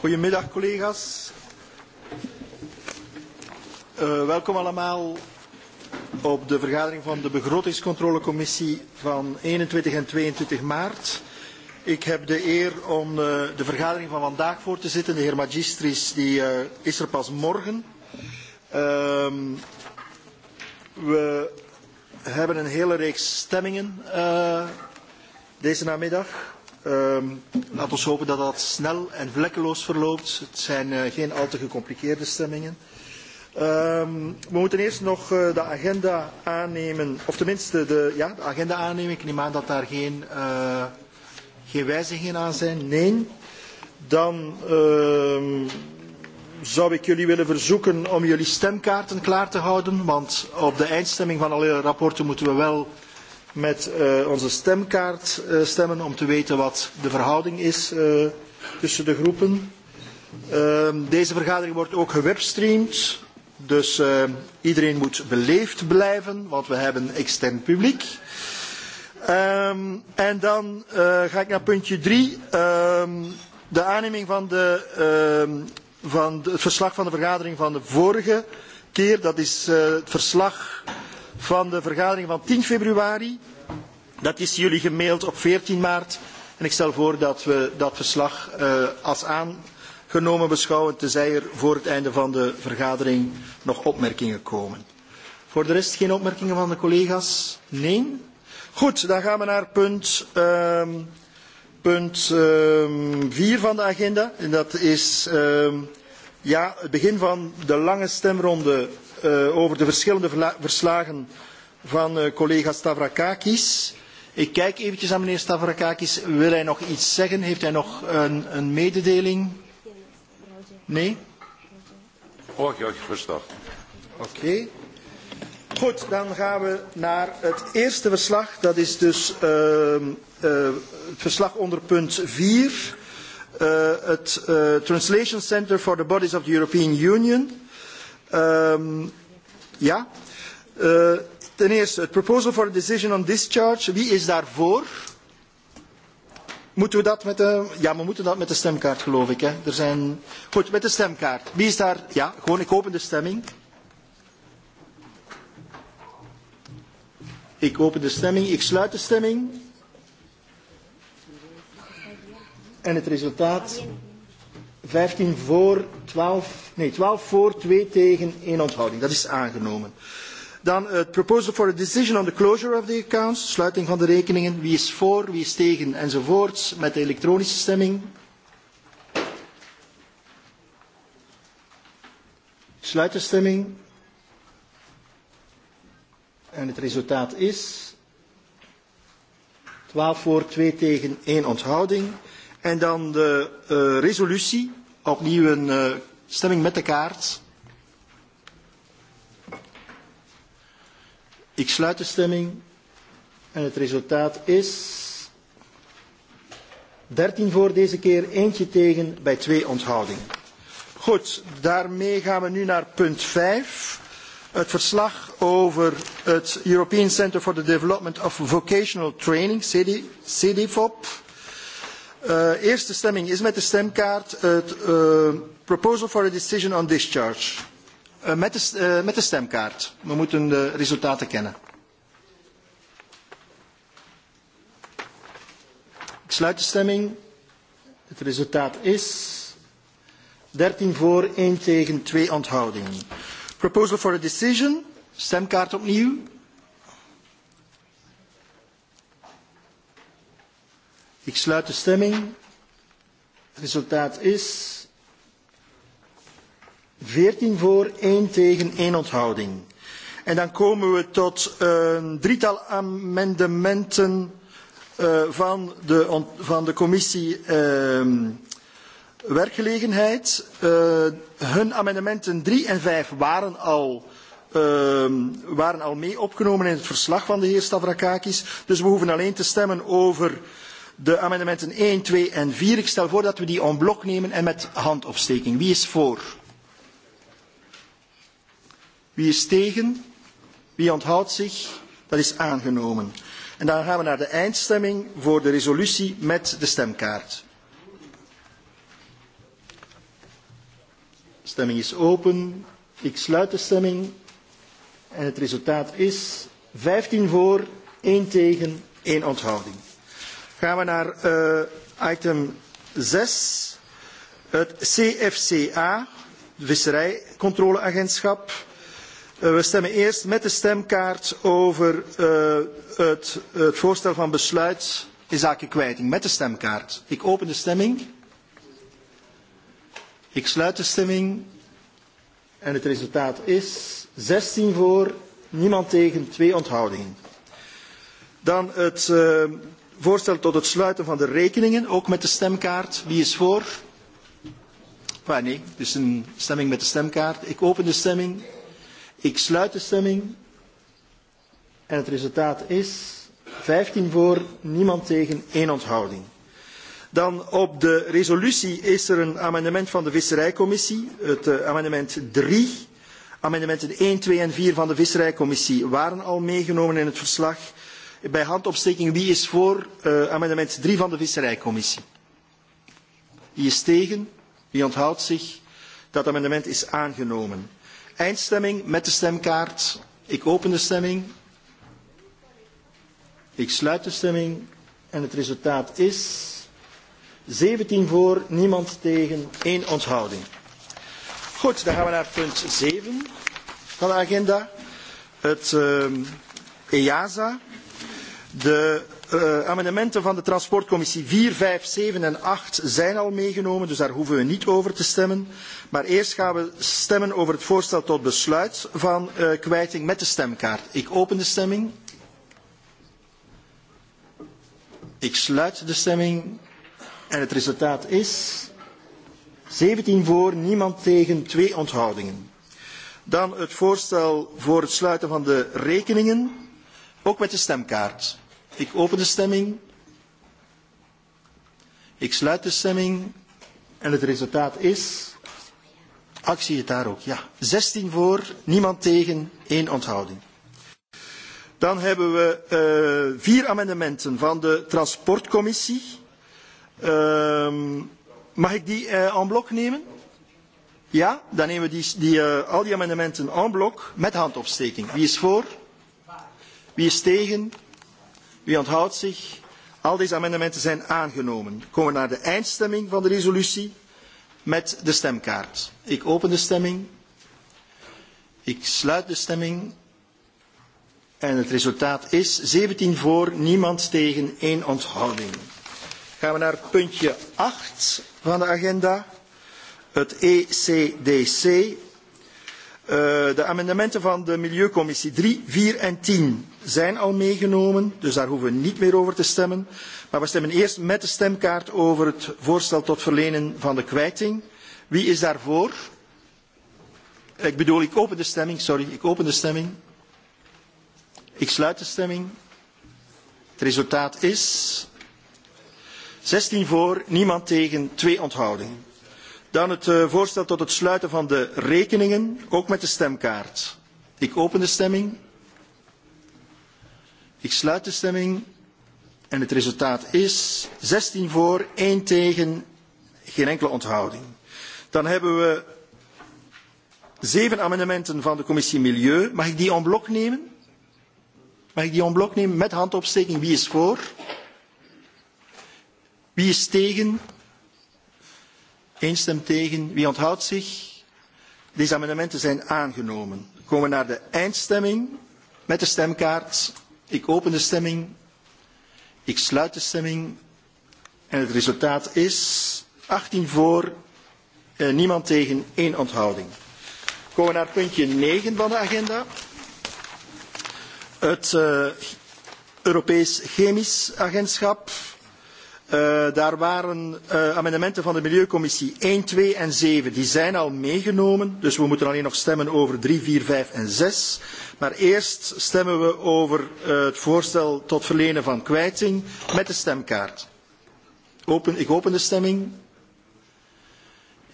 Goedemiddag collega's. Uh, welkom allemaal op de vergadering van de begrotingscontrolecommissie van 21 en 22 maart. Ik heb de eer om uh, de vergadering van vandaag voor te zitten. De heer Magistris die, uh, is er pas morgen. Uh, we hebben een hele reeks stemmingen uh, deze namiddag. Um, ehm, laat ons hopen dat dat snel en vlekkeloos verloopt. Het zijn uh, geen al te gecompliceerde stemmingen. Um, we moeten eerst nog uh, de agenda aannemen, of tenminste de, ja, de agenda aannemen. Ik neem aan dat daar geen, uh, geen wijzigingen aan zijn. Nee. Dan um, zou ik jullie willen verzoeken om jullie stemkaarten klaar te houden, want op de eindstemming van alle rapporten moeten we wel met uh, onze stemkaart uh, stemmen om te weten wat de verhouding is uh, tussen de groepen. Uh, deze vergadering wordt ook gewebstreamd, dus uh, iedereen moet beleefd blijven, want we hebben extern publiek. Um, en dan uh, ga ik naar puntje 3. Um, ehm, de aanneming van, de, um, van de, het verslag van de vergadering van de vorige keer, dat is uh, het verslag uh, van de vergadering van 10 februari. Dat is jullie gemaild op 14 maart. En ik stel voor dat we dat verslag uh, als aangenomen beschouwen, tenzij er voor het einde van de vergadering nog opmerkingen komen. Voor de rest geen opmerkingen van de collega's? Nee? Goed, dan gaan we naar punt, uh, punt um, ehm, 4 van de agenda. En dat is um, ja, het begin van de lange stemronde Eh, over de verschillende verslagen van eh, collega Stavrakakis. Ik kijk eventjes aan meneer Stavrakakis. Wil hij nog iets zeggen? Heeft hij nog een, een mededeling? Nee? Oké, oké, ευχαριστώ. Oké. Goed, dan gaan we naar het eerste verslag. Dat is dus uh, uh, verslag onder punt 4. Uh, het uh, Translation Center for the Bodies of the European Union. Um, ja. Uh, ten eerste, het proposal for a decision on discharge. Wie is daarvoor? Moeten we dat met de... Ja, we moeten dat met de stemkaart, geloof ik. Hè? Er zijn... Goed, met de stemkaart. Wie is daar... Ja, gewoon, ik open de stemming. Ik open de stemming. Ik sluit de stemming. En het resultaat... 15 voor, 12, nee, 12 voor, 2 tegen, 1 onthouding. Dat is aangenomen. Dan eh, het uh, proposal for a decision on the closure of the accounts, sluiting van de rekeningen, wie is voor, wie is tegen enzovoorts, met de elektronische stemming. Sluit de stemming. En het resultaat is 12 voor, 2 tegen, 1 onthouding. En dan de uh, resolutie Opnieuw een uh, stemming met de kaart. Ik sluit de stemming en het resultaat is 13 voor deze keer, eentje tegen bij twee onthoudingen. Goed, daarmee gaan we nu naar punt 5. Het verslag over het European Center for the Development of Vocational Training, CD, CDFOP. Uh, eerste stemming is met de stemkaart het uh, proposal for a decision on discharge. Uh, met, de, uh, met de stemkaart. We moeten de resultaten kennen. Ik sluit de stemming. Het resultaat is 13 voor, 1 tegen, 2 onthoudingen. Proposal for a decision. Stemkaart opnieuw. Ik sluit de stemming. Het resultaat is 14 voor, 1 tegen, 1 onthouding. En dan komen we tot een uh, drietal amendementen uh, van, de, van de commissie uh, werkgelegenheid. Uh, hun amendementen 3 en 5 waren al, Um, waren al mee opgenomen in het verslag van de heer Stavrakakis. Dus we hoeven alleen te stemmen over De amendementen 1, 2 en 4. Ik stel voor dat we die en blok nemen en met handopsteking. Wie is voor? Wie is tegen? Wie onthoudt zich? Dat is aangenomen. En dan gaan we naar de eindstemming voor de resolutie met de stemkaart. De stemming is open. Ik sluit de stemming. En het resultaat is 15 voor, 1 tegen, 1 onthouding. Gaan we naar uh, item 6. Het CFCA, de Visserijcontroleagentschap. Uh, we stemmen eerst met de stemkaart over uh, het, het voorstel van besluit in zaken kwijting. Met de stemkaart. Ik open de stemming. Ik sluit de stemming. En het resultaat is 16 voor, niemand tegen, twee onthoudingen. Dan het... Uh, voorstel tot het sluiten van de rekeningen, ook met de stemkaart. Wie is voor? Ah, nee, het is een stemming met de stemkaart. Ik open de stemming. Ik sluit de stemming. En het resultaat is 15 voor, niemand tegen, één onthouding. Dan op de resolutie is er een amendement van de Visserijcommissie, het eh, amendement 3. Amendementen 1, 2 en 4 van de Visserijcommissie waren al meegenomen in het verslag bij handopsteking. Wie is voor uh, amendement 3 van de Visserijcommissie? Wie is tegen? Wie onthoudt zich? Dat amendement is aangenomen. Eindstemming met de stemkaart. Ik open de stemming. Ik sluit de stemming. En het resultaat is 17 voor, niemand tegen, één onthouding. Goed, dan gaan we naar punt 7 van de agenda. Het uh, EASA. De uh, amendementen van de transportcommissie 4, 5, 7 en 8 zijn al meegenomen, dus daar hoeven we niet over te stemmen. Maar eerst gaan we stemmen over het voorstel tot besluit van uh, kwijting met de stemkaart. Ik open de stemming. Ik sluit de stemming. En het resultaat is 17 voor, niemand tegen, 2 onthoudingen. Dan het voorstel voor het sluiten van de rekeningen. Ook met de stemkaart. Ik open de stemming. Ik sluit de stemming. En het resultaat is... Actie ah, het daar ook, ja. 16 voor, niemand tegen, één onthouding. Dan hebben we uh, vier amendementen van de transportcommissie. Uh, mag ik die uh, en blok nemen? Ja, dan nemen we die, die, uh, al die amendementen en blok met handopsteking. Wie is voor? Wie is tegen? Wie onthoudt zich? Al deze amendementen zijn aangenomen. Komen we naar de eindstemming van de resolutie met de stemkaart. Ik open de stemming. Ik sluit de stemming. En het resultaat is 17 voor, niemand tegen, één onthouding. Gaan we naar puntje 8 van de agenda. Het ECDC, Eh, de amendementen van de Milieucommissie 3, 4 en 10 zijn al meegenomen, dus daar hoeven we niet meer over te stemmen. Maar we stemmen eerst met de stemkaart over het voorstel tot verlenen van de kwijting. Wie is daarvoor? Ik bedoel, ik open de stemming, sorry, ik open de stemming. Ik sluit de stemming. Het resultaat is 16 voor, niemand tegen, 2 onthoudingen. Dan het eh, voorstel tot het sluiten van de rekeningen, ook met de stemkaart. Ik open de stemming. Ik sluit de stemming. En het resultaat is 16 voor, 1 tegen, geen enkele onthouding. Dan hebben we zeven amendementen van de commissie Milieu. Mag ik die en blok nemen? Mag ik die en blok nemen met handopsteking? Wie is voor? Wie is tegen? Eén stem tegen. Wie onthoudt zich? Deze amendementen zijn aangenomen. We komen naar de eindstemming met de stemkaart. Ik open de stemming. Ik sluit de stemming. En het resultaat is 18 voor, eh, niemand tegen, één onthouding. We komen naar puntje 9 van de agenda. Het eh, Europees Chemisch Agentschap. Uh, daar waren uh, amendementen van de Milieucommissie 1, 2 en 7. Die zijn al meegenomen, dus we moeten alleen nog stemmen over 3, 4, 5 en 6. Maar eerst stemmen we over uh, het voorstel tot verlenen van kwijting met de stemkaart. Open, ik open de stemming.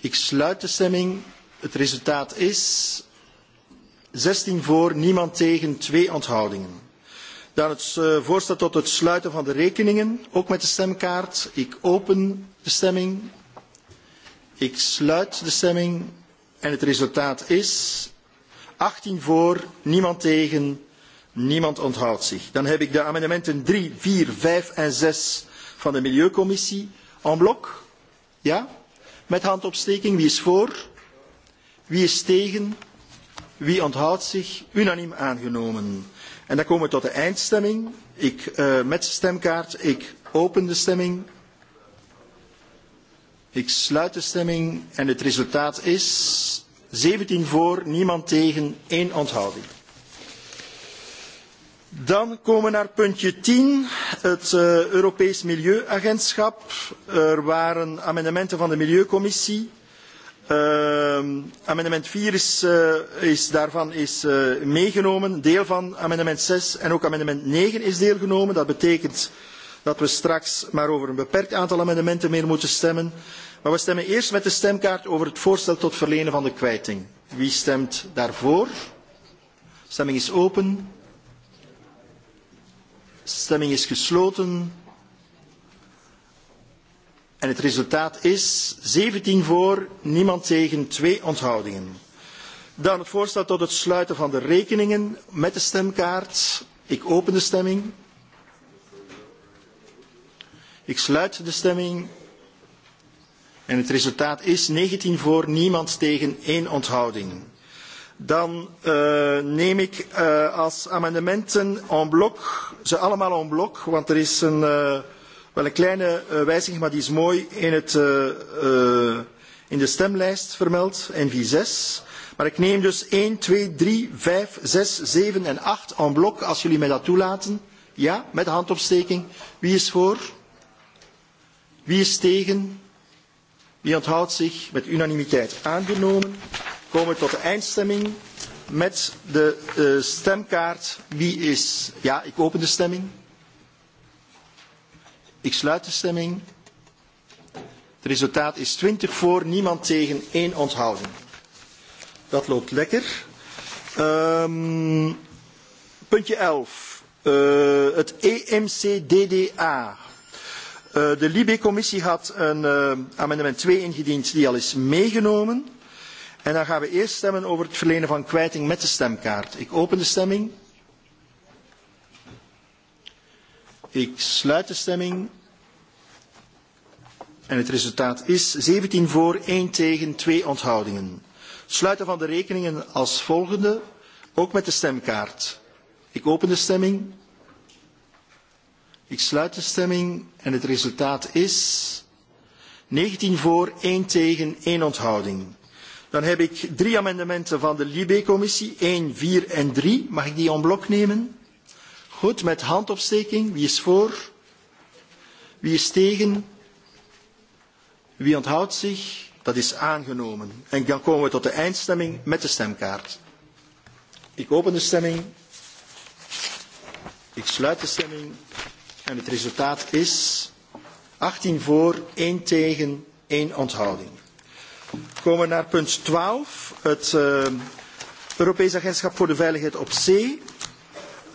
Ik sluit de stemming. Het resultaat is 16 voor, niemand tegen, 2 onthoudingen. Dan het eh, voorstel tot het sluiten van de rekeningen, ook met de stemkaart. Ik open de stemming. Ik sluit de stemming. En het resultaat is 18 voor, niemand tegen, niemand onthoudt zich. Dan heb ik de amendementen 3, 4, 5 en 6 van de Milieucommissie en blok. Ja? Met handopsteking. Wie is voor? Wie is tegen? Wie onthoudt zich? Unaniem aangenomen. En dan komen we tot de eindstemming. Ik, uh, met de stemkaart, ik open de stemming. Ik sluit de stemming en het resultaat is 17 voor, niemand tegen, één onthouding. Dan komen we naar puntje 10, het uh, Europees Milieuagentschap. Er waren amendementen van de Milieucommissie. Uh, amendement 4 is, uh, is daarvan is, uh, meegenomen, deel van amendement 6 en ook amendement 9 is deelgenomen. Dat betekent dat we straks maar over een beperkt aantal amendementen meer moeten stemmen. Maar we stemmen eerst met de stemkaart over het voorstel tot verlenen van de kwijting. Wie stemt daarvoor? Stemming is open. Stemming is gesloten. En het resultaat is 17 voor, niemand tegen, twee onthoudingen. Dan het voorstel tot het sluiten van de rekeningen met de stemkaart. Ik open de stemming. Ik sluit de stemming. En het resultaat is 19 voor, niemand tegen, één onthouding. Dan uh, neem ik uh, als amendementen en blok, ze allemaal en blok, want er is een... Uh, Wel, een kleine uh, wijziging, maar die is mooi in, het, uh, uh, in de stemlijst vermeld, NV6. Maar ik neem dus 1, 2, 3, 5, 6, 7 en 8 en blok, als jullie mij dat toelaten. Ja, met handopsteking. Wie is voor? Wie is tegen? Wie onthoudt zich? Met unanimiteit aangenomen. Komen we tot de eindstemming met de uh, stemkaart. Wie is... Ja, ik open de stemming. Ik sluit de stemming. Het resultaat is 20 voor, niemand tegen, één onthouding. Dat loopt lekker. Um, puntje 11. Uh, eh, het EMCDDA. Uh, eh, de Libe-commissie had een uh, amendement 2 ingediend die al is meegenomen. En dan gaan we eerst stemmen over het verlenen van kwijting met de stemkaart. Ik open de stemming. Ik sluit de stemming. En het resultaat is 17 voor, 1 tegen, 2 onthoudingen. Sluiten van de rekeningen als volgende, ook met de stemkaart. Ik open de stemming. Ik sluit de stemming en het resultaat is 19 voor, 1 tegen, 1 onthouding. Dan heb ik drie amendementen van de Libé-commissie, 1, 4 en 3. Mag ik die en blok nemen? Goed, met handopsteking. Wie is voor? Wie is tegen? Wie onthoudt zich? Dat is aangenomen. En dan komen we tot de eindstemming met de stemkaart. Ik open de stemming. Ik sluit de stemming. En het resultaat is 18 voor, 1 tegen, 1 onthouding. We komen naar punt 12, het uh, Europees Agentschap voor de Veiligheid op Zee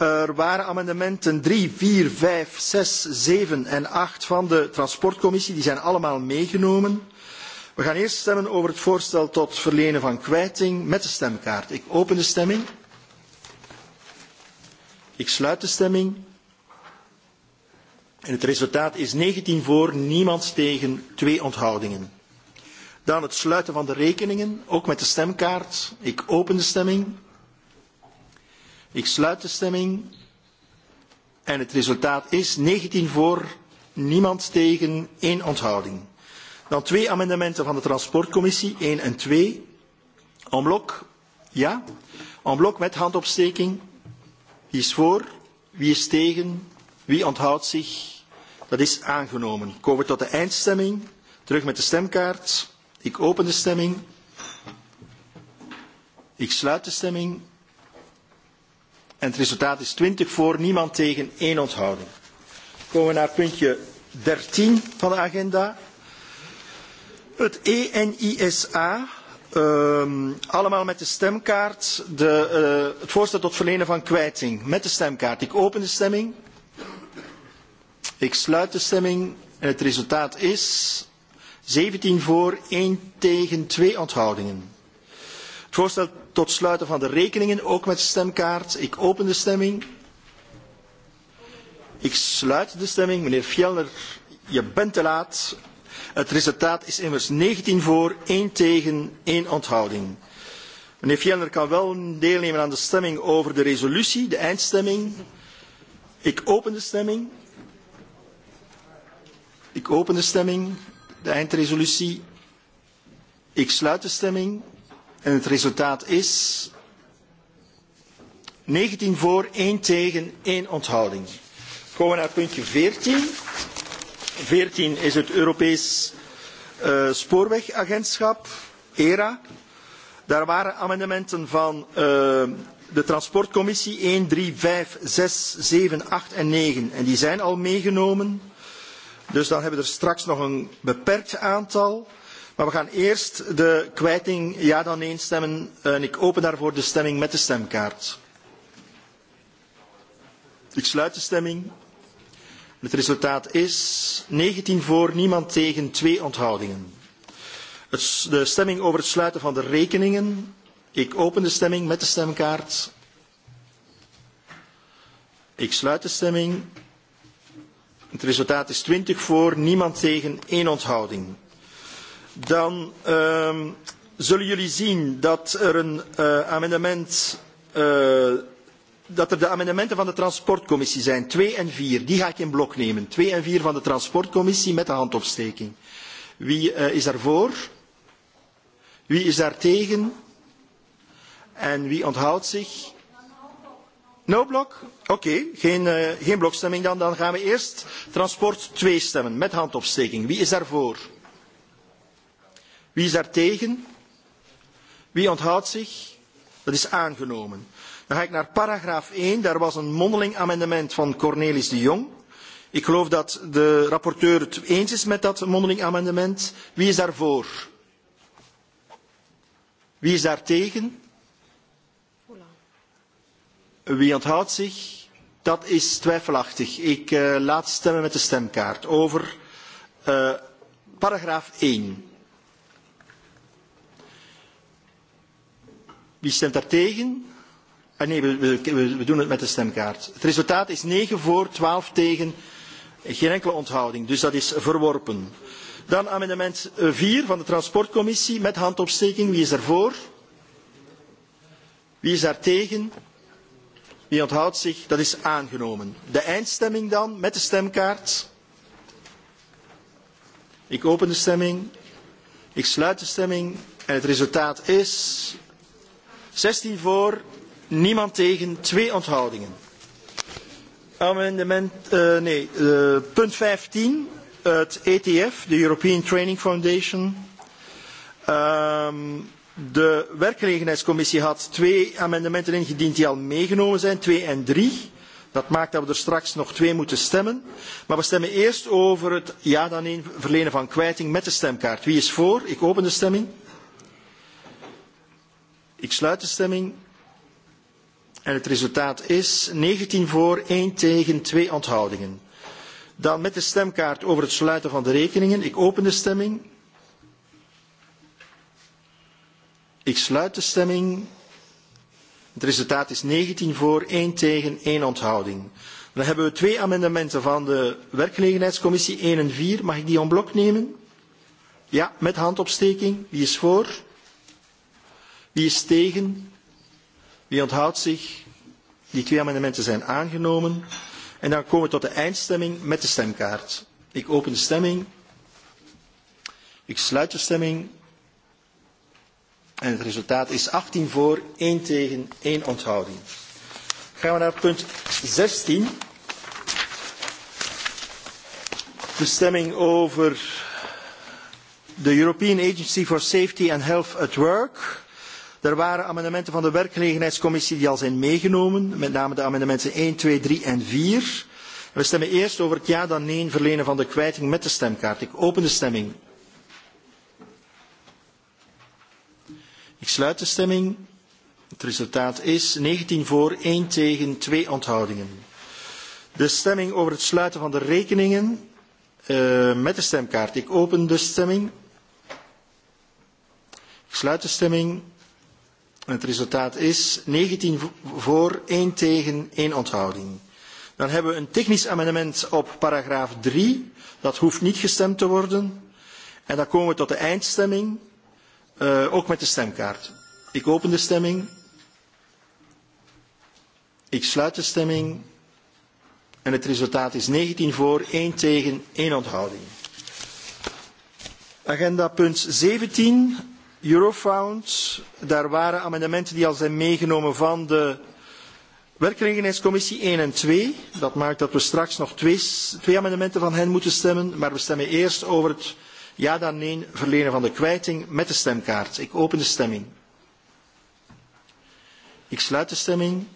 er waren amendementen drie, vier, vijf, zes, zeven en acht van de transportcommissie. Die zijn allemaal meegenomen. We gaan eerst stemmen over het voorstel tot verlenen van kwijting met de stemkaart. Ik open de stemming. Ik sluit de stemming. En het resultaat is 19 voor, niemand tegen, twee onthoudingen. Dan het sluiten van de rekeningen, ook met de stemkaart. Ik open de stemming. Ik sluit de stemming. En het resultaat is 19 voor, niemand tegen, één onthouding. Dan twee amendementen van de transportcommissie, 1 en 2. En blok, ja? En blok met handopsteking. Wie is voor? Wie is tegen? Wie onthoudt zich? Dat is aangenomen. Komen we tot de eindstemming. Terug met de stemkaart. Ik open de stemming. Ik sluit de stemming. En het resultaat is 20 voor, niemand tegen, één onthouding. Komen we naar puntje 13 van de agenda. Het ENISA, um, ehm, allemaal met de stemkaart, de, uh, het voorstel tot verlenen van kwijting met de stemkaart. Ik open de stemming. Ik sluit de stemming en het resultaat is 17 voor, 1 tegen, 2 onthoudingen. Het voorstel tot sluiten van de rekeningen, ook met stemkaart. Ik open de stemming. Ik sluit de stemming. Meneer Fjellner, je bent te laat. Het resultaat is immers 19 voor, 1 tegen, 1 onthouding. Meneer Fjellner kan wel deelnemen aan de stemming over de resolutie, de eindstemming. Ik open de stemming. Ik open de stemming, de eindresolutie. Ik sluit de stemming. En het resultaat is 19 voor, 1 tegen, 1 onthouding. Komen we naar puntje 14. 14 is het Europees uh, Spoorwegagentschap, ERA. Daar waren amendementen van uh, de transportcommissie 1, 3, 5, 6, 7, 8 en 9. En die zijn al meegenomen. Dus dan hebben we er straks nog een beperkt aantal. Maar we gaan eerst de kwijting ja dan nee stemmen. En ik open daarvoor de stemming met de stemkaart. Ik sluit de stemming. Het resultaat is 19 voor, niemand tegen, twee onthoudingen. Het, de stemming over het sluiten van de rekeningen. Ik open de stemming met de stemkaart. Ik sluit de stemming. Het resultaat is 20 voor, niemand tegen, één onthouding dan um, zullen jullie zien dat er, een, uh, amendement, uh, dat er de amendementen van de transportcommissie zijn, 2 en 4. Die ga ik in blok nemen. 2 en 4 van de transportcommissie met de handopsteking. Wie uh, is daarvoor? Wie is daar tegen? En wie onthoudt zich? No blok? Oké, okay. geen, uh, geen blokstemming dan. Dan gaan we eerst transport 2 stemmen met handopsteking. Wie is daarvoor? voor? Wie is daar tegen? Wie onthoudt zich? Dat is aangenomen. Dan ga ik naar paragraaf 1. Daar was een mondeling amendement van Cornelis de Jong. Ik geloof dat de rapporteur het eens is met dat mondeling amendement. Wie is daarvoor? Wie is daar tegen? Wie onthoudt zich? Dat is twijfelachtig. Ik uh, laat stemmen met de stemkaart over uh, paragraaf 1. Wie stemt daartegen? Ah nee, we, we, we doen het met de stemkaart. Het resultaat is 9 voor, 12 tegen, geen enkele onthouding. Dus dat is verworpen. Dan amendement 4 van de transportcommissie met handopsteking. Wie is daarvoor? Wie is daar tegen? Wie onthoudt zich? Dat is aangenomen. De eindstemming dan met de stemkaart. Ik open de stemming. Ik sluit de stemming. En het resultaat is 16 voor, niemand tegen, 2 onthoudingen. Amendement, uh, nee, uh, punt 15, het ETF, de European Training Foundation. Um, de werkgelegenheidscommissie had twee amendementen ingediend die al meegenomen zijn, 2 en 3. Dat maakt dat we er straks nog twee moeten stemmen. Maar we stemmen eerst over het ja dan in verlenen van kwijting met de stemkaart. Wie is voor? Ik open de stemming. Ik sluit de stemming. En het resultaat is 19 voor, 1 tegen, 2 onthoudingen. Dan met de stemkaart over het sluiten van de rekeningen. Ik open de stemming. Ik sluit de stemming. Het resultaat is 19 voor, 1 tegen, 1 onthouding. Dan hebben we twee amendementen van de werkgelegenheidscommissie 1 en 4. Mag ik die onblok nemen? Ja, met handopsteking. Wie is voor? Wie is tegen? Wie onthoudt zich? Die twee amendementen zijn aangenomen. En dan komen we tot de eindstemming met de stemkaart. Ik open de stemming. Ik sluit de stemming. En het resultaat is 18 voor, 1 tegen, 1 onthouding. Gaan we naar punt 16. De stemming over de European Agency for Safety and Health at Work. Er waren amendementen van de werkgelegenheidscommissie die al zijn meegenomen, met name de amendementen 1, 2, 3 en 4. We stemmen eerst over het ja dan nee verlenen van de kwijting met de stemkaart. Ik open de stemming. Ik sluit de stemming. Het resultaat is 19 voor, 1 tegen, 2 onthoudingen. De stemming over het sluiten van de rekeningen uh, met de stemkaart. Ik open de stemming. Ik sluit de stemming. Het resultaat is 19 voor, 1 tegen, 1 onthouding. Dan hebben we een technisch amendement op paragraaf 3. Dat hoeft niet gestemd te worden. En dan komen we tot de eindstemming, uh, ook met de stemkaart. Ik open de stemming. Ik sluit de stemming. En het resultaat is 19 voor, 1 tegen, 1 onthouding. Agenda punt 17, Eurofound, daar waren amendementen die al zijn meegenomen van de Werkgelegenheidscommissie 1 en 2. Dat maakt dat we straks nog twee, twee amendementen van hen moeten stemmen, maar we stemmen eerst over het ja dan nee verlenen van de kwijting met de stemkaart. Ik open de stemming. Ik sluit de stemming.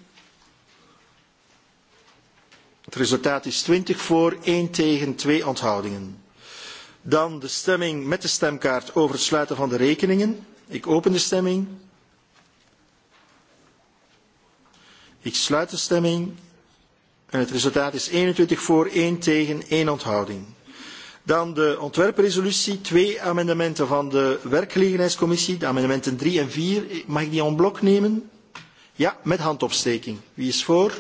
Het resultaat is 20 voor, 1 tegen, 2 onthoudingen. Dan de stemming met de stemkaart over het sluiten van de rekeningen. Ik open de stemming. Ik sluit de stemming. En het resultaat is 21 voor, 1 tegen, 1 onthouding. Dan de ontwerpresolutie, twee amendementen van de werkgelegenheidscommissie, de amendementen 3 en 4. Mag ik die en blok nemen? Ja, met handopsteking. Wie is voor?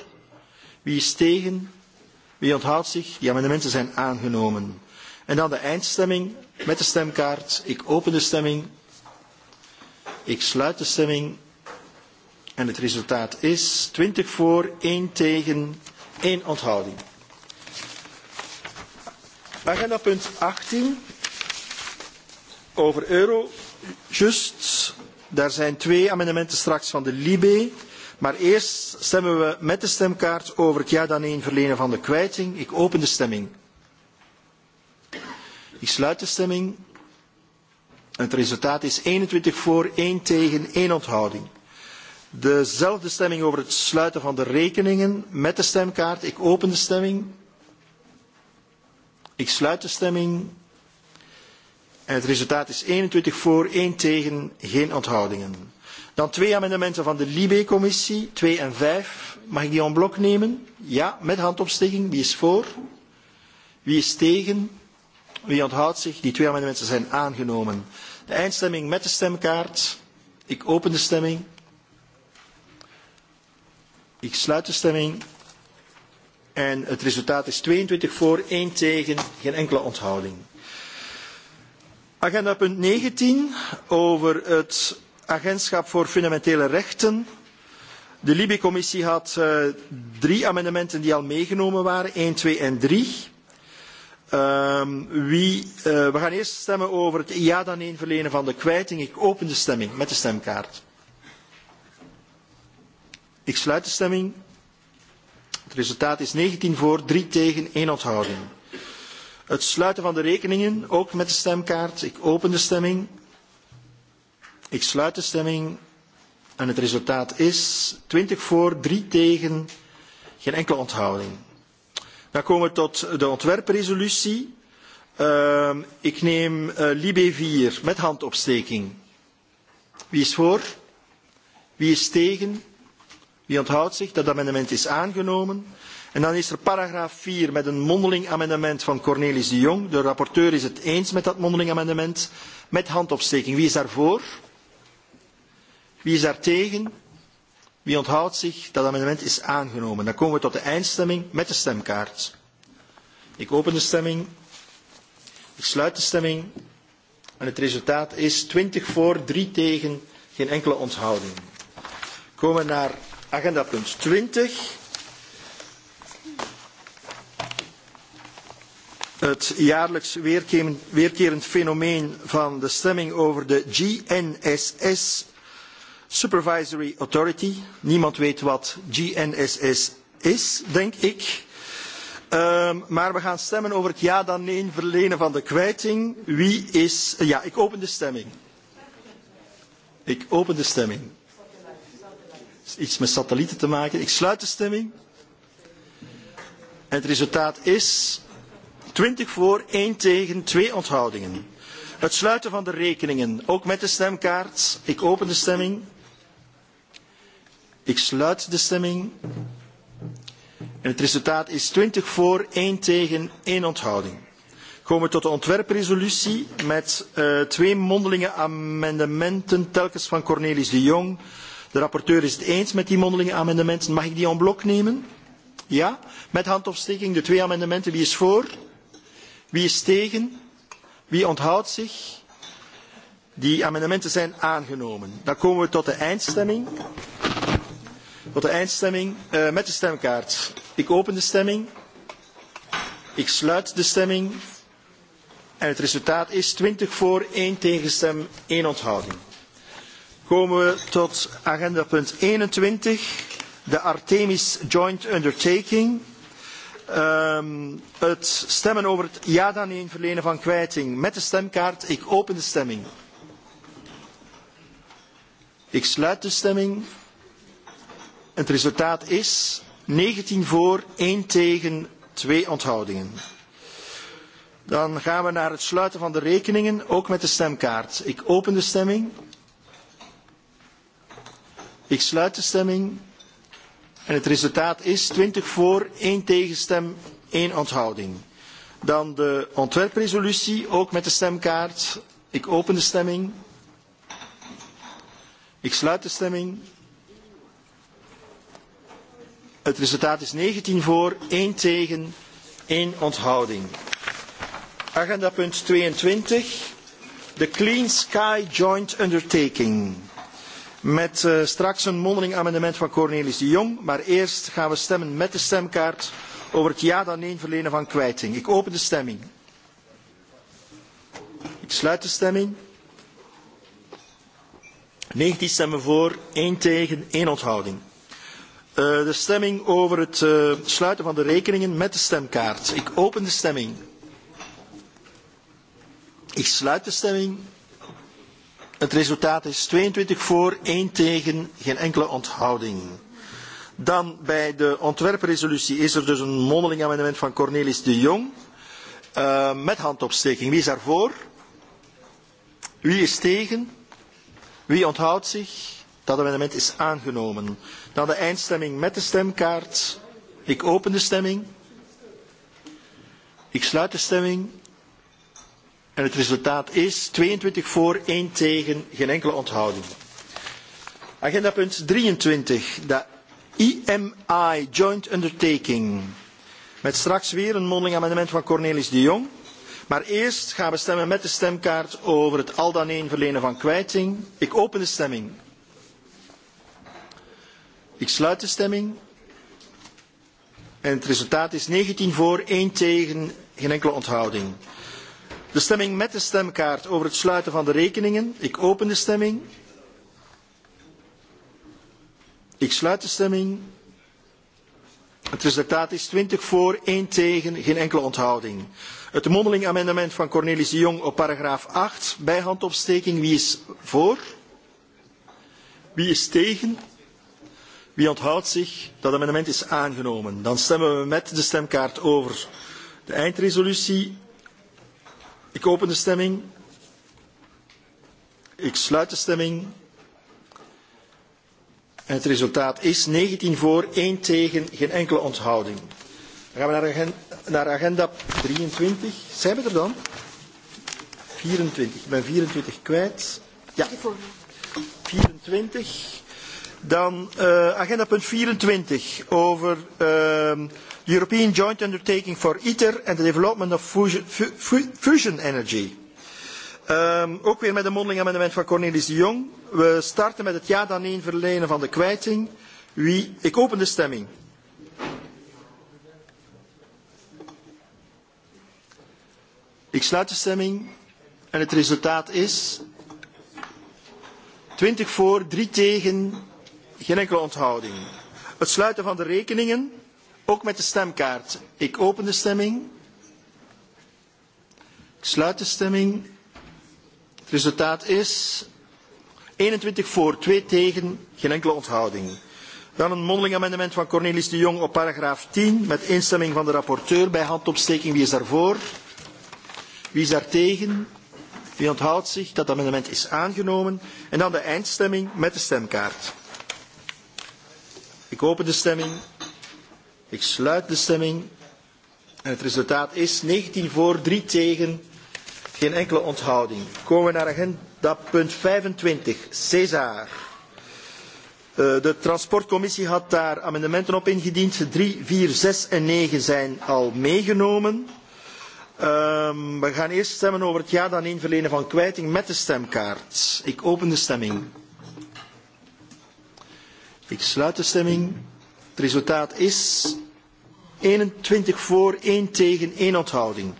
Wie is tegen? Wie onthoudt zich? Die amendementen zijn aangenomen. En dan de eindstemming met de stemkaart. Ik open de stemming. Ik sluit de stemming. En het resultaat is 20 voor, 1 tegen, 1 onthouding. Agenda punt 18 over Eurojust. Daar zijn twee amendementen straks van de Libe. Maar eerst stemmen we met de stemkaart over het ja dan nee verlenen van de kwijting. Ik open de stemming. Ik sluit de stemming. Het resultaat is 21 voor, 1 tegen, 1 onthouding. Dezelfde stemming over het sluiten van de rekeningen met de stemkaart. Ik open de stemming. Ik sluit de stemming. En het resultaat is 21 voor, 1 tegen, geen onthoudingen. Dan twee amendementen van de Libé-commissie, 2 en 5. Mag ik die en blok nemen? Ja, met handopsteking. Wie is voor? Wie is tegen? Wie onthoudt zich? Die twee amendementen zijn aangenomen. De eindstemming met de stemkaart. Ik open de stemming. Ik sluit de stemming. En het resultaat is 22 voor, 1 tegen, geen enkele onthouding. Agenda punt 19 over het agentschap voor fundamentele rechten. De Libië-commissie had uh, drie amendementen die al meegenomen waren, 1, 2 en 3. Ehm, wie, uh, we gaan eerst stemmen over het ja dan nee verlenen van de kwijting. Ik open de stemming met de stemkaart. Ik sluit de stemming. Het resultaat is 19 voor, 3 tegen, 1 onthouding. Het sluiten van de rekeningen, ook met de stemkaart. Ik open de stemming. Ik sluit de stemming. En het resultaat is 20 voor, 3 tegen, geen enkele onthouding. Dan komen we tot de ontwerpresolutie. Uh, ik neem uh, eh, Libé 4 met handopsteking. Wie is voor? Wie is tegen? Wie onthoudt zich? Dat amendement is aangenomen. En dan is er paragraaf 4 met een mondeling amendement van Cornelis de Jong. De rapporteur is het eens met dat mondeling amendement. Met handopsteking. Wie is daarvoor? Wie is daar tegen? Wie onthoudt zich? Dat amendement is aangenomen. Dan komen we tot de eindstemming met de stemkaart. Ik open de stemming. Ik sluit de stemming. En het resultaat is 20 voor, 3 tegen, geen enkele onthouding. We komen naar agenda punt 20. Het jaarlijks weerkerend fenomeen van de stemming over de GNSS Supervisory Authority. Niemand weet wat GNSS is, denk ik. Um, maar we gaan stemmen over het ja dan nee verlenen van de kwijting. Wie is... Eh, ja, ik open de stemming. Ik open de stemming. Iets met satellieten te maken. Ik sluit de stemming. En het resultaat is 20 voor, 1 tegen, 2 onthoudingen. Het sluiten van de rekeningen, ook met de stemkaart. Ik open de stemming. Ik sluit de stemming. En het resultaat is 20 voor, 1 tegen, 1 onthouding. Komen we tot de ontwerpresolutie met uh, twee mondelinge amendementen, telkens van Cornelis de Jong. De rapporteur is het eens met die mondelinge amendementen. Mag ik die en blok nemen? Ja? Met handopsteking, de twee amendementen. Wie is voor? Wie is tegen? Wie onthoudt zich? Die amendementen zijn aangenomen. Dan komen we tot de eindstemming tot de eindstemming uh, met de stemkaart. Ik open de stemming. Ik sluit de stemming. En het resultaat is 20 voor, 1 tegenstem, 1 onthouding. Komen we tot agenda punt 21, de Artemis Joint Undertaking. Um, het stemmen over het ja dan in verlenen van kwijting met de stemkaart. Ik open de stemming. Ik sluit de stemming. Het resultaat is 19 voor, 1 tegen, 2 onthoudingen. Dan gaan we naar het sluiten van de rekeningen, ook met de stemkaart. Ik open de stemming. Ik sluit de stemming. En het resultaat is 20 voor, 1 tegenstem, 1 onthouding. Dan de ontwerpresolutie, ook met de stemkaart. Ik open de stemming. Ik sluit de stemming. Het resultaat is 19 voor, 1 tegen, 1 onthouding. Agenda punt 22. De Clean Sky Joint Undertaking. Met uh, straks een mondeling amendement van Cornelis de Jong. Maar eerst gaan we stemmen met de stemkaart over het ja dan nee verlenen van kwijting. Ik open de stemming. Ik sluit de stemming. 19 stemmen voor, 1 tegen, 1 onthouding. Eh, de stemming over het uh, sluiten van de rekeningen met de stemkaart. Ik open de stemming. Ik sluit de stemming. Het resultaat is 22 voor, 1 tegen, geen enkele onthouding. Dan bij de ontwerpresolutie is er dus een mondeling amendement van Cornelis de Jong. Uh, met handopsteking. Wie is daarvoor? Wie is tegen? Wie onthoudt zich? Dat amendement is aangenomen. Dan de eindstemming met de stemkaart. Ik open de stemming. Ik sluit de stemming. En het resultaat is 22 voor, 1 tegen, geen enkele onthouding. Agenda punt 23, de EMI Joint Undertaking. Met straks weer een mondeling amendement van Cornelis de Jong. Maar eerst gaan we stemmen met de stemkaart over het al dan een verlenen van kwijting. Ik open de stemming. Ik sluit de stemming. En het resultaat is 19 voor, 1 tegen, geen enkele onthouding. De stemming met de stemkaart over het sluiten van de rekeningen. Ik open de stemming. Ik sluit de stemming. Het resultaat is 20 voor, 1 tegen, geen enkele onthouding. Het mondeling amendement van Cornelis de Jong op paragraaf 8 bij handopsteking. Wie is voor? Wie is tegen? Wie onthoudt zich? Dat amendement is aangenomen. Dan stemmen we met de stemkaart over de eindresolutie. Ik open de stemming. Ik sluit de stemming. En het resultaat is 19 voor, 1 tegen, geen enkele onthouding. Dan gaan we naar agenda, naar agenda 23. Zijn we er dan? 24. Ik ben 24 kwijt. Ja. 24. Dan uh, agenda punt 24 over um, European Joint Undertaking for ITER and the Development of Fusion, fu fusion Energy. Um, ook weer met een mondeling amendement van Cornelis de Jong. We starten met het ja dan een verlenen van de kwijting. Wie, ik open de stemming. Ik sluit de stemming en het resultaat is 20 voor, 3 tegen, Geen enkele onthouding. Het sluiten van de rekeningen, ook met de stemkaart. Ik open de stemming. Ik sluit de stemming. Het resultaat is 21 voor, 2 tegen, geen enkele onthouding. Dan een mondeling amendement van Cornelis de Jong op paragraaf 10 met instemming van de rapporteur bij handopsteking. Wie is daarvoor? Wie is daar tegen? Wie onthoudt zich? Dat amendement is aangenomen. En dan de eindstemming met de stemkaart. Ik open de stemming. Ik sluit de stemming. En het resultaat is 19 voor, 3 tegen, geen enkele onthouding. Komen we naar agenda punt 25, César. Eh, de transportcommissie had daar amendementen op ingediend. 3, 4, 6 en 9 zijn al meegenomen. Um, we gaan eerst stemmen over het ja dan in verlenen van kwijting met de stemkaart. Ik open de stemming. Ik sluit de stemming. Het resultaat is 21 voor, 1 tegen, 1 onthouding.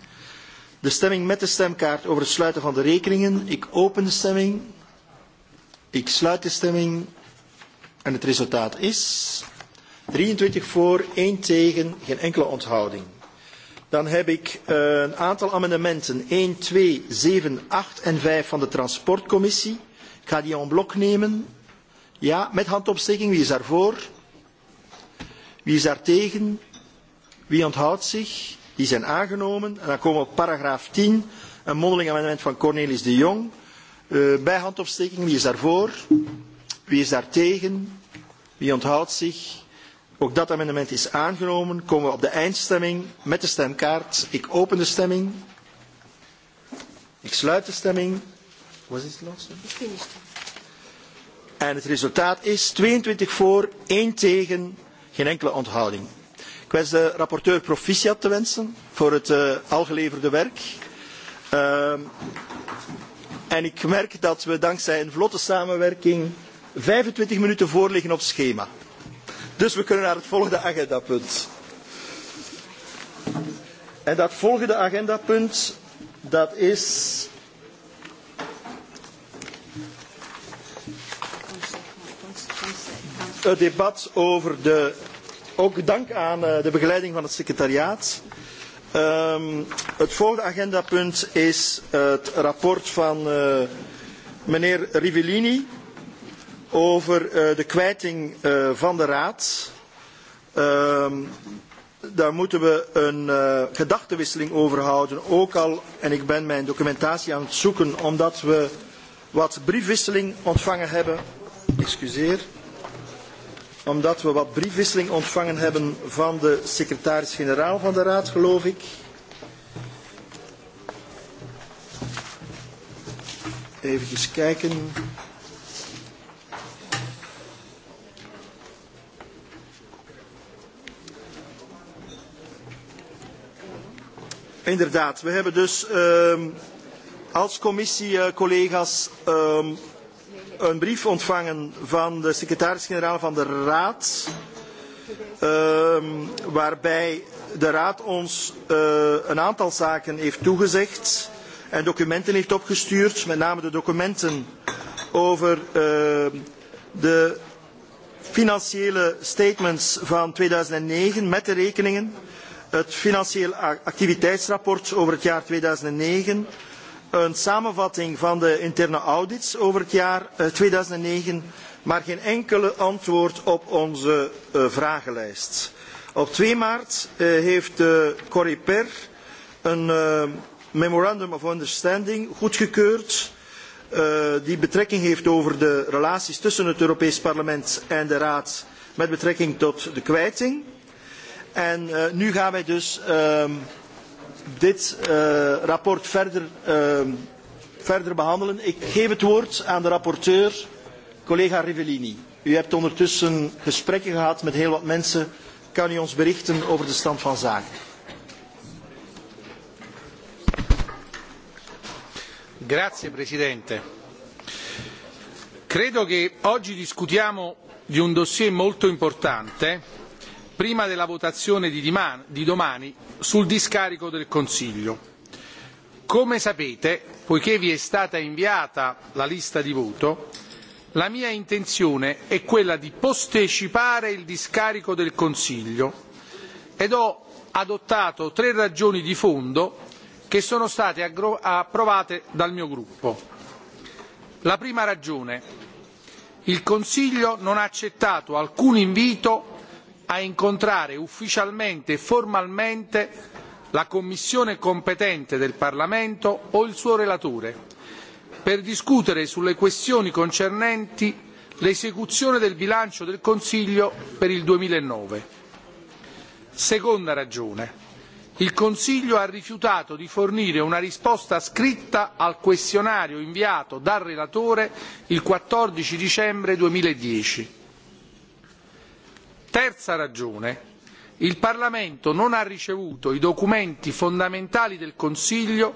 De stemming met de stemkaart over het sluiten van de rekeningen. Ik open de stemming. Ik sluit de stemming. En het resultaat is 23 voor, 1 tegen, geen enkele onthouding. Dan heb ik eh, een aantal amendementen 1, 2, 7, 8 en 5 van de transportcommissie. Ik ga die en blok nemen. Ja, met handopsteking. Wie is daarvoor? Wie is daar tegen? Wie onthoudt zich? Die zijn aangenomen. En dan komen we op paragraaf 10. Een mondeling amendement van Cornelis de Jong. Uh, bij handopsteking. Wie is daarvoor? Wie is daar tegen? Wie onthoudt zich? Ook dat amendement is aangenomen. Komen we op de eindstemming met de stemkaart. Ik open de stemming. Ik sluit de stemming. Was it lost? It's finished. En het resultaat is 22 voor, 1 tegen, geen enkele onthouding. Ik wens de rapporteur proficiat te wensen voor het uh, eh, al geleverde werk. Uh, en ik merk dat we dankzij een vlotte samenwerking 25 minuten voorliggen op schema. Dus we kunnen naar het volgende agendapunt. En dat volgende agendapunt, dat is het debat over de, ook dank aan eh, de begeleiding van het secretariaat. Um, het volgende agendapunt is het rapport van uh, meneer Rivellini over uh, de kwijting uh, van de Raad. Um, daar moeten we een uh, gedachtenwisseling over houden. Ook al, en ik ben mijn documentatie aan het zoeken, omdat we wat briefwisseling ontvangen hebben. Excuseer omdat we wat briefwisseling ontvangen hebben van de secretaris-generaal van de Raad, geloof ik. Even kijken. Inderdaad, we hebben dus um, als commissie, uh, collega's, um, een brief ontvangen van de secretaris-generaal van de Raad, ehm, waarbij de Raad ons eh, een aantal zaken heeft toegezegd en documenten heeft opgestuurd, met name de documenten over ehm, de financiële statements van 2009 met de rekeningen, het financieel activiteitsrapport over het jaar 2009 een samenvatting van de interne audits over het jaar 2009, eh, maar geen enkele antwoord op onze eh, vragenlijst. Op 2 maart eh, heeft de Coriper een Memorandum of Understanding goedgekeurd die betrekking heeft over de relaties tussen het Europees Parlement en de Raad met betrekking tot de kwijting. En nu gaan wij dus ehm, dit uh, rapport verder, uh, verder behandelen. Ik geef het woord aan de rapporteur, collega Rivellini. U hebt ondertussen gesprekken gehad met heel wat mensen. Kan u ons berichten over de stand van zaken? Grazie Presidente. Credo che oggi discutiamo di un dossier molto importante prima della votazione di, domani sul discarico del Consiglio. Come sapete, poiché vi è stata inviata la lista di voto, la mia intenzione è quella di postecipare il discarico del Consiglio ed ho adottato tre ragioni di fondo che sono state approvate dal mio gruppo. La prima ragione. Il Consiglio non ha accettato alcun invito a incontrare ufficialmente e formalmente la Commissione competente del Parlamento o il suo relatore per discutere sulle questioni concernenti l'esecuzione del bilancio del Consiglio per il duemilanove. Seconda ragione. Il Consiglio ha rifiutato di fornire una risposta scritta al questionario inviato dal relatore il quattordici dicembre duemiladieci Terza ragione. Il Parlamento non ha ricevuto i documenti fondamentali del Consiglio,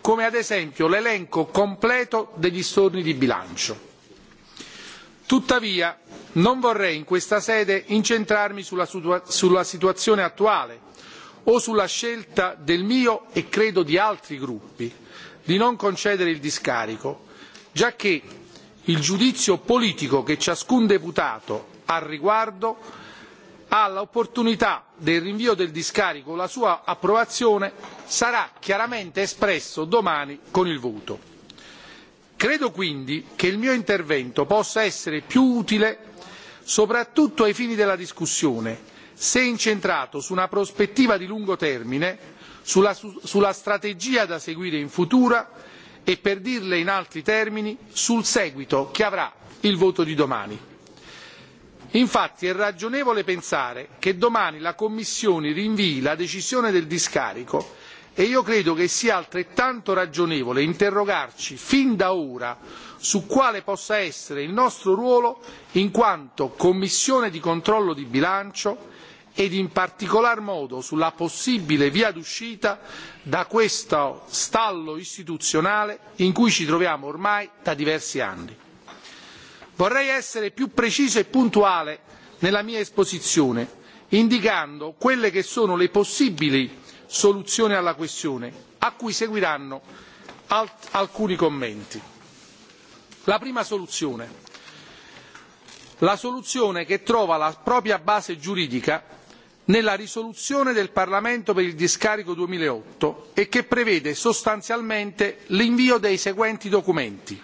come ad esempio l'elenco completo degli storni di bilancio. Tuttavia, non vorrei in questa sede incentrarmi sulla, situa sulla situazione attuale o sulla scelta del mio e credo di altri gruppi di non concedere il discarico, giacché il giudizio politico che ciascun deputato ha al riguardo all'opportunità del rinvio del discarico la sua approvazione sarà chiaramente espresso domani con il voto. Credo quindi che il mio intervento possa essere più utile soprattutto ai fini della discussione se incentrato su una prospettiva di lungo termine sulla, sulla strategia da seguire in futura e per dirle in altri termini sul seguito che avrà il voto di domani. Infatti è ragionevole pensare che domani la Commissione rinvii la decisione del discarico e io credo che sia altrettanto ragionevole interrogarci fin da ora su quale possa essere il nostro ruolo in quanto Commissione di controllo di bilancio ed in particolar modo sulla possibile via d'uscita da questo stallo istituzionale in cui ci troviamo ormai da diversi anni. Vorrei essere più preciso e puntuale nella mia esposizione, indicando quelle che sono le possibili soluzioni alla questione, a cui seguiranno alcuni commenti. La prima soluzione. La soluzione che trova la propria base giuridica nella risoluzione del Parlamento per il discarico duemilaotto e che prevede sostanzialmente l'invio dei seguenti documenti.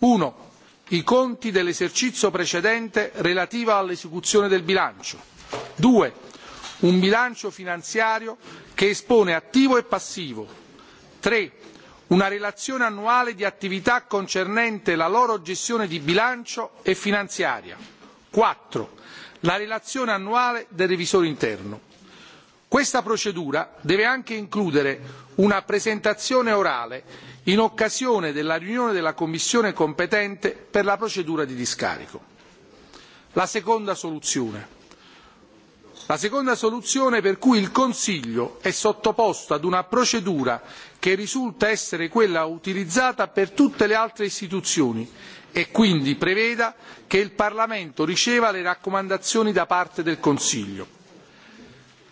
uno i conti dell'esercizio precedente relativa all'esecuzione del bilancio. due un bilancio finanziario che espone attivo e passivo. tre una relazione annuale di attività concernente la loro gestione di bilancio e finanziaria. quattro la relazione annuale del revisore interno. Questa procedura deve anche includere una presentazione orale in occasione della riunione della commissione competente per la procedura di discarico. La seconda soluzione. La seconda soluzione per cui il Consiglio è sottoposto ad una procedura che risulta essere quella utilizzata per tutte le altre istituzioni e quindi preveda che il Parlamento riceva le raccomandazioni da parte del Consiglio.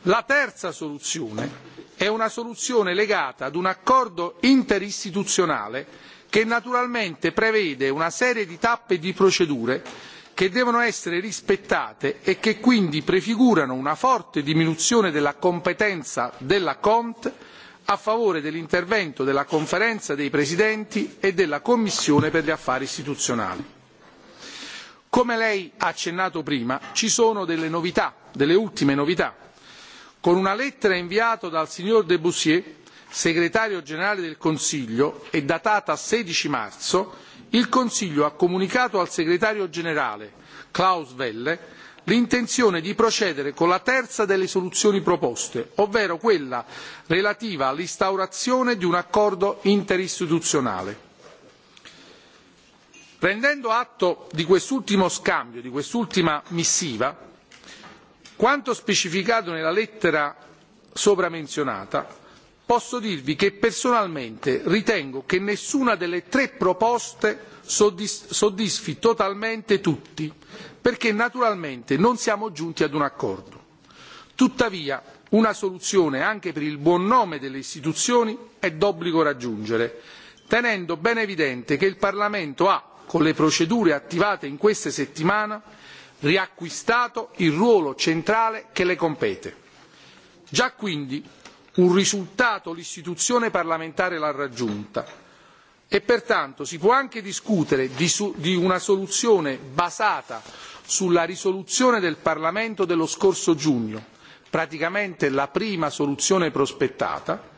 La terza soluzione è una soluzione legata ad un accordo interistituzionale che naturalmente prevede una serie di tappe di procedure che devono essere rispettate e che quindi prefigurano una forte diminuzione della competenza della cont a favore dell'intervento della conferenza dei presidenti e della commissione per gli affari istituzionali. come lei ha accennato prima ci sono delle novità delle ultime novità con una lettera inviata dal signor Debussier, segretario generale del Consiglio e datata sedici marzo, il Consiglio ha comunicato al segretario generale, Klaus Welle, l'intenzione di procedere con la terza delle soluzioni proposte, ovvero quella relativa all'instaurazione di un accordo interistituzionale. Prendendo atto di quest'ultimo scambio, di quest'ultima missiva, Quanto specificato nella lettera sopra menzionata, posso dirvi che personalmente ritengo che nessuna delle tre proposte soddisfi totalmente tutti, perché naturalmente non siamo giunti ad un accordo. Tuttavia, una soluzione anche per il buon nome delle istituzioni è d'obbligo raggiungere, tenendo ben evidente che il Parlamento ha, con le procedure attivate in queste settimane, riacquistato il ruolo centrale che le compete. Già quindi un risultato l'istituzione parlamentare l'ha raggiunta e pertanto si può anche discutere di, su, di una soluzione basata sulla risoluzione del Parlamento dello scorso giugno, praticamente la prima soluzione prospettata,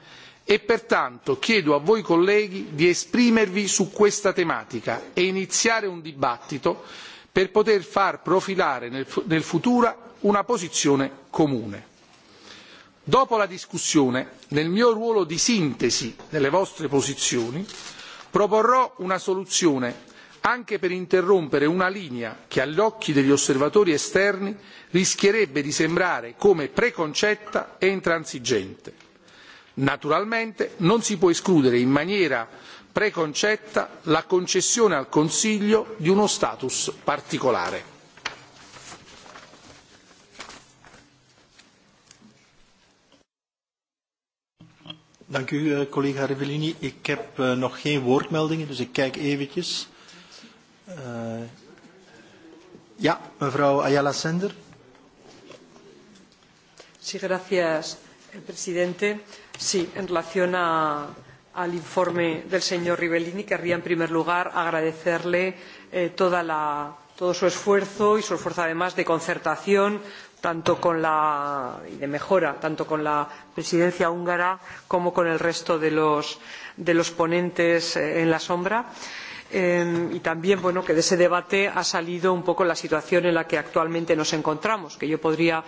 e pertanto chiedo a voi colleghi di esprimervi su questa tematica e iniziare un dibattito per poter far profilare nel, nel futuro una posizione comune. Dopo la discussione, nel mio ruolo di sintesi delle vostre posizioni, proporrò una soluzione anche per interrompere una linea che agli occhi degli osservatori esterni rischierebbe di sembrare come preconcetta e intransigente. Naturalmente non si può escludere in maniera preconcetta la concessione al Consiglio di uno status particolare. Dank u, eh, collega Rivellini. Ik heb uh, nog geen woordmeldingen, dus ik kijk eventjes. Uh, ja, mevrouw Ayala Sender. Sí, gracias, presidente. Sí, en relación a, al informe del señor Rivellini, querría en primer lugar agradecerle eh, toda la, todo su esfuerzo y su esfuerzo además de concertación tanto con la, y de mejora tanto con la presidencia húngara como con el resto de los, de los ponentes eh, en la sombra. Eh, y también bueno, que de ese debate ha salido un poco la situación en la que actualmente nos encontramos, que yo podría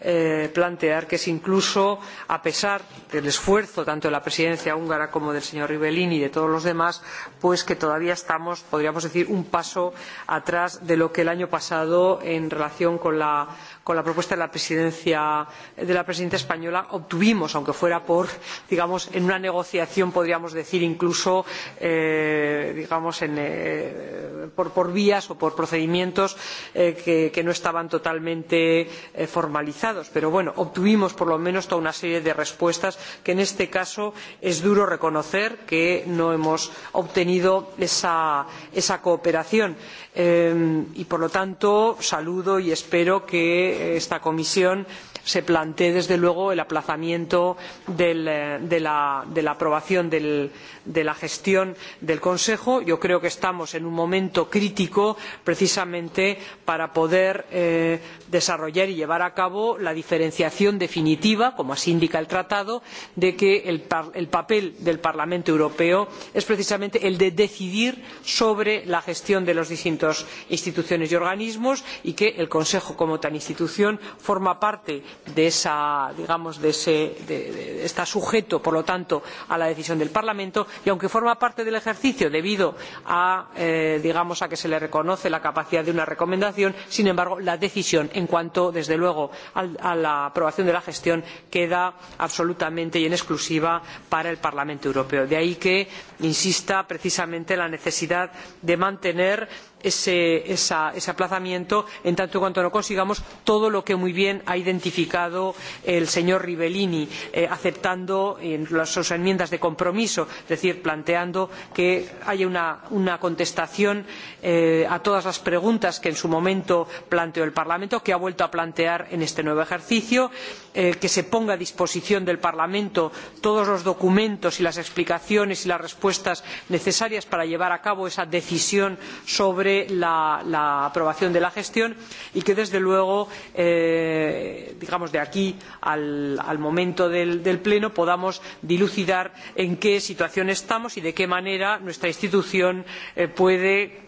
eh, plantear que es incluso, a pesar del esfuerzo tanto de la presidencia húngara como del señor Rivellini y de todos los demás, pues que todavía estamos, podríamos decir, un paso atrás de lo que el año pasado en relación con la con la propuesta de la presidencia de la presidencia española obtuvimos aunque fuera por digamos en una negociación podríamos decir incluso eh, digamos en, eh, por, por vías o por procedimientos eh, que, que no estaban totalmente eh, formalizados pero bueno obtuvimos por lo menos toda una serie de respuestas que en este caso es duro reconocer que no hemos obtenido esa, esa cooperación eh, y por lo tanto saludo y espero que esta comisión se plantee desde luego el aplazamiento del, eh, de, la, de, la, aprobación del, de la gestión del Consejo. Yo creo que estamos en un momento crítico precisamente para poder eh, desarrollar y llevar a cabo la diferenciación definitiva, como así indica el Tratado, de que el, el papel del Parlamento Europeo es precisamente el de decidir sobre la gestión de las distintas instituciones y organismos y que el Consejo como tal institución forma parte de esa, digamos, de ese, de, de, está sujeto, por lo tanto, a la decisión del Parlamento y aunque forma parte del ejercicio debido a, eh, digamos, a que se le reconoce la capacidad de una recomendación, sin embargo, la decisión en cuanto, desde luego, al, a la aprobación de la gestión queda absolutamente y en exclusiva para el Parlamento Europeo. De ahí que insista precisamente en la necesidad de mantener ese, esa, ese aplazamiento en tanto en cuanto no consigamos todo lo que muy bien ha identificado el señor Rivellini, eh, aceptando en las, sus enmiendas de compromiso, es decir, planteando que haya una, una contestación eh, a todas las preguntas que en su momento planteó el Parlamento, que ha vuelto a plantear en este nuevo ejercicio, eh, que se ponga a disposición del Parlamento todos los documentos y las explicaciones y las respuestas necesarias para llevar a cabo esa decisión sobre la, la aprobación de la gestión y que, desde luego, eh, digamos, de aquí al, al momento del, del Pleno podamos dilucidar en qué situación estamos y de qué manera nuestra institución eh, puede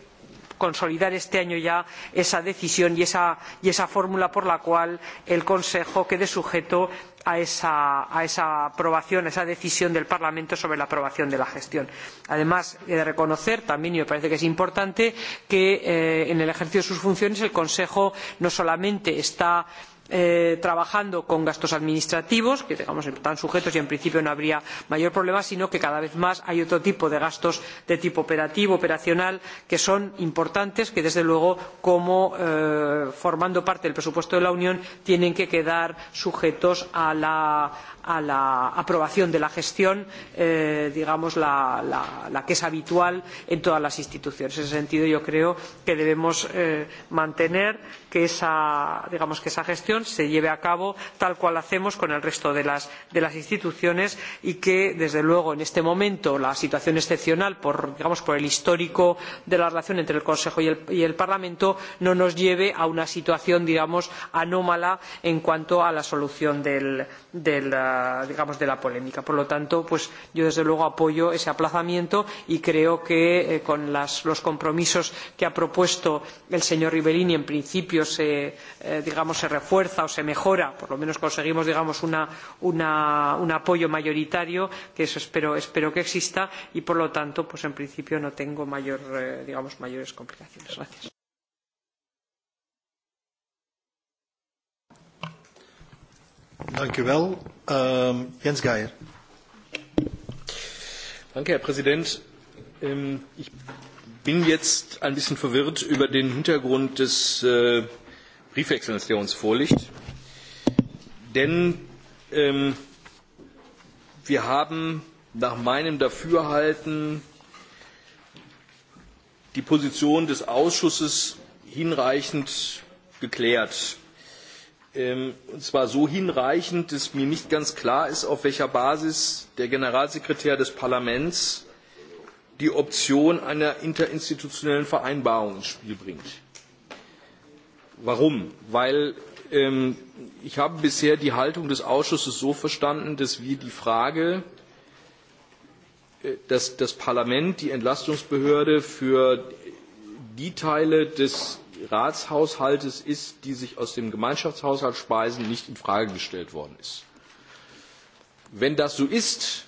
consolidar este año ya esa decisión y esa, y esa fórmula por la cual el Consejo quede sujeto a esa, a esa aprobación, a esa decisión del Parlamento sobre la aprobación de la gestión. Además, he de reconocer también, y me parece que es importante, que eh, en el ejercicio de sus funciones el Consejo no solamente está eh, trabajando con gastos administrativos, que digamos están sujetos y en principio no habría mayor problema, sino que cada vez más hay otro tipo de gastos de tipo operativo, operacional, que son importantes, que desde luego, como eh, formando parte del presupuesto de la Unión, tienen que quedar sujetos a la, a la aprobación de la gestión, eh, digamos, la, la, la, que es habitual en todas las instituciones. En ese sentido, yo creo que debemos eh, mantener que esa, digamos, que esa gestión se lleve a cabo tal cual hacemos con el resto de las, de las instituciones y que, desde luego, en este momento, la situación excepcional por, digamos, por el histórico de la relación entre el Consejo y el, y el Parlamento no nos lleve a una situación, digamos, anómala en cuanto a la solución del, del digamos, de la polémica. Por lo tanto, pues yo desde luego apoyo ese aplazamiento y creo que eh, con las, los compromisos que ha propuesto el señor Rivellini en principio se, eh, digamos, se refuerza o se mejora, por lo menos conseguimos digamos, una, una, un apoyo mayoritario, que eso espero, espero que exista y por lo tanto, pues en principio no tengo mayor, eh, digamos, mayores complicaciones. Gracias. Ehm, Jens Geier. Danke, Herr Präsident. Ähm, ich bin jetzt ein bisschen verwirrt über den Hintergrund des äh, Briefwechsels, der uns vorliegt. Denn ähm, wir haben nach meinem Dafürhalten die Position des Ausschusses hinreichend geklärt. Ähm, und zwar so hinreichend, dass mir nicht ganz klar ist, auf welcher Basis der Generalsekretär des Parlaments die Option einer interinstitutionellen Vereinbarung ins Spiel bringt. Warum? Weil ähm, ich habe bisher die Haltung des Ausschusses so verstanden, dass wir die Frage, äh, dass das Parlament die Entlastungsbehörde für die Teile des Ratshaushaltes ist, die sich aus dem Gemeinschaftshaushalt speisen, nicht in Frage gestellt worden ist. Wenn das so ist,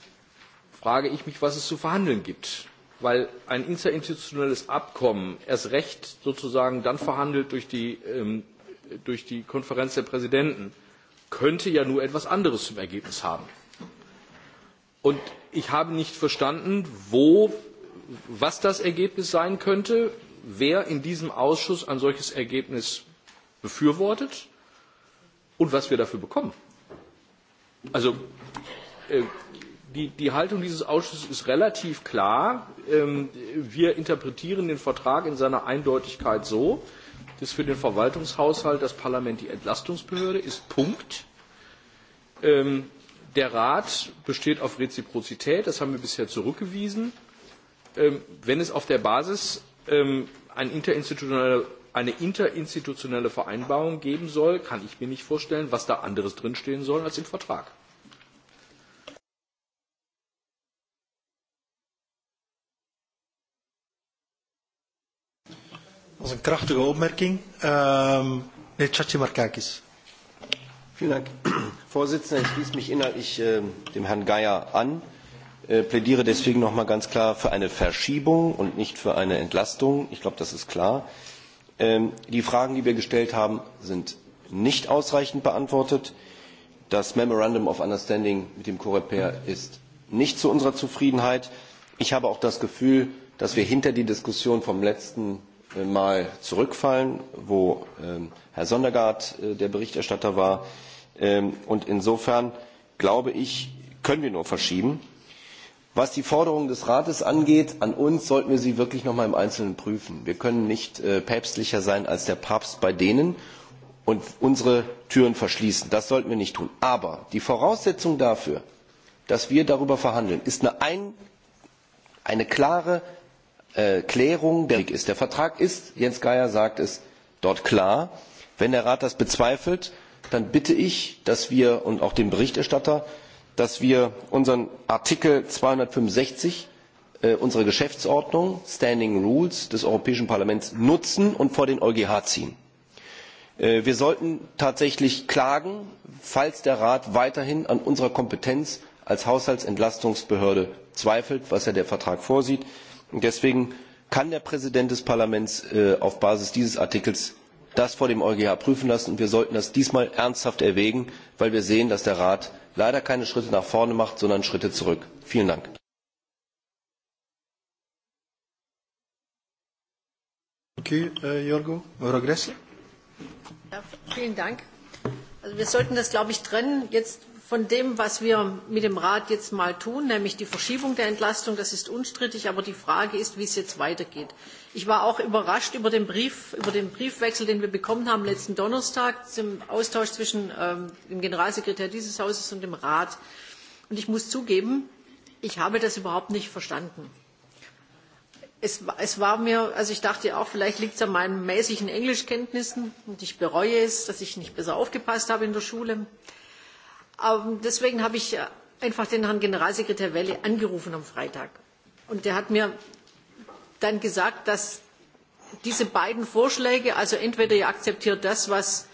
frage ich mich, was es zu verhandeln gibt. Weil ein interinstitutionelles Abkommen erst recht sozusagen dann verhandelt durch die, ähm, durch die Konferenz der Präsidenten könnte ja nur etwas anderes zum Ergebnis haben. Und ich habe nicht verstanden, wo, was das Ergebnis sein könnte wer in diesem Ausschuss ein solches Ergebnis befürwortet und was wir dafür bekommen. Also äh, die, die Haltung dieses Ausschusses ist relativ klar. Ähm, wir interpretieren den Vertrag in seiner Eindeutigkeit so, dass für den Verwaltungshaushalt das Parlament die Entlastungsbehörde ist. Punkt. Ähm, der Rat besteht auf Reziprozität, das haben wir bisher zurückgewiesen. Ähm, wenn es auf der Basis ähm, ein interinstitutionelle, eine interinstitutionelle Vereinbarung geben soll, kann ich mir nicht vorstellen, was da anderes drinstehen soll als im Vertrag. Dat eine krachtige opmerking. Ähm, Herr Vielen Dank, Vorsitzender. Ich schließe mich inhaltlich ehm, äh, dem Herrn Geier an. Äh, plädiere deswegen noch mal ganz klar für eine Verschiebung und nicht für eine Entlastung. Ich glaube, das ist klar. Ähm, die Fragen, die wir gestellt haben, sind nicht ausreichend beantwortet. Das Memorandum of Understanding mit dem Coreper ist nicht zu unserer Zufriedenheit. Ich habe auch das Gefühl, dass wir hinter die Diskussion vom letzten äh, Mal zurückfallen, wo ähm, Herr Sondergaard äh, der Berichterstatter war. Ähm, und insofern glaube ich, können wir nur verschieben. Was die Forderungen des Rates angeht, an uns sollten wir sie wirklich noch mal im Einzelnen prüfen. Wir können nicht äh, päpstlicher sein als der Papst bei denen und unsere Türen verschließen. Das sollten wir nicht tun. Aber die Voraussetzung dafür, dass wir darüber verhandeln, ist eine, ein, eine klare äh, Klärung der ist. Der Vertrag ist, Jens Geier sagt es, dort klar. Wenn der Rat das bezweifelt, dann bitte ich, dass wir und auch den Berichterstatter dass wir unseren Artikel 265 äh, unserer Geschäftsordnung, Standing Rules des Europäischen Parlaments nutzen und vor den EuGH ziehen. Äh, wir sollten tatsächlich klagen, falls der Rat weiterhin an unserer Kompetenz als Haushaltsentlastungsbehörde zweifelt, was ja der Vertrag vorsieht. Und deswegen kann der Präsident des Parlaments äh, auf Basis dieses Artikels das vor dem EuGH prüfen lassen. Und wir sollten das diesmal ernsthaft erwägen, weil wir sehen, dass der Rat leider keine Schritte nach vorne macht, sondern Schritte zurück. Vielen Dank. Okay, äh, Jorgo, Vielen Dank. Also wir sollten das, glaube ich, trennen. Jetzt von dem, was wir mit dem Rat jetzt mal tun, nämlich die Verschiebung der Entlastung, das ist unstrittig, aber die Frage ist, wie es jetzt weitergeht. Ich war auch überrascht über den, Brief, über den Briefwechsel, den wir bekommen haben letzten Donnerstag zum Austausch zwischen ähm, dem Generalsekretär dieses Hauses und dem Rat. Und ich muss zugeben, ich habe das überhaupt nicht verstanden. Es, es war mir, also ich dachte auch, vielleicht liegt es an meinen mäßigen Englischkenntnissen und ich bereue es, dass ich nicht besser aufgepasst habe in der Schule. Ähm, deswegen habe ich äh, einfach den Herrn Generalsekretär Welle angerufen am Freitag. Und der hat mir dann gesagt, dass diese beiden Vorschläge, also entweder ihr akzeptiert das, was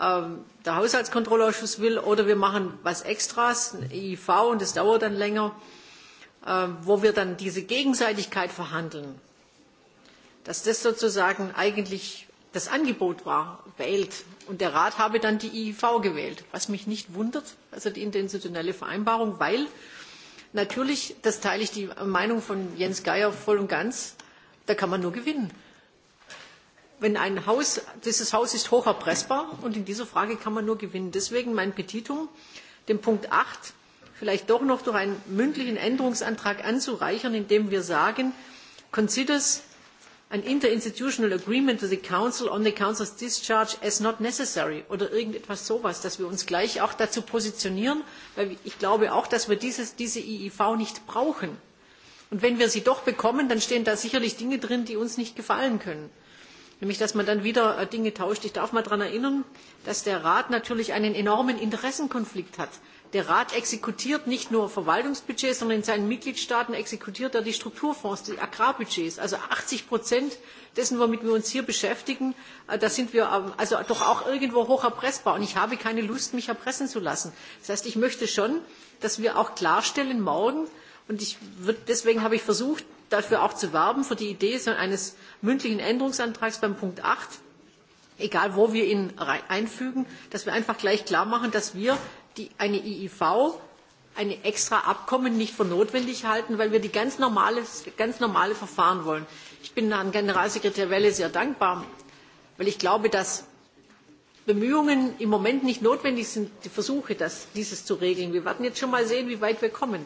ähm, der Haushaltskontrollausschuss will, oder wir machen was Extras, ein EIV, und das dauert dann länger, äh, wo wir dann diese Gegenseitigkeit verhandeln, dass das sozusagen eigentlich das Angebot war, wählt. Und der Rat habe dann die IIV gewählt, was mich nicht wundert, also die interinstitutionelle Vereinbarung, weil natürlich, das teile ich die Meinung von Jens Geier voll und ganz, da kann man nur gewinnen. Wenn ein Haus, dieses Haus ist hoch erpressbar und in dieser Frage kann man nur gewinnen. Deswegen mein Petitum, den Punkt 8 vielleicht doch noch durch einen mündlichen Änderungsantrag anzureichern, indem wir sagen, considers An interinstitutional agreement to the council on the council's discharge as not necessary oder irgendetwas sowas, dass wir uns gleich auch dazu positionieren, weil ich glaube auch, dass wir dieses, diese IIV nicht brauchen. Und wenn wir sie doch bekommen, dann stehen da sicherlich Dinge drin, die uns nicht gefallen können. Nämlich, dass man dann wieder äh, Dinge tauscht. Ich darf mal daran erinnern, dass der Rat natürlich einen enormen Interessenkonflikt hat. Der Rat exekutiert nicht nur Verwaltungsbudgets, sondern in seinen Mitgliedstaaten exekutiert er die Strukturfonds, die Agrarbudgets. Also 80 Prozent dessen, womit wir uns hier beschäftigen, äh, da sind wir ähm, also doch auch irgendwo hoch erpressbar. Und ich habe keine Lust, mich erpressen zu lassen. Das heißt, ich möchte schon, dass wir auch klarstellen morgen, und ich deswegen habe ich versucht, dafür auch zu werben, für die Idee eines mündlichen Änderungsantrags beim Punkt 8, egal wo wir ihn einfügen, dass wir einfach gleich klar machen, dass wir die, eine IIV, ein extra Abkommen nicht für notwendig halten, weil wir die ganz normale, ganz normale Verfahren wollen. Ich bin Herrn Generalsekretär Welle sehr dankbar, weil ich glaube, dass Bemühungen im Moment nicht notwendig sind, die Versuche, das, dieses zu regeln. Wir werden jetzt schon mal sehen, wie weit wir kommen.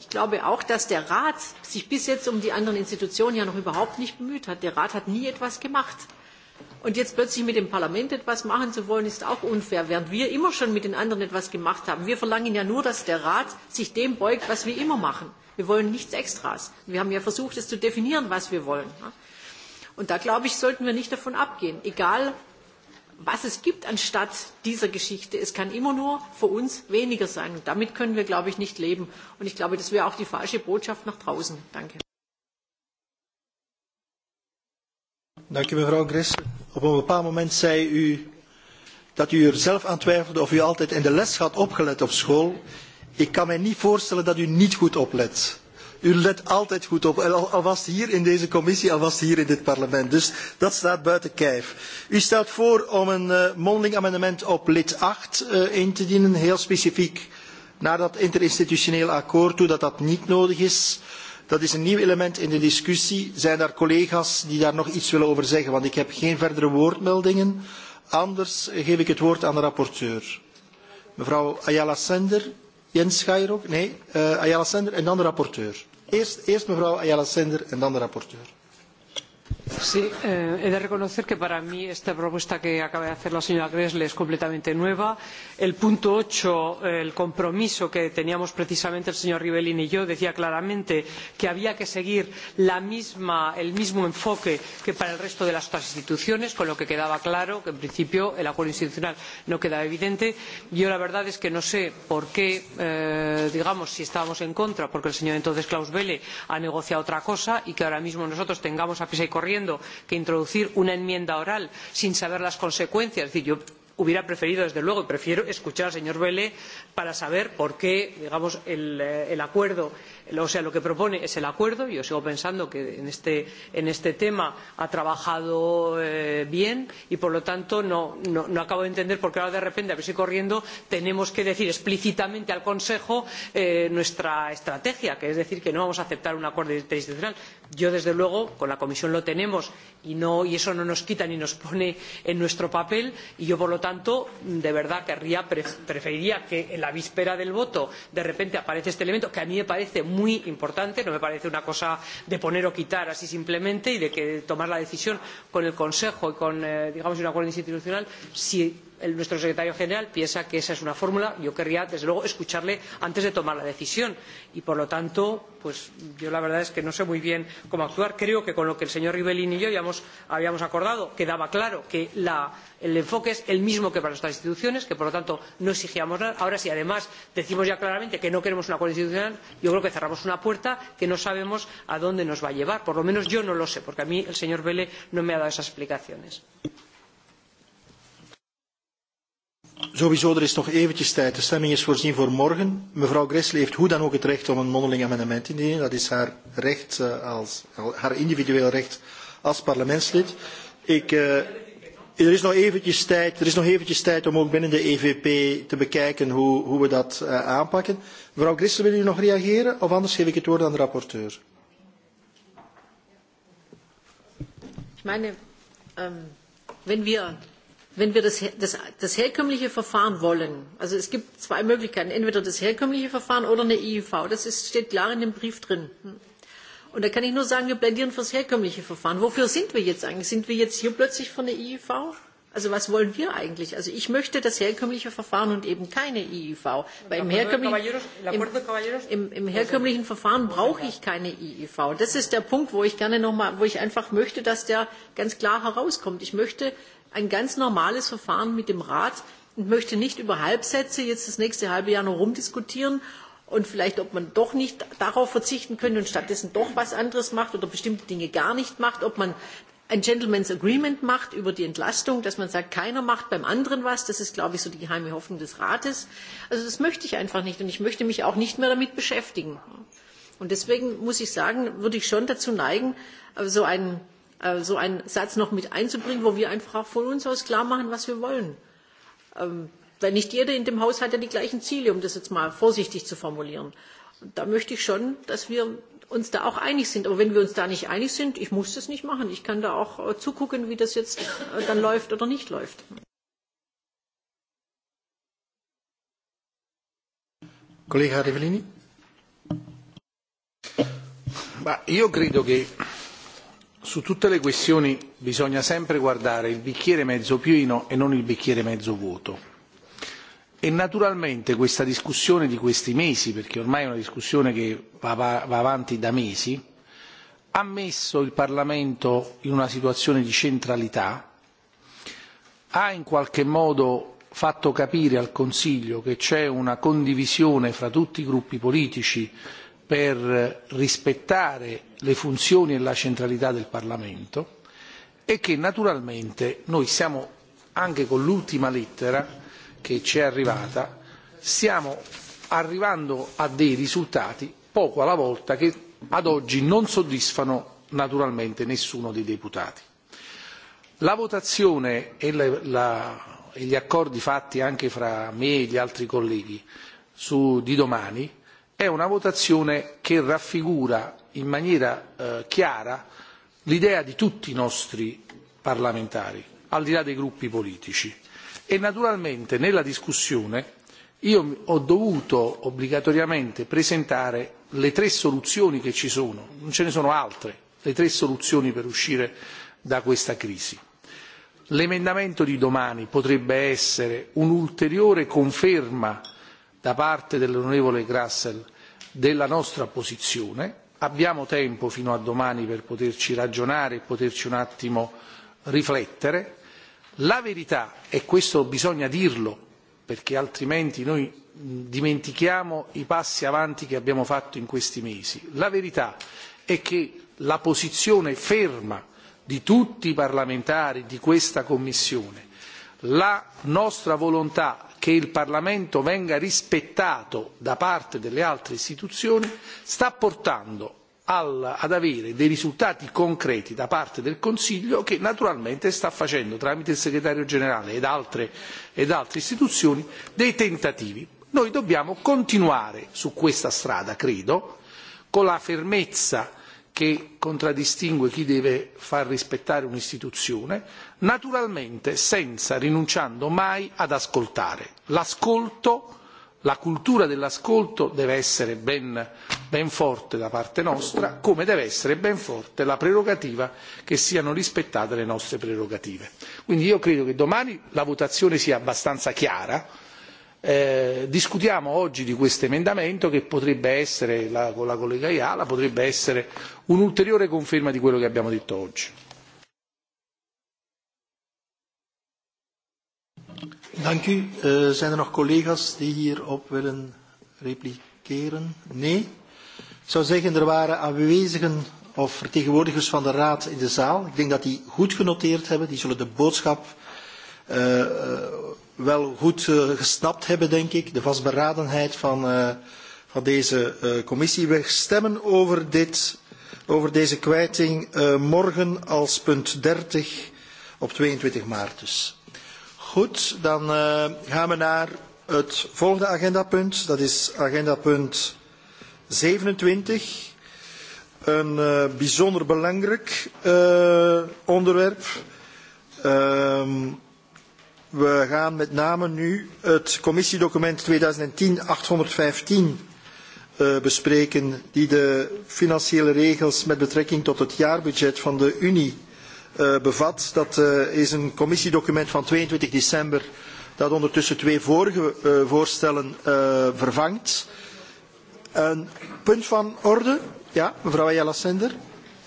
Ich glaube auch, dass der Rat sich bis jetzt um die anderen Institutionen ja noch überhaupt nicht bemüht hat. Der Rat hat nie etwas gemacht. Und jetzt plötzlich mit dem Parlament etwas machen zu wollen, ist auch unfair, während wir immer schon mit den anderen etwas gemacht haben. Wir verlangen ja nur, dass der Rat sich dem beugt, was wir immer machen. Wir wollen nichts Extras. Wir haben ja versucht, es zu definieren, was wir wollen. Und da, glaube ich, sollten wir nicht davon abgehen. Egal, was es gibt anstatt dieser Geschichte. Es kann immer nur für uns weniger sein. Und damit können wir, glaube ich, nicht leben. Und ich glaube, das wäre auch die falsche Botschaft nach draußen. Danke. Dank u mevrouw Gris. Op een bepaald moment zei u dat u er zelf aan twijfelde of u altijd in de les had opgelet op school. Ik kan mij niet voorstellen dat u niet goed oplet. U let altijd goed op, alvast hier in deze commissie, alvast hier in dit parlement. Dus dat staat buiten kijf. U stelt voor om een uh, mondeling amendement op lid 8 uh, eh, in te dienen, heel specifiek naar dat interinstitutioneel akkoord toe, dat dat niet nodig is. Uh, Dat is een nieuw element in de discussie. Zijn er collega's die daar nog iets willen over zeggen? Want ik heb geen verdere woordmeldingen. Anders geef ik het woord aan de rapporteur. Mevrouw Ayala Sender, Jens ook? nee, uh, Ayala Sender en dan de rapporteur. Eerst, eerst mevrouw Ayala Sender en dan de rapporteur. Sí, eh, he de reconocer que para mí esta propuesta que acaba de hacer la señora Gresle es completamente nueva. El punto ocho, eh, el compromiso que teníamos precisamente el señor Rivellini y yo, decía claramente que había que seguir la misma, el mismo enfoque que para el resto de las otras instituciones, con lo que quedaba claro que en principio el acuerdo institucional no quedaba evidente. Yo la verdad es que no sé por qué, eh, digamos, si estábamos en contra, porque el señor entonces Klaus Welle ha negociado otra cosa y que ahora mismo nosotros tengamos a prisa y corriendo proponiendo que introducir una enmienda oral sin saber las consecuencias. Es decir, yo hubiera preferido desde luego prefiero escuchar al señor Belet para saber por qué digamos, el, eh, el acuerdo o sea, lo que propone es el acuerdo. Yo sigo pensando que en este, en este tema ha trabajado eh, bien y, por lo tanto, no, no, no acabo de entender por qué ahora de repente, a ver si corriendo, tenemos que decir explícitamente al Consejo eh, nuestra estrategia, que es decir, que no vamos a aceptar un acuerdo interinstitucional. Yo, desde luego, con la Comisión lo tenemos y, no, y eso no nos quita ni nos pone en nuestro papel y yo, por lo tanto, de verdad querría, preferiría que en la víspera del voto de repente aparece este elemento que a mí me parece muy muy importante, no me parece una cosa de poner o quitar así simplemente y de que tomar la decisión con el Consejo y con, eh, digamos, un acuerdo institucional si el, nuestro secretario general piensa que esa es una fórmula. Yo querría, desde luego, escucharle antes de tomar la decisión. Y, por lo tanto, pues yo la verdad es que no sé muy bien cómo actuar. Creo que con lo que el señor Rivellin y yo ya hemos, habíamos acordado quedaba claro que la, el enfoque es el mismo que para nuestras instituciones, que, por lo tanto, no exigíamos nada. Ahora, si además decimos ya claramente que no queremos un acuerdo institucional, yo creo que cerramos una puerta que no sabemos a dónde nos va a llevar. Por lo menos yo no lo sé, porque a mí el señor Vélez no me ha dado esas explicaciones. Sowieso, er is nog eventjes tijd. De stemming is voorzien voor morgen. Mevrouw Gressel heeft hoe dan ook het recht om een mondeling amendement in te dienen. Dat is haar, recht eh, als, haar individueel recht als parlementslid. Ik, uh, er, is nog eventjes tijd, er is nog eventjes tijd om ook binnen de EVP te bekijken hoe, hoe we dat uh, aanpakken. Mevrouw Gressel, wil u nog reageren? Of anders geef ik het woord aan de rapporteur. Ich meine, ehm, wenn wir wenn wir das, das, das herkömmliche Verfahren wollen, also es gibt zwei Möglichkeiten, entweder das herkömmliche Verfahren oder eine EUV, das ist, steht klar in dem Brief drin. Und da kann ich nur sagen, wir plädieren für das herkömmliche Verfahren. Wofür sind wir jetzt eigentlich? Sind wir jetzt hier plötzlich von der EUV? Also was wollen wir eigentlich? Also ich möchte das herkömmliche Verfahren und eben keine IIV. E Weil im herkömmlichen, im, im, im herkömmlichen Verfahren brauche ich keine IIV. E das ist der Punkt, wo ich gerne nochmal, wo ich einfach möchte, dass der ganz klar herauskommt. Ich möchte, ein ganz normales Verfahren mit dem Rat und möchte nicht über Halbsätze jetzt das nächste halbe Jahr noch rumdiskutieren und vielleicht, ob man doch nicht darauf verzichten könnte und stattdessen doch was anderes macht oder bestimmte Dinge gar nicht macht, ob man ein Gentleman's Agreement macht über die Entlastung, dass man sagt, keiner macht beim anderen was. Das ist, glaube ich, so die geheime Hoffnung des Rates. Also das möchte ich einfach nicht und ich möchte mich auch nicht mehr damit beschäftigen. Und deswegen muss ich sagen, würde ich schon dazu neigen, so einen Äh, so einen Satz noch mit einzubringen, wo wir einfach auch von uns aus klar machen, was wir wollen. Weil ähm, nicht jeder in dem Haus hat ja die gleichen Ziele, um das jetzt mal vorsichtig zu formulieren. Und da möchte ich schon, dass wir uns da auch einig sind. Aber wenn wir uns da nicht einig sind, ich muss das nicht machen. Ich kann da auch äh, zugucken, wie das jetzt äh, dann läuft oder nicht läuft. Kollege Rivellini? Ma io credo che su tutte le questioni bisogna sempre guardare il bicchiere mezzo pieno e non il bicchiere mezzo vuoto. E naturalmente questa discussione di questi mesi, perché ormai è una discussione che va, va, va avanti da mesi, ha messo il Parlamento in una situazione di centralità, ha in qualche modo fatto capire al Consiglio che c'è una condivisione fra tutti i gruppi politici per rispettare le funzioni e la centralità del Parlamento e che naturalmente noi siamo anche con l'ultima lettera che ci è arrivata, stiamo arrivando a dei risultati poco alla volta che ad oggi non soddisfano naturalmente nessuno dei deputati. La votazione e, la, la, e gli accordi fatti anche fra me e gli altri colleghi su, di domani è una votazione che raffigura in maniera eh, chiara l'idea di tutti i nostri parlamentari, al di là dei gruppi politici. E naturalmente nella discussione io ho dovuto obbligatoriamente presentare le tre soluzioni che ci sono, non ce ne sono altre, le tre soluzioni per uscire da questa crisi. L'emendamento di domani potrebbe essere un'ulteriore conferma da parte dell'onorevole Grassel della nostra posizione. Abbiamo tempo fino a domani per poterci ragionare e poterci un attimo riflettere. La verità, e questo bisogna dirlo perché altrimenti noi dimentichiamo i passi avanti che abbiamo fatto in questi mesi, la verità è che la posizione ferma di tutti i parlamentari di questa Commissione, la nostra volontà che il Parlamento venga rispettato da parte delle altre istituzioni sta portando ad avere dei risultati concreti da parte del Consiglio che naturalmente sta facendo tramite il segretario generale ed altre, ed altre istituzioni dei tentativi. Noi dobbiamo continuare su questa strada, credo, con la fermezza che contraddistingue chi deve far rispettare un'istituzione, naturalmente senza rinunciando mai ad ascoltare. L'ascolto, la cultura dell'ascolto deve essere ben, ben forte da parte nostra, come deve essere ben forte la prerogativa che siano rispettate le nostre prerogative. Quindi io credo che domani la votazione sia abbastanza chiara, Eh, discutiamo oggi di questo emendamento che potrebbe essere, la, con la collega Ayala, potrebbe essere un'ulteriore conferma di quello che abbiamo detto oggi. Uh, zijn er nog collega's die hierop willen repliceren? Nee? zou zeggen, er waren aanwezigen of vertegenwoordigers van de Raad in de zaal. Ik denk dat die goed genoteerd hebben. Die zullen de boodschap uh, wel goed uh, gesnapt hebben, denk ik, de vastberadenheid van, uh, van deze uh, commissie. We stemmen over, dit, over deze kwijting uh, morgen als punt 30 op 22 maart dus. Goed, dan uh, gaan we naar het volgende agendapunt. Dat is agendapunt 27. Een uh, bijzonder belangrijk uh, onderwerp. Ehm, We gaan met name nu het commissiedocument 2010-815 eh, bespreken, die de financiële regels met betrekking tot het jaarbudget van de Unie eh, bevat. Dat eh, is een commissiedocument van 22 december dat ondertussen twee vorige voorstellen vervangt. Een punt van orde? Ja, mevrouw Ayala Sender.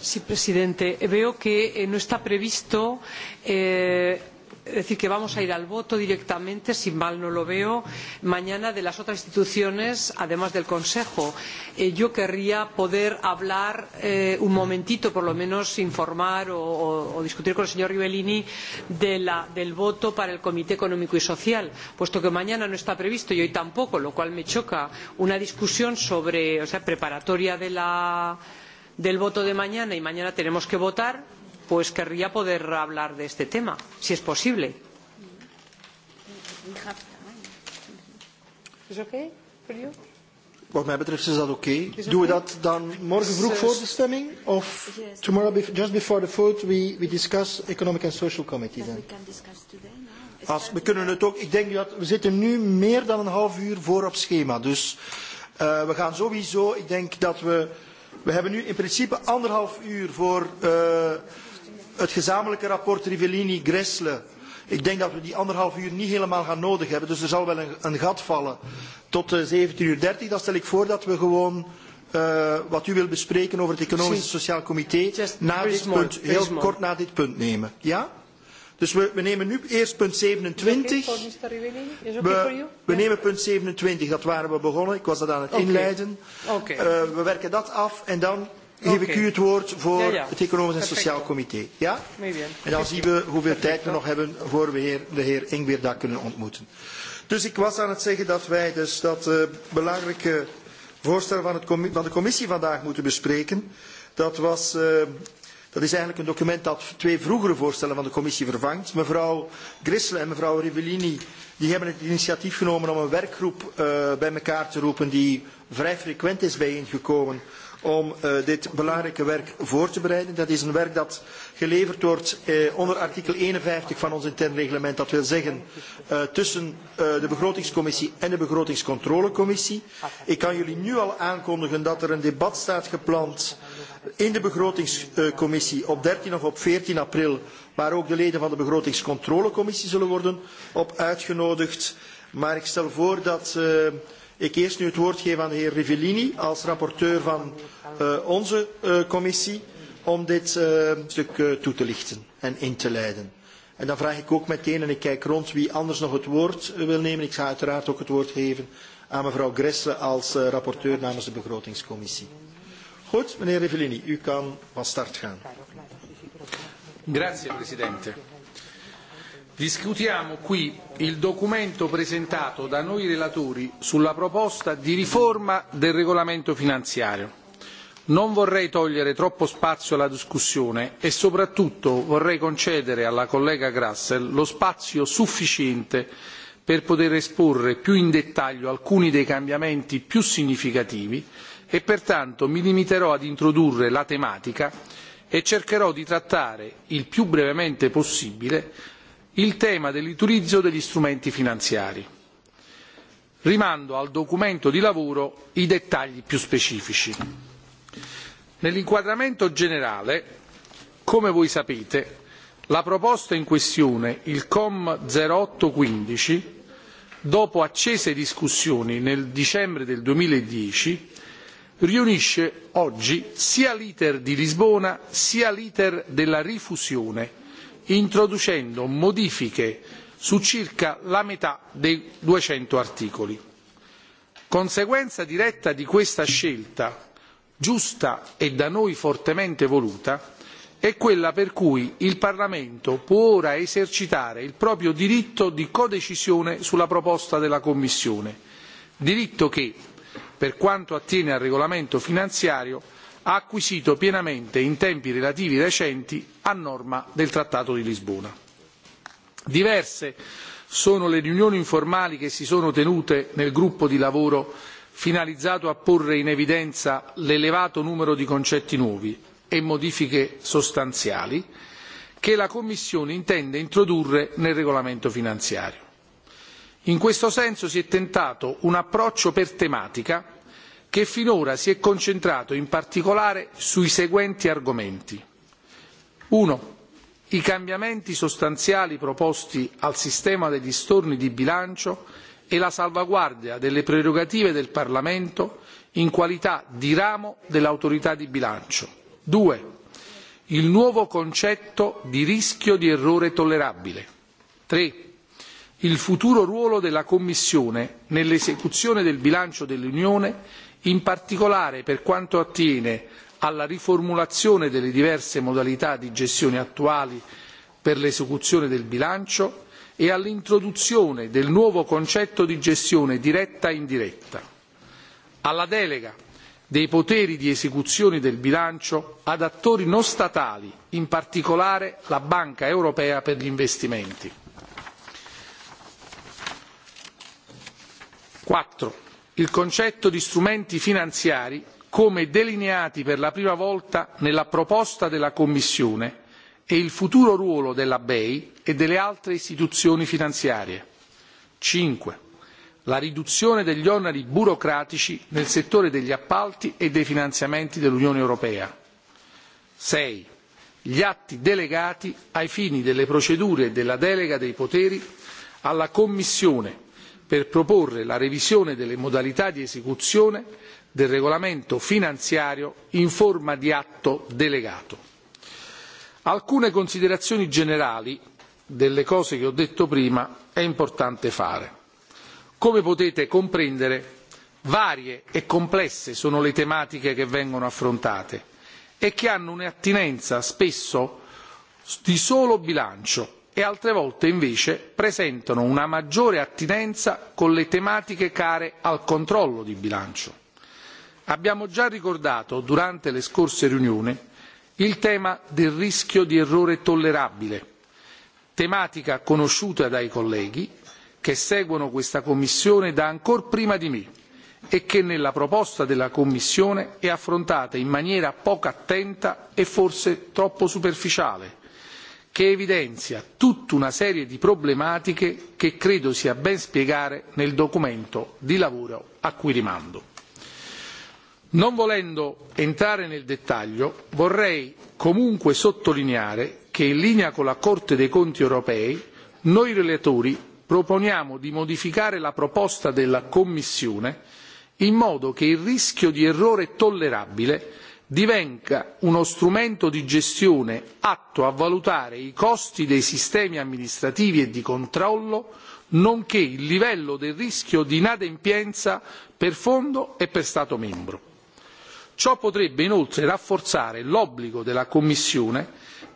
Sí, presidente. Veo que no está previsto eh, Es decir, que vamos a ir al voto directamente, si mal no lo veo, mañana de las otras instituciones, además del Consejo. Eh, yo querría poder hablar eh, un momentito, por lo menos informar o, o, o discutir con el señor Rivellini de la, del voto para el Comité Económico y Social, puesto que mañana no está previsto y hoy tampoco, lo cual me choca una discusión sobre, o sea, preparatoria de la, del voto de mañana y mañana tenemos que votar pues querría poder hablar de este tema, si es posible. Wat mij betreft is dat oké. Okay. Doen we dat dan morgen vroeg voor de stemming? Of yes. tomorrow, be just before the vote, we, we discuss Economic and Social Committee then? Als, we kunnen het ook, ik denk dat we zitten nu meer dan een half uur voor op schema. Dus uh, we gaan sowieso, ik denk dat we, we hebben nu in principe anderhalf uur voor... Uh, het gezamenlijke rapport Rivellini-Gressle. Ik denk dat we die anderhalf uur niet helemaal gaan nodig hebben, dus er zal wel een, een gat vallen tot uh, eh, 17.30 uur. 30. Dan stel ik voor dat we gewoon uh, wat u wil bespreken over het economisch en sociaal comité na dit punt, heel kort na dit punt nemen. Ja? Dus we, we nemen nu eerst punt 27. We, we nemen punt 27, dat waren we begonnen. Ik was dat aan het okay. inleiden. Okay. Uh, eh, we werken dat af en dan geef ik u het woord voor ja, ja. het Economisch en Sociaal Comité. Ja? En dan zien we hoeveel tijd we nog hebben voor we heer, de heer Ingweer daar kunnen ontmoeten. Dus ik was aan het zeggen dat wij dus dat uh, belangrijke voorstel van, het van de commissie vandaag moeten bespreken. Dat, was, uh, dat is eigenlijk een document dat twee vroegere voorstellen van de commissie vervangt. Mevrouw Grissel en mevrouw Rivellini die hebben het initiatief genomen om een werkgroep uh, bij elkaar te roepen die vrij frequent is bijeengekomen om uh, dit belangrijke werk voor te bereiden. Dat is een werk dat geleverd wordt uh, onder artikel 51 van ons intern reglement. Dat wil zeggen uh, tussen de begrotingscommissie en de begrotingscontrolecommissie. Ik kan jullie nu al aankondigen dat er een debat staat gepland in de begrotingscommissie op 13 of op 14 april. Waar ook de leden van de begrotingscontrolecommissie zullen worden op uitgenodigd. Maar ik stel voor dat... Uh, Ik eerst nu het woord geven aan de heer Rivellini als rapporteur van uh, onze uh, commissie om dit uh, stuk uh, toe te lichten en in te leiden. En dan vraag ik ook meteen, en ik kijk rond wie anders nog het woord wil nemen. Ik ga uiteraard ook het woord geven aan mevrouw Gressle als uh, rapporteur namens de begrotingscommissie. Goed, meneer Rivellini, u kan van start gaan. Grazie, presidente. Discutiamo qui il documento presentato da noi relatori sulla proposta di riforma del regolamento finanziario. Non vorrei togliere troppo spazio alla discussione e soprattutto vorrei concedere alla collega Grassel lo spazio sufficiente per poter esporre più in dettaglio alcuni dei cambiamenti più significativi e pertanto mi limiterò ad introdurre la tematica e cercherò di trattare il più brevemente possibile il tema dell'utilizzo degli strumenti finanziari. Rimando al documento di lavoro i dettagli più specifici. Nell'inquadramento generale, come voi sapete, la proposta in questione, il COM 0815, dopo accese discussioni nel dicembre del duemiladieci riunisce oggi sia l'iter di Lisbona sia l'iter della rifusione introducendo modifiche su circa la metà dei duecento articoli. Conseguenza diretta di questa scelta, giusta e da noi fortemente voluta, è quella per cui il Parlamento può ora esercitare il proprio diritto di codecisione sulla proposta della Commissione, diritto che, per quanto attiene al regolamento finanziario, ha acquisito pienamente in tempi relativi recenti a norma del Trattato di Lisbona. Diverse sono le riunioni informali che si sono tenute nel gruppo di lavoro finalizzato a porre in evidenza l'elevato numero di concetti nuovi e modifiche sostanziali che la Commissione intende introdurre nel regolamento finanziario. In questo senso si è tentato un approccio per tematica che finora si è concentrato in particolare sui seguenti argomenti. uno I cambiamenti sostanziali proposti al sistema degli storni di bilancio e la salvaguardia delle prerogative del Parlamento in qualità di ramo dell'autorità di bilancio. due Il nuovo concetto di rischio di errore tollerabile. tre Il futuro ruolo della Commissione nell'esecuzione del bilancio dell'Unione In particolare per quanto attiene alla riformulazione delle diverse modalità di gestione attuali per l'esecuzione del bilancio e all'introduzione del nuovo concetto di gestione diretta e indiretta, alla delega dei poteri di esecuzione del bilancio ad attori non statali, in particolare la Banca europea per gli investimenti. Quattro il concetto di strumenti finanziari come delineati per la prima volta nella proposta della Commissione e il futuro ruolo della BEI e delle altre istituzioni finanziarie. Cinque. La riduzione degli oneri burocratici nel settore degli appalti e dei finanziamenti dell'Unione Europea. Sei. Gli atti delegati ai fini delle procedure e della delega dei poteri alla Commissione per proporre la revisione delle modalità di esecuzione del regolamento finanziario in forma di atto delegato. Alcune considerazioni generali delle cose che ho detto prima è importante fare. Come potete comprendere, varie e complesse sono le tematiche che vengono affrontate e che hanno un'attinenza spesso di solo bilancio e altre volte invece presentano una maggiore attinenza con le tematiche care al controllo di bilancio. Abbiamo già ricordato durante le scorse riunioni il tema del rischio di errore tollerabile, tematica conosciuta dai colleghi che seguono questa Commissione da ancor prima di me e che nella proposta della Commissione è affrontata in maniera poco attenta e forse troppo superficiale che evidenzia tutta una serie di problematiche che credo sia ben spiegare nel documento di lavoro a cui rimando. Non volendo entrare nel dettaglio, vorrei comunque sottolineare che in linea con la Corte dei Conti europei noi relatori proponiamo di modificare la proposta della Commissione in modo che il rischio di errore tollerabile divenga uno strumento di gestione atto a valutare i costi dei sistemi amministrativi e di controllo nonché il livello del rischio di inadempienza per fondo e per stato membro. ciò potrebbe inoltre rafforzare l'obbligo della commissione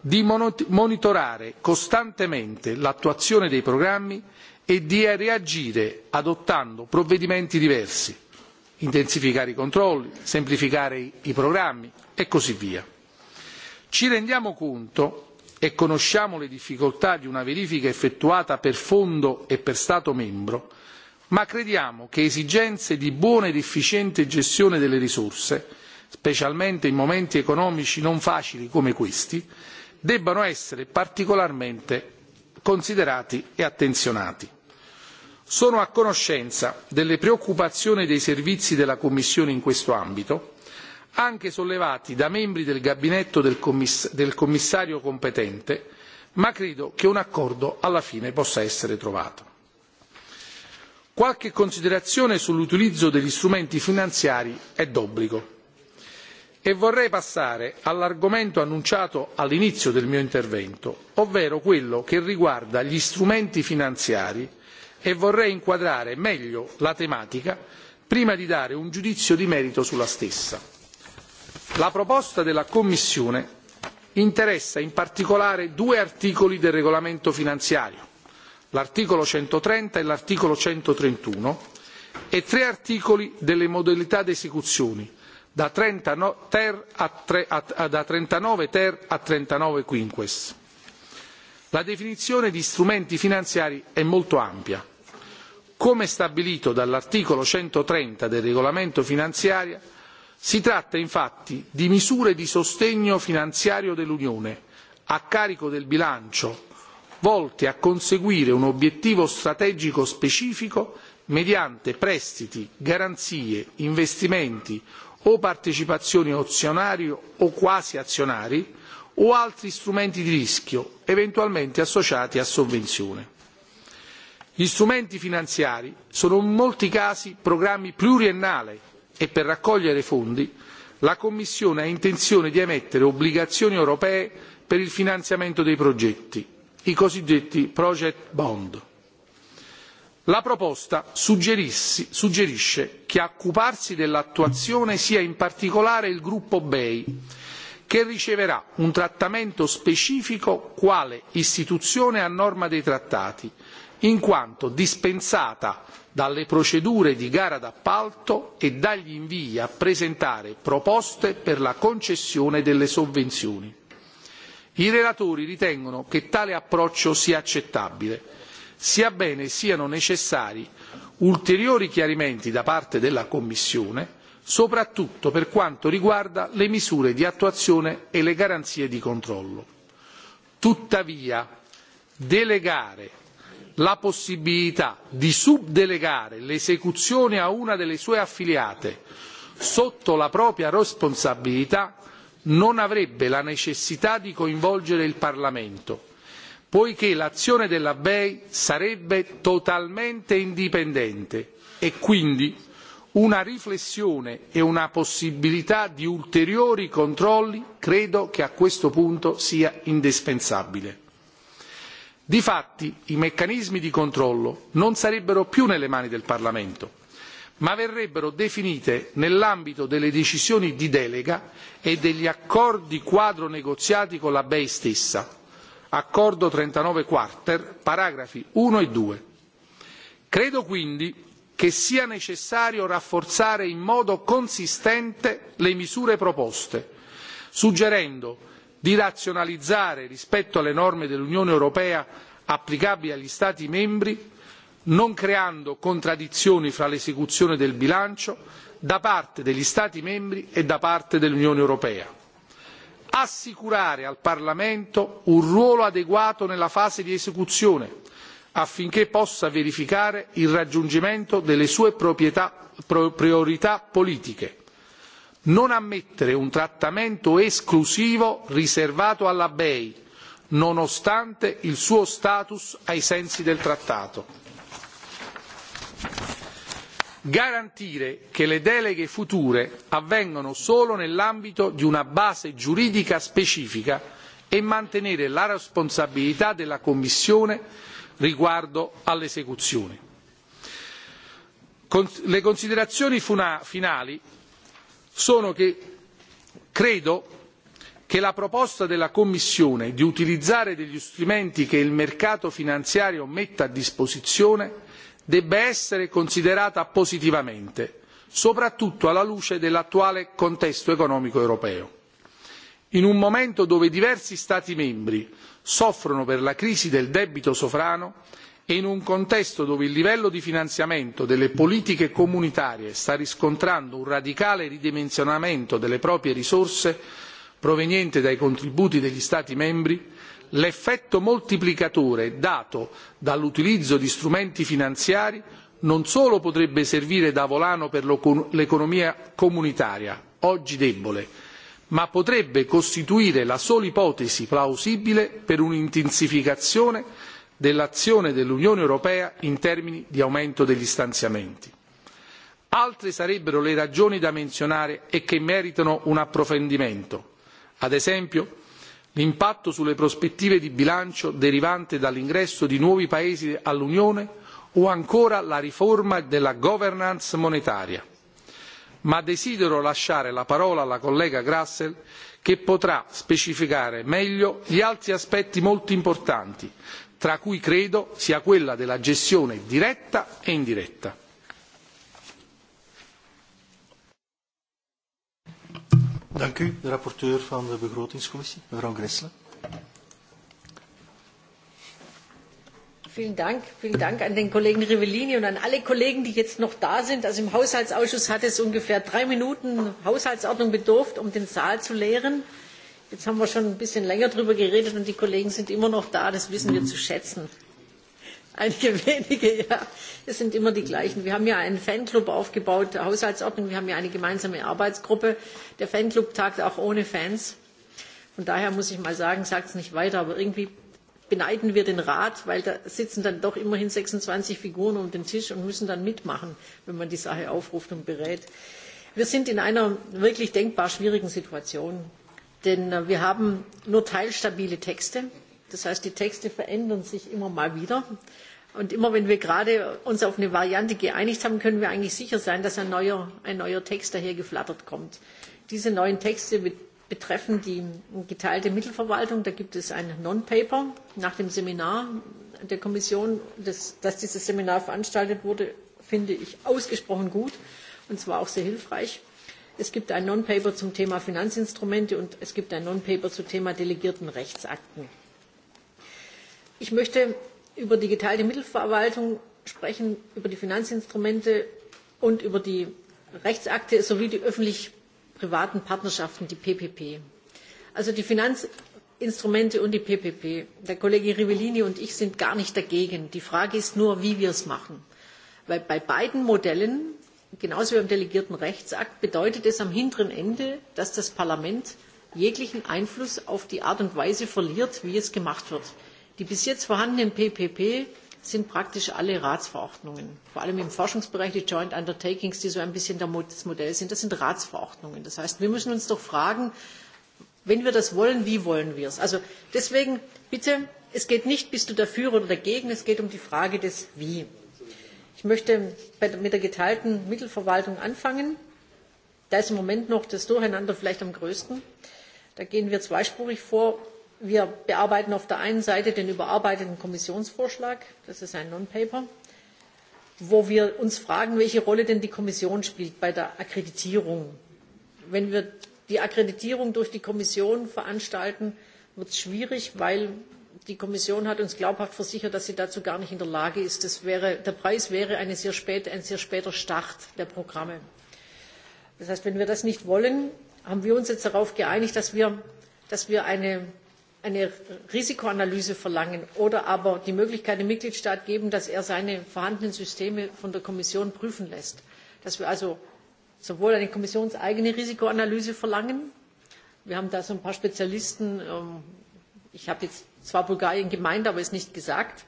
di monitorare costantemente l'attuazione dei programmi e di reagire adottando provvedimenti diversi intensificare i controlli, semplificare i programmi e così via. Ci rendiamo conto e conosciamo le difficoltà di una verifica effettuata per fondo e per Stato membro, ma crediamo che esigenze di buona ed efficiente gestione delle risorse, specialmente in momenti economici non facili come questi, debbano essere particolarmente considerati e attenzionati. Sono a conoscenza delle preoccupazioni dei servizi della Commissione in questo ambito, anche sollevati da membri del gabinetto del, commiss del commissario competente, ma credo che un accordo alla fine possa essere trovato. Qualche considerazione sull'utilizzo degli strumenti finanziari è d'obbligo e vorrei passare all'argomento annunciato all'inizio del mio intervento, ovvero quello che riguarda gli strumenti finanziari e vorrei inquadrare meglio la tematica prima di dare un giudizio di merito sulla stessa. La proposta della Commissione interessa in particolare due articoli del regolamento finanziario, l'articolo centotrenta e l'articolo centotrentuno, e tre articoli delle modalità di esecuzione, da, trentanove ter a trentanove quinquies. La definizione di strumenti finanziari è molto ampia Come stabilito dall'articolo centotrenta del regolamento finanziario, si tratta infatti di misure di sostegno finanziario dell'Unione a carico del bilancio, volte a conseguire un obiettivo strategico specifico mediante prestiti, garanzie, investimenti o partecipazioni azionarie o quasi azionari o altri strumenti di rischio eventualmente associati a sovvenzione. Gli strumenti finanziari sono in molti casi programmi pluriennali e per raccogliere fondi la Commissione ha intenzione di emettere obbligazioni europee per il finanziamento dei progetti, i cosiddetti project bond. La proposta suggerisce che a occuparsi dell'attuazione sia in particolare il gruppo BEI, che riceverà un trattamento specifico quale istituzione a norma dei trattati in quanto dispensata dalle procedure di gara d'appalto e dagli invii a presentare proposte per la concessione delle sovvenzioni. I relatori ritengono che tale approccio sia accettabile, sia bene siano necessari ulteriori chiarimenti da parte della Commissione, soprattutto per quanto riguarda le misure di attuazione e le garanzie di controllo. Tuttavia, delegare la possibilità di subdelegare l'esecuzione a una delle sue affiliate sotto la propria responsabilità non avrebbe la necessità di coinvolgere il Parlamento, poiché l'azione della BEI sarebbe totalmente indipendente e quindi una riflessione e una possibilità di ulteriori controlli credo che a questo punto sia indispensabile. Difatti, i meccanismi di controllo non sarebbero più nelle mani del Parlamento, ma verrebbero definite nell'ambito delle decisioni di delega e degli accordi quadro negoziati con la bei stessa accordo trentanove quater paragrafi uno e due. credo quindi che sia necessario rafforzare in modo consistente le misure proposte suggerendo di razionalizzare rispetto alle norme dell'Unione europea applicabili agli Stati membri, non creando contraddizioni fra l'esecuzione del bilancio da parte degli Stati membri e da parte dell'Unione europea. Assicurare al Parlamento un ruolo adeguato nella fase di esecuzione, affinché possa verificare il raggiungimento delle sue priorità politiche non ammettere un trattamento esclusivo riservato alla bei nonostante il suo status ai sensi del trattato garantire che le deleghe future avvengano solo nell'ambito di una base giuridica specifica e mantenere la responsabilità della commissione riguardo all'esecuzione. le considerazioni finali sono che credo che la proposta della Commissione di utilizzare degli strumenti che il mercato finanziario mette a disposizione debba essere considerata positivamente, soprattutto alla luce dell'attuale contesto economico europeo. In un momento dove diversi Stati membri soffrono per la crisi del debito sovrano, e in un contesto dove il livello di finanziamento delle politiche comunitarie sta riscontrando un radicale ridimensionamento delle proprie risorse provenienti dai contributi degli Stati membri, l'effetto moltiplicatore dato dall'utilizzo di strumenti finanziari non solo potrebbe servire da volano per l'economia comunitaria, oggi debole, ma potrebbe costituire la sola ipotesi plausibile per un'intensificazione dell'azione dell'Unione europea in termini di aumento degli stanziamenti. Altre sarebbero le ragioni da menzionare e che meritano un approfondimento, ad esempio l'impatto sulle prospettive di bilancio derivante dall'ingresso di nuovi Paesi all'Unione o ancora la riforma della governance monetaria. Ma desidero lasciare la parola alla collega Grassel che potrà specificare meglio gli altri aspetti molto importanti tra cui credo sia quella della gestione diretta e indiretta. Dank u, de rapporteur van de begrotingscommissie, mevrouw Gressler. Vielen Dank. Vielen Dank an den Kollegen Rivellini und an alle Kollegen, die jetzt noch da sind. Also im Haushaltsausschuss hat es ungefähr drei Minuten Haushaltsordnung bedurft, um den Saal zu leeren. Jetzt haben wir schon ein bisschen länger darüber geredet und die Kollegen sind immer noch da, das wissen wir zu schätzen. Einige wenige, ja. Es sind immer die gleichen. Wir haben ja einen Fanclub aufgebaut, der Haushaltsordnung, wir haben ja eine gemeinsame Arbeitsgruppe. Der Fanclub tagt auch ohne Fans. Von daher muss ich mal sagen, sagt es nicht weiter, aber irgendwie beneiden wir den Rat, weil da sitzen dann doch immerhin 26 Figuren um den Tisch und müssen dann mitmachen, wenn man die Sache aufruft und berät. Wir sind in einer wirklich denkbar schwierigen Situation. Denn äh, wir haben nur teilstabile Texte. Das heißt, die Texte verändern sich immer mal wieder. Und immer wenn wir gerade uns auf eine Variante geeinigt haben, können wir eigentlich sicher sein, dass ein neuer, ein neuer Text daher geflattert kommt. Diese neuen Texte betreffen die geteilte Mittelverwaltung. Da gibt es ein Non-Paper nach dem Seminar der Kommission, das, dass dieses Seminar veranstaltet wurde, finde ich ausgesprochen gut und zwar auch sehr hilfreich. Es gibt ein Non-Paper zum Thema Finanzinstrumente und es gibt ein Non-Paper zum Thema delegierten Rechtsakten. Ich möchte über die geteilte Mittelverwaltung sprechen, über die Finanzinstrumente und über die Rechtsakte sowie die öffentlich-privaten Partnerschaften, die PPP. Also die Finanzinstrumente und die PPP. Der Kollege Rivellini und ich sind gar nicht dagegen. Die Frage ist nur, wie wir es machen. Weil bei beiden Modellen genauso wie beim Delegierten Rechtsakt bedeutet es am hinteren Ende, dass das Parlament jeglichen Einfluss auf die Art und Weise verliert, wie es gemacht wird. Die bis jetzt vorhandenen PPP sind praktisch alle Ratsverordnungen, vor allem im Forschungsbereich die Joint Undertakings, die so ein bisschen das Modell sind, das sind Ratsverordnungen. Das heißt, wir müssen uns doch fragen, wenn wir das wollen, wie wollen wir es? Also deswegen bitte, es geht nicht, bist du dafür oder dagegen, es geht um die Frage des Wie. Ich möchte mit der geteilten Mittelverwaltung anfangen. Da ist im Moment noch das Durcheinander vielleicht am größten. Da gehen wir zweispurig vor. Wir bearbeiten auf der einen Seite den überarbeiteten Kommissionsvorschlag, das ist ein Non-Paper, wo wir uns fragen, welche Rolle denn die Kommission spielt bei der Akkreditierung. Wenn wir die Akkreditierung durch die Kommission veranstalten, wird es schwierig, weil die Kommission hat uns glaubhaft versichert, dass sie dazu gar nicht in der Lage ist. Das wäre, der Preis wäre eine sehr spät, ein sehr später Start der Programme. Das heißt, wenn wir das nicht wollen, haben wir uns jetzt darauf geeinigt, dass wir, dass wir eine, eine Risikoanalyse verlangen oder aber die Möglichkeit dem Mitgliedstaat geben, dass er seine vorhandenen Systeme von der Kommission prüfen lässt. Dass wir also sowohl eine kommissionseigene Risikoanalyse verlangen, wir haben da so ein paar Spezialisten, ähm, ich habe jetzt zwar Bulgarien gemeint, aber es nicht gesagt,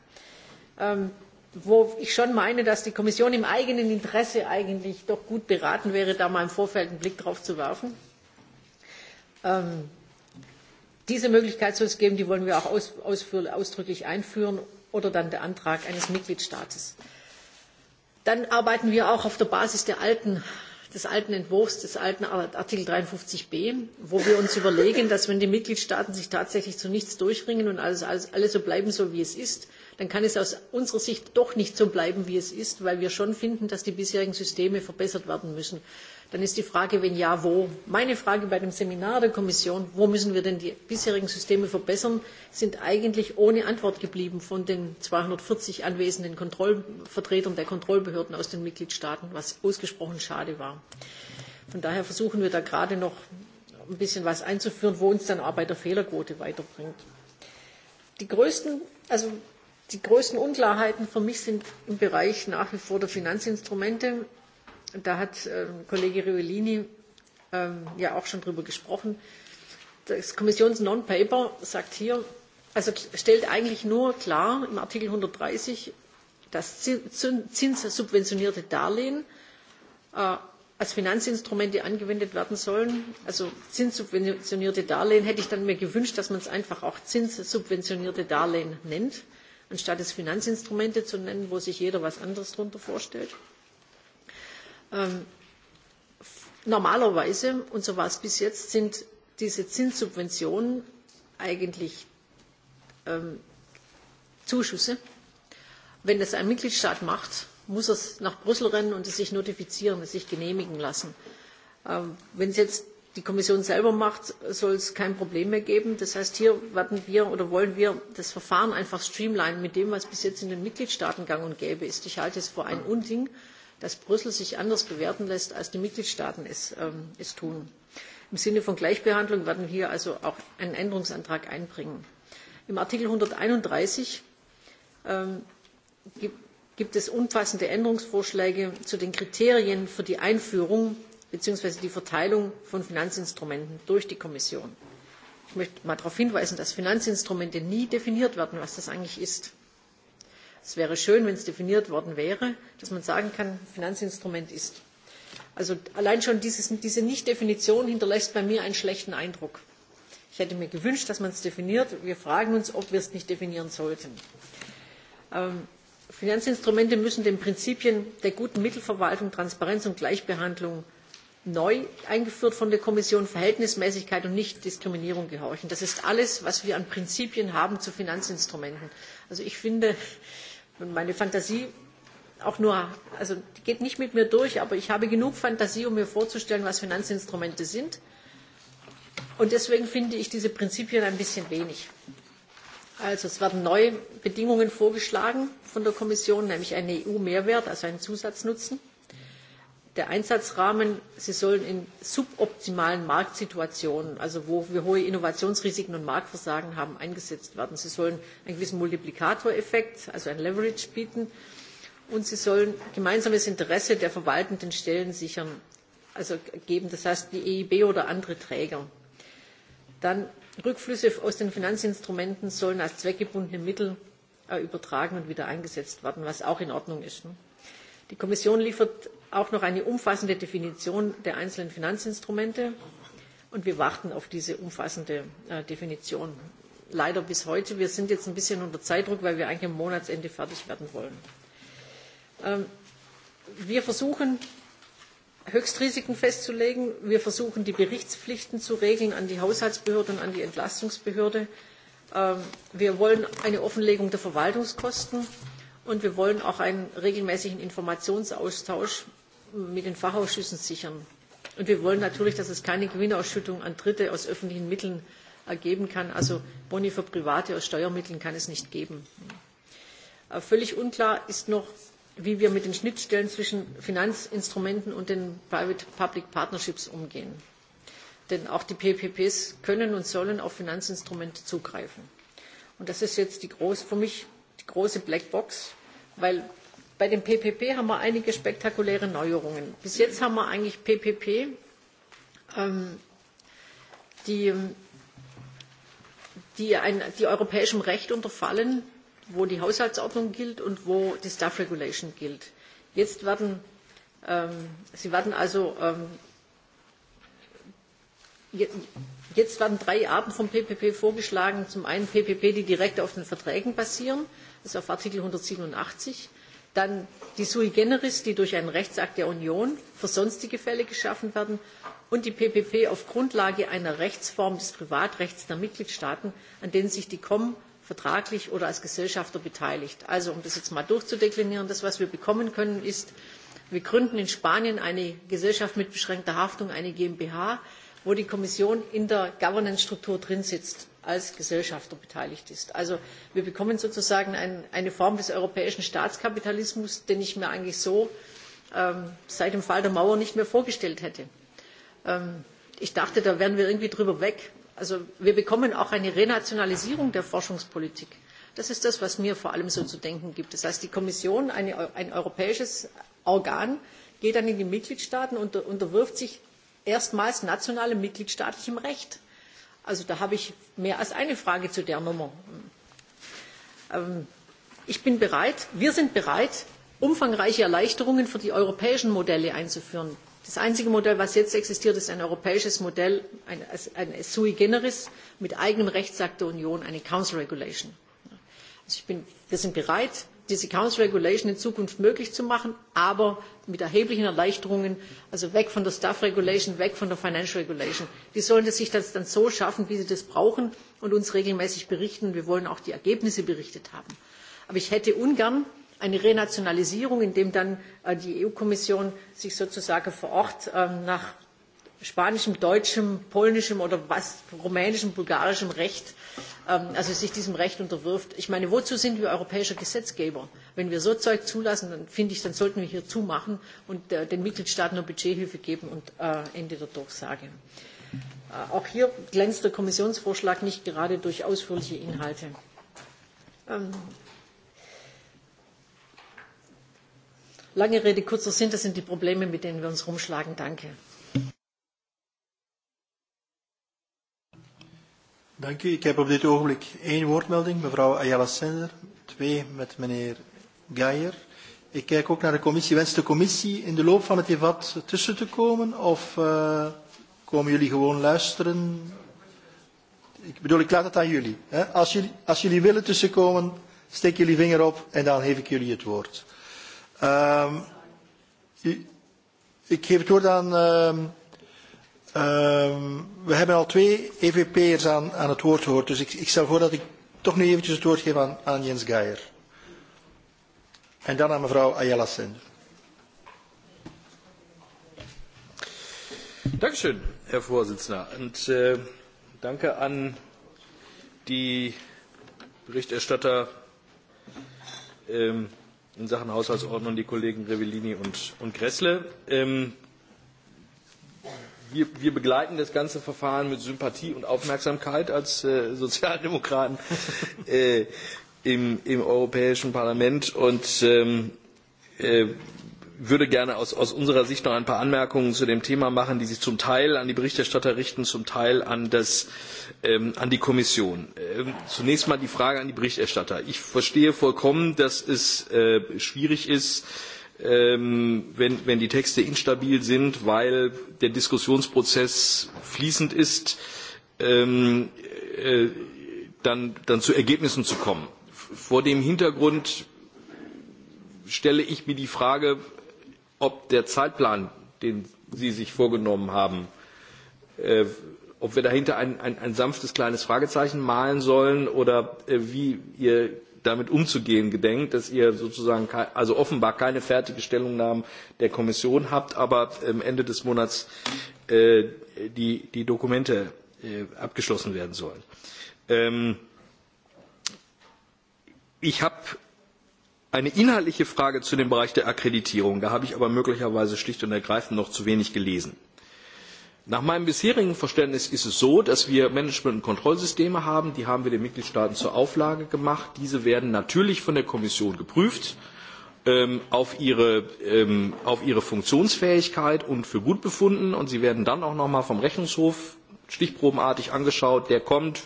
ähm, wo ich schon meine, dass die Kommission im eigenen Interesse eigentlich doch gut beraten wäre, da mal im Vorfeld einen Blick drauf zu werfen. Ähm, diese Möglichkeit soll es geben, die wollen wir auch aus, ausdrücklich einführen oder dann der Antrag eines Mitgliedstaates. Dann arbeiten wir auch auf der Basis der alten des alten Entwurfs, des alten Artikel 53b, wo wir uns überlegen, dass wenn die Mitgliedstaaten sich tatsächlich zu nichts durchringen und alles, alles, alles so bleiben soll, wie es ist, dann kann es aus unserer Sicht doch nicht so bleiben, wie es ist, weil wir schon finden, dass die bisherigen Systeme verbessert werden müssen. Dann ist die Frage, wenn ja, wo? Meine Frage bei dem Seminar der Kommission, wo müssen wir denn die bisherigen Systeme verbessern, sind eigentlich ohne Antwort geblieben von den 240 anwesenden Kontrollvertretern der Kontrollbehörden aus den Mitgliedstaaten, was ausgesprochen schade war. Von daher versuchen wir da gerade noch ein bisschen was einzuführen, wo uns dann auch bei der Fehlerquote weiterbringt. Die größten, also die größten Unklarheiten für mich sind im Bereich nach wie vor der Finanzinstrumente da hat ähm, Kollege Riolini ähm, ja auch schon drüber gesprochen. Das Kommissions Non-Paper sagt hier, also stellt eigentlich nur klar im Artikel 130, dass zinssubventionierte Darlehen äh, als Finanzinstrumente angewendet werden sollen. Also zinssubventionierte Darlehen hätte ich dann mir gewünscht, dass man es einfach auch zinssubventionierte Darlehen nennt, anstatt es Finanzinstrumente zu nennen, wo sich jeder was anderes darunter vorstellt. Ähm, normalerweise, und so war es bis jetzt, sind diese Zinssubventionen eigentlich ähm, Zuschüsse. Wenn das ein Mitgliedstaat macht, muss er nach Brüssel rennen und es sich notifizieren, es sich genehmigen lassen. Ähm, wenn es jetzt die Kommission selber macht, soll es kein Problem mehr geben. Das heißt, hier werden wir oder wollen wir das Verfahren einfach streamlinen mit dem, was bis jetzt in den Mitgliedstaaten gang und gäbe ist. Ich halte es für ein Unding dass Brüssel sich anders bewerten lässt, als die Mitgliedstaaten es, ähm, es tun. Im Sinne von Gleichbehandlung werden wir hier also auch einen Änderungsantrag einbringen. Im Artikel 131 ähm, gibt, gibt es umfassende Änderungsvorschläge zu den Kriterien für die Einführung bzw. die Verteilung von Finanzinstrumenten durch die Kommission. Ich möchte mal darauf hinweisen, dass Finanzinstrumente nie definiert werden, was das eigentlich ist. Es wäre schön, wenn es definiert worden wäre, dass man sagen kann, Finanzinstrument ist. Also allein schon dieses, diese Nichtdefinition hinterlässt bei mir einen schlechten Eindruck. Ich hätte mir gewünscht, dass man es definiert. Wir fragen uns, ob wir es nicht definieren sollten. Ähm, Finanzinstrumente müssen den Prinzipien der guten Mittelverwaltung, Transparenz und Gleichbehandlung neu eingeführt von der Kommission Verhältnismäßigkeit und Nichtdiskriminierung gehorchen. Das ist alles, was wir an Prinzipien haben zu Finanzinstrumenten. Also ich finde, meine Fantasie auch nur, also die geht nicht mit mir durch, aber ich habe genug Fantasie, um mir vorzustellen, was Finanzinstrumente sind. Und deswegen finde ich diese Prinzipien ein bisschen wenig. Also es werden neue Bedingungen vorgeschlagen von der Kommission, nämlich eine EU-Mehrwert, also einen Zusatznutzen der Einsatzrahmen, sie sollen in suboptimalen Marktsituationen, also wo wir hohe Innovationsrisiken und Marktversagen haben, eingesetzt werden. Sie sollen einen gewissen Multiplikatoreffekt, also ein Leverage bieten. Und sie sollen gemeinsames Interesse der verwaltenden Stellen sichern, also geben, das heißt die EIB oder andere Träger. Dann Rückflüsse aus den Finanzinstrumenten sollen als zweckgebundene Mittel äh, übertragen und wieder eingesetzt werden, was auch in Ordnung ist. Ne? Die Kommission liefert auch noch eine umfassende Definition der einzelnen Finanzinstrumente und wir warten auf diese umfassende äh, Definition. Leider bis heute. Wir sind jetzt ein bisschen unter Zeitdruck, weil wir eigentlich am Monatsende fertig werden wollen. Ähm, wir versuchen, Höchstrisiken festzulegen. Wir versuchen, die Berichtspflichten zu regeln an die Haushaltsbehörde und an die Entlastungsbehörde. Ähm, wir wollen eine Offenlegung der Verwaltungskosten. Und wir wollen auch einen regelmäßigen Informationsaustausch mit den Fachausschüssen sichern. Und wir wollen natürlich, dass es keine Gewinnausschüttung an Dritte aus öffentlichen Mitteln ergeben äh, kann. Also Boni für Private aus Steuermitteln kann es nicht geben. Äh, völlig unklar ist noch, wie wir mit den Schnittstellen zwischen Finanzinstrumenten und den Private-Public Partnerships umgehen. Denn auch die PPPs können und sollen auf Finanzinstrumente zugreifen. Und das ist jetzt die groß, für mich die große Blackbox, weil bei dem PPP haben wir einige spektakuläre Neuerungen. Bis jetzt haben wir eigentlich PPP, ähm, die, die, ein, die europäischem Recht unterfallen, wo die Haushaltsordnung gilt und wo die Staff Regulation gilt. Jetzt werden, ähm, sie werden also, ähm, jetzt werden drei Arten von PPP vorgeschlagen. Zum einen PPP, die direkt auf den Verträgen basieren ist auf Artikel 187. Dann die Sui Generis, die durch einen Rechtsakt der Union für sonstige Fälle geschaffen werden. Und die PPP auf Grundlage einer Rechtsform des Privatrechts der Mitgliedstaaten, an denen sich die COM vertraglich oder als Gesellschafter beteiligt. Also um das jetzt mal durchzudeklinieren, das, was wir bekommen können, ist, wir gründen in Spanien eine Gesellschaft mit beschränkter Haftung, eine GmbH, wo die Kommission in der Governance-Struktur drin sitzt als Gesellschafter beteiligt ist. Also wir bekommen sozusagen ein, eine Form des europäischen Staatskapitalismus, den ich mir eigentlich so ähm, seit dem Fall der Mauer nicht mehr vorgestellt hätte. Ähm, ich dachte, da wären wir irgendwie drüber weg. Also wir bekommen auch eine Renationalisierung der Forschungspolitik. Das ist das, was mir vor allem so zu denken gibt. Das heißt, die Kommission, eine, ein europäisches Organ, geht dann in die Mitgliedstaaten und unterwirft sich erstmals nationalem mitgliedstaatlichem Recht. Also da habe ich mehr als eine Frage zu der Nummer. Ähm, ich bin bereit, wir sind bereit, umfangreiche Erleichterungen für die europäischen Modelle einzuführen. Das einzige Modell, das jetzt existiert, ist ein europäisches Modell, ein, ein sui generis mit eigenem Rechtsakt der Union, eine Council Regulation. Also ich bin, wir sind bereit, diese Accounts Regulation in Zukunft möglich zu machen, aber mit erheblichen Erleichterungen, also weg von der Staff Regulation, weg von der Financial Regulation. Die sollen sich das dann so schaffen, wie sie das brauchen und uns regelmäßig berichten. Wir wollen auch die Ergebnisse berichtet haben. Aber ich hätte ungern eine Renationalisierung, indem dann äh, die EU-Kommission sich sozusagen vor Ort ähm, nach spanischem, deutschem, polnischem oder was, rumänischem, bulgarischem Recht, ähm, also sich diesem Recht unterwirft. Ich meine, wozu sind wir europäischer Gesetzgeber? Wenn wir so Zeug zulassen, dann finde ich, dann sollten wir hier zumachen und äh, den Mitgliedstaaten nur Budgethilfe geben und äh, Ende der Durchsage. Äh, auch hier glänzt der Kommissionsvorschlag nicht gerade durch ausführliche Inhalte. Ähm, lange Rede, kurzer Sinn, das sind die Probleme, mit denen wir uns rumschlagen. Danke. Dank u. Ik heb op dit ogenblik één woordmelding, mevrouw Ayala Sender, twee met meneer Geijer. Ik kijk ook naar de commissie. Wenst de commissie in de loop van het debat tussen te komen of uh, komen jullie gewoon luisteren? Ik bedoel, ik laat het aan jullie. Hè? Als, jullie als jullie willen tussenkomen, steek jullie vinger op en dan geef ik jullie het woord. Um, ik geef het woord aan... Uh, Um, we hebben al twee EVP'ers aan, aan het woord gehoord, dus ik, ik stel voor dat ik toch nu eventjes het woord geef aan, aan Jens Geijer. En dan aan mevrouw Ayala Sender. Dankeschön, Herr Vorsitzender. Und äh, danke an die Berichterstatter ähm, in Sachen Haushaltsordnung, die Kollegen Revellini und, und Gressle. Ähm, wir, wir begleiten das ganze Verfahren mit Sympathie und Aufmerksamkeit als äh, Sozialdemokraten äh, im, im Europäischen Parlament und ähm, äh, würde gerne aus, aus unserer Sicht noch ein paar Anmerkungen zu dem Thema machen, die sich zum Teil an die Berichterstatter richten, zum Teil an, das, ähm, an die Kommission. Ähm, zunächst mal die Frage an die Berichterstatter. Ich verstehe vollkommen, dass es äh, schwierig ist, ähm, wenn, wenn die Texte instabil sind, weil der Diskussionsprozess fließend ist, ähm, äh, dann, dann zu Ergebnissen zu kommen. Vor dem Hintergrund stelle ich mir die Frage, ob der Zeitplan, den Sie sich vorgenommen haben, äh, ob wir dahinter ein, ein, ein sanftes kleines Fragezeichen malen sollen oder äh, wie Ihr damit umzugehen gedenkt, dass ihr sozusagen also offenbar keine fertige Stellungnahme der Kommission habt, aber am Ende des Monats äh, die, die Dokumente äh, abgeschlossen werden sollen. Ähm, ich habe eine inhaltliche Frage zu dem Bereich der Akkreditierung. Da habe ich aber möglicherweise schlicht und ergreifend noch zu wenig gelesen. Nach meinem bisherigen Verständnis ist es so, dass wir Management- und Kontrollsysteme haben. Die haben wir den Mitgliedstaaten zur Auflage gemacht. Diese werden natürlich von der Kommission geprüft ähm, auf, ihre, ähm, auf ihre Funktionsfähigkeit und für gut befunden. Und sie werden dann auch nochmal vom Rechnungshof stichprobenartig angeschaut. Der kommt,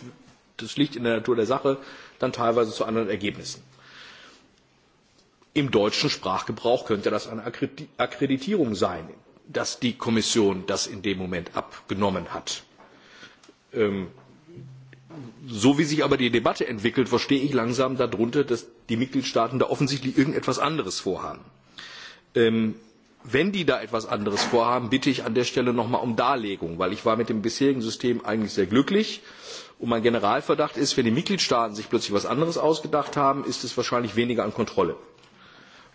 das liegt in der Natur der Sache, dann teilweise zu anderen Ergebnissen. Im deutschen Sprachgebrauch könnte das eine Akkreditierung sein dass die Kommission das in dem Moment abgenommen hat. Ähm, so wie sich aber die Debatte entwickelt, verstehe ich langsam darunter, dass die Mitgliedstaaten da offensichtlich irgendetwas anderes vorhaben. Ähm, wenn die da etwas anderes vorhaben, bitte ich an der Stelle nochmal um Darlegung, weil ich war mit dem bisherigen System eigentlich sehr glücklich. Und mein Generalverdacht ist, wenn die Mitgliedstaaten sich plötzlich etwas anderes ausgedacht haben, ist es wahrscheinlich weniger an Kontrolle.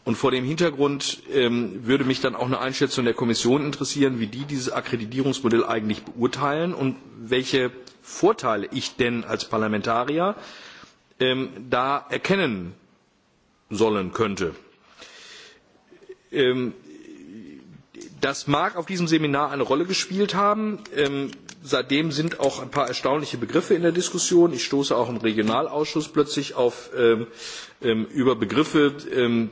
Und vor dem Hintergrund ähm, würde mich dann auch eine Einschätzung der Kommission interessieren, wie die dieses Akkreditierungsmodell eigentlich beurteilen und welche Vorteile ich denn als Parlamentarier ähm, da erkennen sollen könnte. Ähm, das mag auf diesem Seminar eine Rolle gespielt haben. Ähm, seitdem sind auch ein paar erstaunliche Begriffe in der Diskussion. Ich stoße auch im Regionalausschuss plötzlich auf, ähm, ähm, über Begriffe, ähm,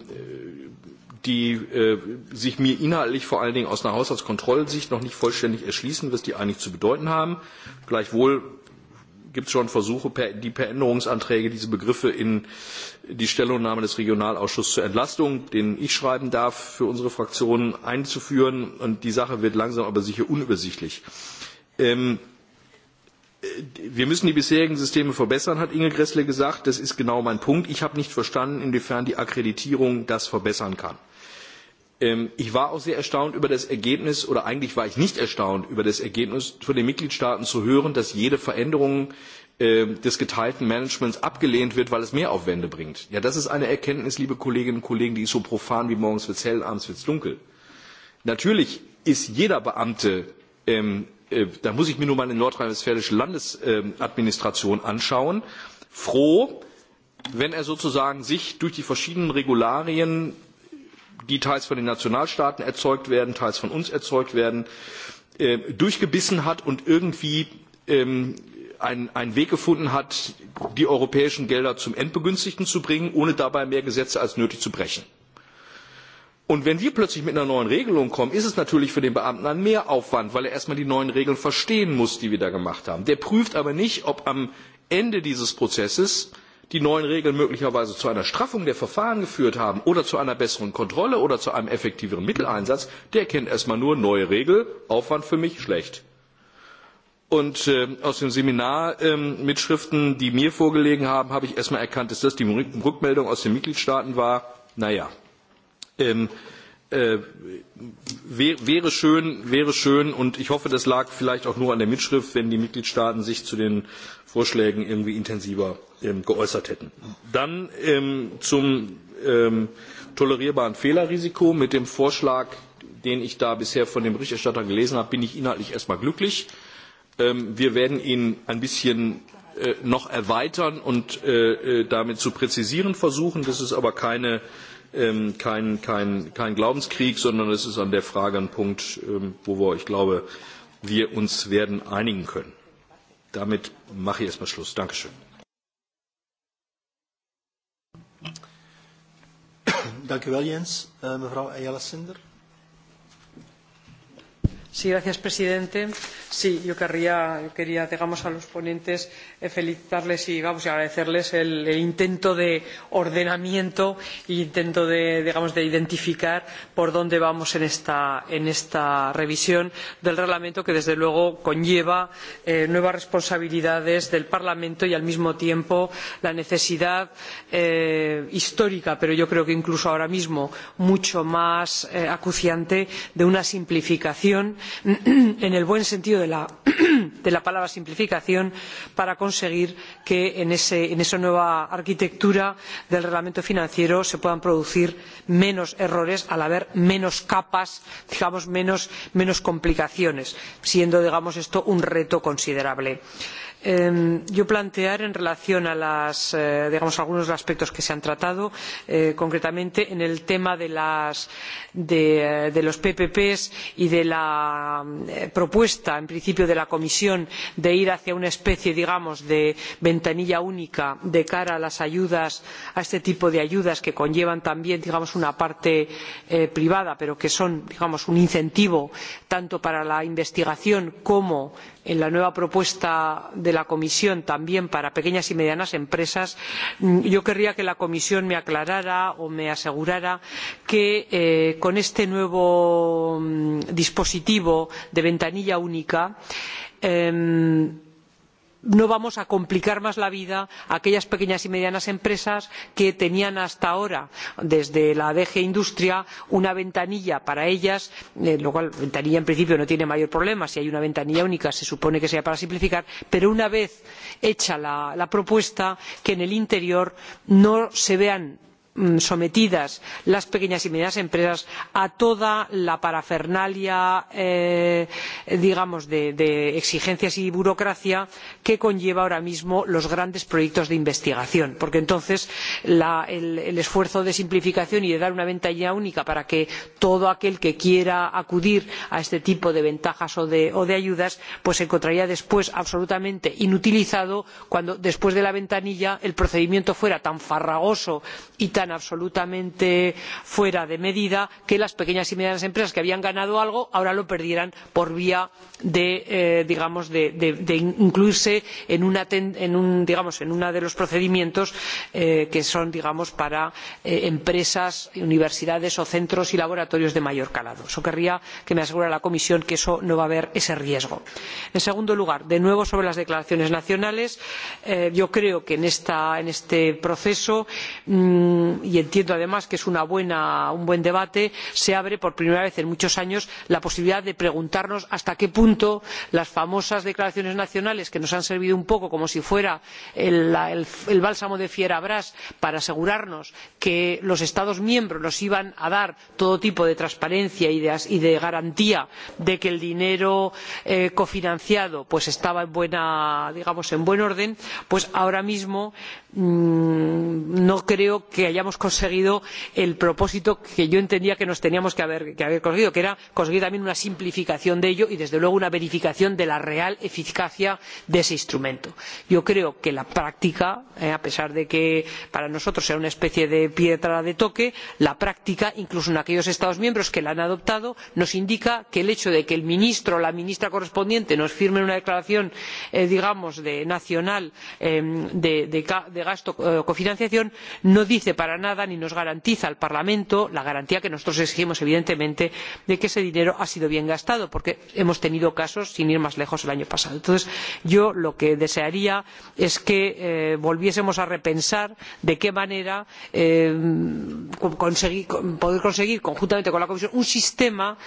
die äh, sich mir inhaltlich vor allen Dingen aus einer Haushaltskontrollsicht noch nicht vollständig erschließen, was die eigentlich zu bedeuten haben. Gleichwohl gibt es schon Versuche, per, die per Änderungsanträge diese Begriffe in die Stellungnahme des Regionalausschusses zur Entlastung, den ich schreiben darf, für unsere Fraktionen einzuführen. Und die Sache wird langsam aber sicher unübersichtlich. Äh, Ähm, wir müssen die bisherigen Systeme verbessern, hat Inge Gressle gesagt. Das ist genau mein Punkt. Ich habe nicht verstanden, inwiefern die Akkreditierung das verbessern kann. Ähm, ich war auch sehr erstaunt über das Ergebnis, oder eigentlich war ich nicht erstaunt über das Ergebnis von den Mitgliedstaaten zu hören, dass jede Veränderung ähm, des geteilten Managements abgelehnt wird, weil es Mehraufwände bringt. Ja, das ist eine Erkenntnis, liebe Kolleginnen und Kollegen, die ist so profan wie morgens wird es hell, abends wird es dunkel. Natürlich ist jeder Beamte ähm, Äh, da muss ich mir nur mal die nordrhein-westfälische Landesadministration anschauen, froh, wenn er sozusagen sich durch die verschiedenen Regularien, die teils von den Nationalstaaten erzeugt werden, teils von uns erzeugt werden, äh, durchgebissen hat und irgendwie ähm, einen Weg gefunden hat, die europäischen Gelder zum Endbegünstigten zu bringen, ohne dabei mehr Gesetze als nötig zu brechen. Und wenn wir plötzlich mit einer neuen Regelung kommen, ist es natürlich für den Beamten ein Mehraufwand, weil er erstmal die neuen Regeln verstehen muss, die wir da gemacht haben. Der prüft aber nicht, ob am Ende dieses Prozesses die neuen Regeln möglicherweise zu einer Straffung der Verfahren geführt haben oder zu einer besseren Kontrolle oder zu einem effektiveren Mitteleinsatz, der kennt erstmal nur neue Regel, Aufwand für mich schlecht. Und äh, aus den Seminarmitschriften, ähm, äh, die mir vorgelegen haben, habe ich erstmal erkannt, dass das die Rückmeldung aus den Mitgliedstaaten war. Naja, Ähm, äh, wäre schön, wäre schön und ich hoffe, das lag vielleicht auch nur an der Mitschrift, wenn die Mitgliedstaaten sich zu den Vorschlägen irgendwie intensiver ähm, geäußert hätten. Dann ähm, zum ähm, tolerierbaren Fehlerrisiko mit dem Vorschlag, den ich da bisher von dem Berichterstatter gelesen habe, bin ich inhaltlich erstmal glücklich. Ähm, wir werden ihn ein bisschen äh, noch erweitern und äh, äh damit zu präzisieren versuchen. Das ist aber keine äh, Ähm, kein, kein, kein Glaubenskrieg, sondern es ist an der Frage ein Punkt, ähm, wo wir, ich glaube, wir uns werden einigen können. Damit mache ich erstmal Schluss. Dankeschön. Dank Jens. Eh, Ayala Sinder. Sí, gracias, presidente. Sí, yo querría, yo quería, digamos, a los ponentes eh, felicitarles y, vamos, y agradecerles el, el, intento de ordenamiento e intento de, digamos, de identificar por dónde vamos en esta, en esta revisión del reglamento que, desde luego, conlleva eh, nuevas responsabilidades del Parlamento y, al mismo tiempo, la necesidad eh, histórica, pero yo creo que incluso ahora mismo mucho más eh, acuciante, de una simplificación en el buen sentido de la, palabra simplificación para conseguir que en, ese, en esa nueva arquitectura del reglamento financiero se puedan producir menos errores al haber menos capas digamos menos, menos complicaciones siendo digamos esto un reto considerable yo plantear en relación con eh, algunos de los aspectos que se han tratado, eh, concretamente en el tema de, las, de, eh, de los PPP y de la eh, propuesta, en principio, de la Comisión de ir hacia una especie, digamos, de ventanilla única de cara a las ayudas, a este tipo de ayudas que conllevan también, digamos, una parte eh, privada, pero que son, digamos, un incentivo tanto para la investigación como en la nueva propuesta de la comisión también para pequeñas y medianas empresas mm, yo querría que la comisión me aclarara o me asegurara que eh, con este nuevo mm, dispositivo de ventanilla única eh, no vamos a complicar más la vida a aquellas pequeñas y medianas empresas que tenían hasta ahora desde la dg industria una ventanilla para ellas eh, lo cual ventanilla en principio no tiene mayor problema si hay una ventanilla única se supone que sea para simplificar pero una vez hecha la, la propuesta que en el interior no se vean Mm, sometidas las pequeñas y medianas empresas a toda la parafernalia eh, digamos de, de, exigencias y burocracia que conlleva ahora mismo los grandes proyectos de investigación porque entonces la, el, el, esfuerzo de simplificación y de dar una ventanilla única para que todo aquel que quiera acudir a este tipo de ventajas o de, o de ayudas pues se encontraría después absolutamente inutilizado cuando después de la ventanilla el procedimiento fuera tan farragoso y tan tan absolutamente fuera de medida que las pequeñas y medianas empresas que habían ganado algo ahora lo perdieran por vía de, eh, digamos, de, de, de incluirse en, una, en, un, digamos, en uno de los procedimientos eh, que son digamos, para eh, empresas, universidades o centros y laboratorios de mayor calado. Eso querría que me asegurara la Comisión que eso no va a haber ese riesgo. En segundo lugar, de nuevo sobre las declaraciones nacionales, eh, yo creo que en, esta, en este proceso mmm, y entiendo además que es una buena, un buen debate, se abre por primera vez en muchos años la posibilidad de preguntarnos hasta qué punto las famosas declaraciones nacionales que nos han servido un poco como si fuera el, el, el bálsamo de fierabrás para asegurarnos que los Estados miembros nos iban a dar todo tipo de transparencia y de, y de garantía de que el dinero eh, cofinanciado pues estaba en, buena, digamos, en buen orden, pues ahora mismo mmm, no creo que haya hayamos conseguido el propósito que yo entendía que nos teníamos que haber, conseguido que era conseguir también una simplificación de ello y desde luego una verificación de la real eficacia de ese instrumento. yo creo que la práctica eh, a pesar de que para nosotros sea una especie de piedra de toque la práctica incluso en aquellos estados miembros que la han adoptado nos indica que el hecho de que el ministro o la ministra correspondiente nos firme una declaración eh, digamos de nacional eh, de, de, de gasto eh, o cofinanciación no dice para nada ni nos garantiza al parlamento la garantía que nosotros exigimos evidentemente de que ese dinero ha sido bien gastado porque hemos tenido casos sin ir más lejos el año pasado. entonces yo lo que desearía es que eh, volviésemos a repensar de qué manera eh, conseguir, poder conseguir conjuntamente con la comisión un sistema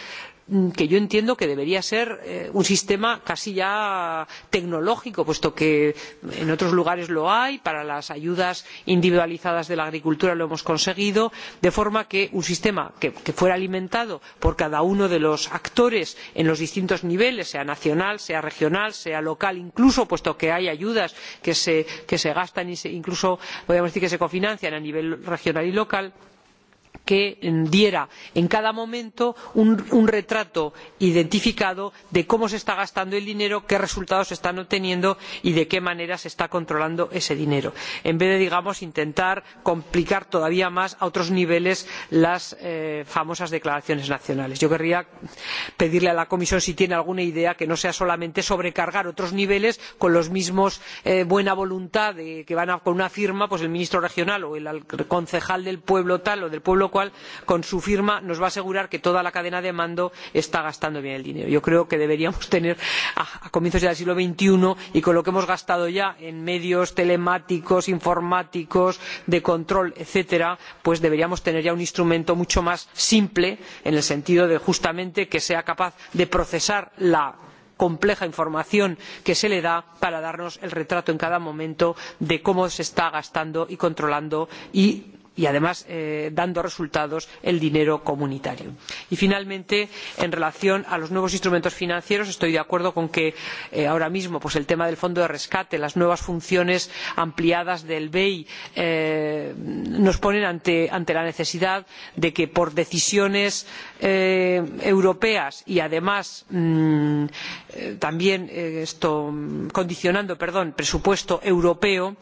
Mm, que yo entiendo que debería ser eh, un sistema casi ya tecnológico, puesto que en otros lugares lo hay, para las ayudas individualizadas de la agricultura lo hemos conseguido, de forma que un sistema que, que fuera alimentado por cada uno de los actores en los distintos niveles, sea nacional, sea regional, sea local incluso, puesto que hay ayudas que se, que se gastan y se, incluso podríamos decir que se cofinancian a nivel regional y local, que mm, diera en cada momento un, un, retrato identificado de cómo se está gastando el dinero, qué resultados se están obteniendo y de qué manera se está controlando ese dinero, en vez de digamos, intentar complicar todavía más a otros niveles las eh, famosas declaraciones nacionales. Yo querría pedirle a la Comisión si tiene alguna idea que no sea solamente sobrecargar otros niveles con los mismos eh, buena voluntad de, que van a, con una firma pues el ministro regional o el concejal del pueblo tal o del pueblo cual con su firma nos va a asegurar que toda la cadena de mando está gastando bien el dinero. Yo creo que deberíamos tener a, a comienzos ya del siglo XXI y con lo que hemos gastado ya en medios telemáticos, informáticos, de control, etcétera, pues deberíamos tener ya un instrumento mucho más simple en el sentido de justamente que sea capaz de procesar la compleja información que se le da para darnos el retrato en cada momento de cómo se está gastando y controlando y y además eh, dando resultados el dinero comunitario. Y finalmente, en relación a los nuevos instrumentos financieros, estoy de acuerdo con que eh, ahora mismo pues el tema del fondo de rescate, las nuevas funciones ampliadas del BEI eh, nos ponen ante, ante, la necesidad de que por decisiones eh, europeas y además mmm, también eh, esto, condicionando perdón, presupuesto europeo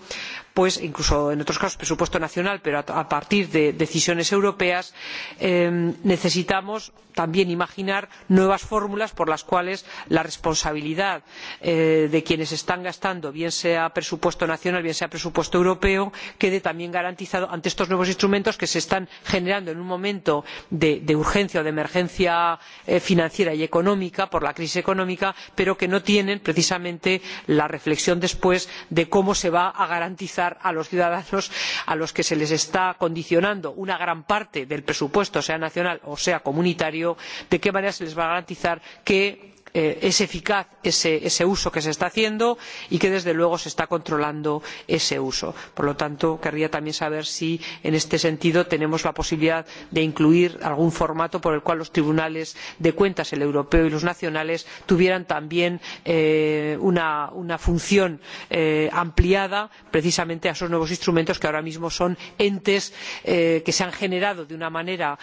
pues incluso en otros casos presupuesto nacional, pero a, partir de decisiones europeas, eh, necesitamos también imaginar nuevas fórmulas por las cuales la responsabilidad eh, de quienes están gastando, bien sea presupuesto nacional, bien sea presupuesto europeo, quede también garantizada ante estos nuevos instrumentos que se están generando en un momento de, de urgencia o de emergencia eh, financiera y económica por la crisis económica, pero que no tienen precisamente la reflexión después de cómo se va a garantizar afectar a los ciudadanos a los que se les está condicionando una gran parte del presupuesto sea nacional o sea comunitario de qué manera se les va a garantizar que Eh, es eficaz ese, uso que se está haciendo y que desde luego se está controlando ese uso. Por lo tanto, querría también saber si en este sentido tenemos la posibilidad de incluir algún formato por el cual los tribunales de cuentas, el europeo y los nacionales, tuvieran también eh, una, función eh, ampliada precisamente a esos nuevos instrumentos que ahora mismo son entes que se han generado de una manera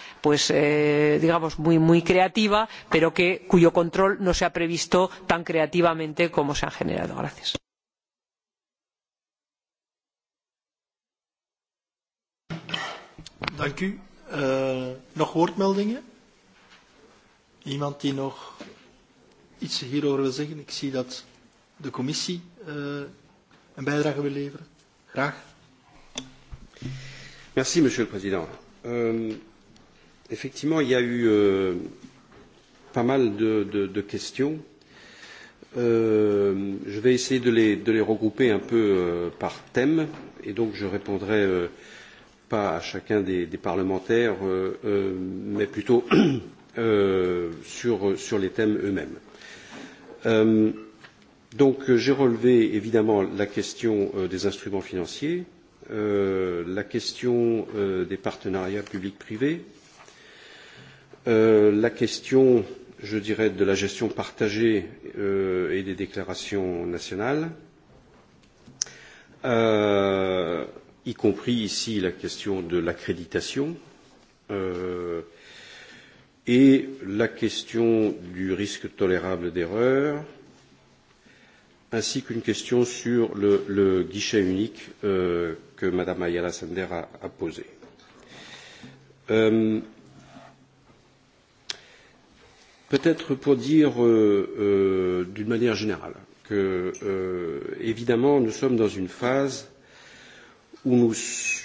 digamos muy, creativa pero cuyo control no se ha previsto tan creativamente como se han generado. Gracias. Dank u. Uh, nog woordmeldingen? Iemand die nog iets hierover wil zeggen? Ik zie dat de commissie uh, een bijdrage wil leveren. Graag. Merci, monsieur le président. Euh, effectivement, il y a eu euh, pas mal de, de, de questions. Euh, je vais essayer de les, de les regrouper un peu euh, par thème et donc je répondrai euh, pas à chacun des, des parlementaires euh, euh, mais plutôt euh, sur, sur les thèmes eux-mêmes. Euh, donc j'ai relevé évidemment la question euh, des instruments financiers, euh, la question euh, des partenariats publics privés, euh, la question je dirais, de la gestion partagée euh, et des déclarations nationales, euh, y compris ici la question de l'accréditation euh, et la question du risque tolérable d'erreur, ainsi qu'une question sur le, le guichet unique euh, que Mme Ayala Sender a, a posé. Euh, Peut-être pour dire euh, euh, d'une manière générale que, euh, évidemment, nous sommes dans une phase où nous,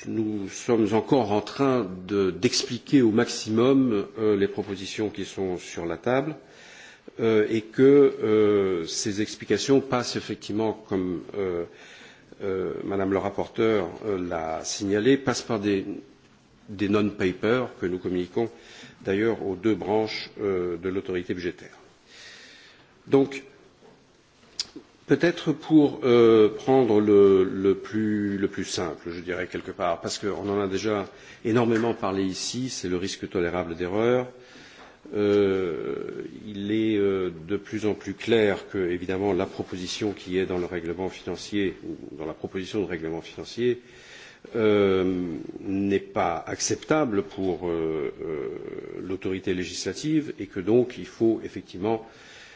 nous sommes encore en train d'expliquer de, au maximum euh, les propositions qui sont sur la table euh, et que euh, ces explications passent effectivement, comme euh, euh, Madame le rapporteur euh, l'a signalé, passent par des des non-papers que nous communiquons d'ailleurs aux deux branches euh, de l'autorité budgétaire. Donc, peut-être pour euh, prendre le, le, plus, le plus simple, je dirais quelque part, parce qu'on en a déjà énormément parlé ici, c'est le risque tolérable d'erreur. Euh, il est euh, de plus en plus clair que, évidemment, la proposition qui est dans le règlement financier, ou dans la proposition de règlement financier, euh, euh, n'est pas acceptable pour euh, euh, l'autorité législative et que donc il faut effectivement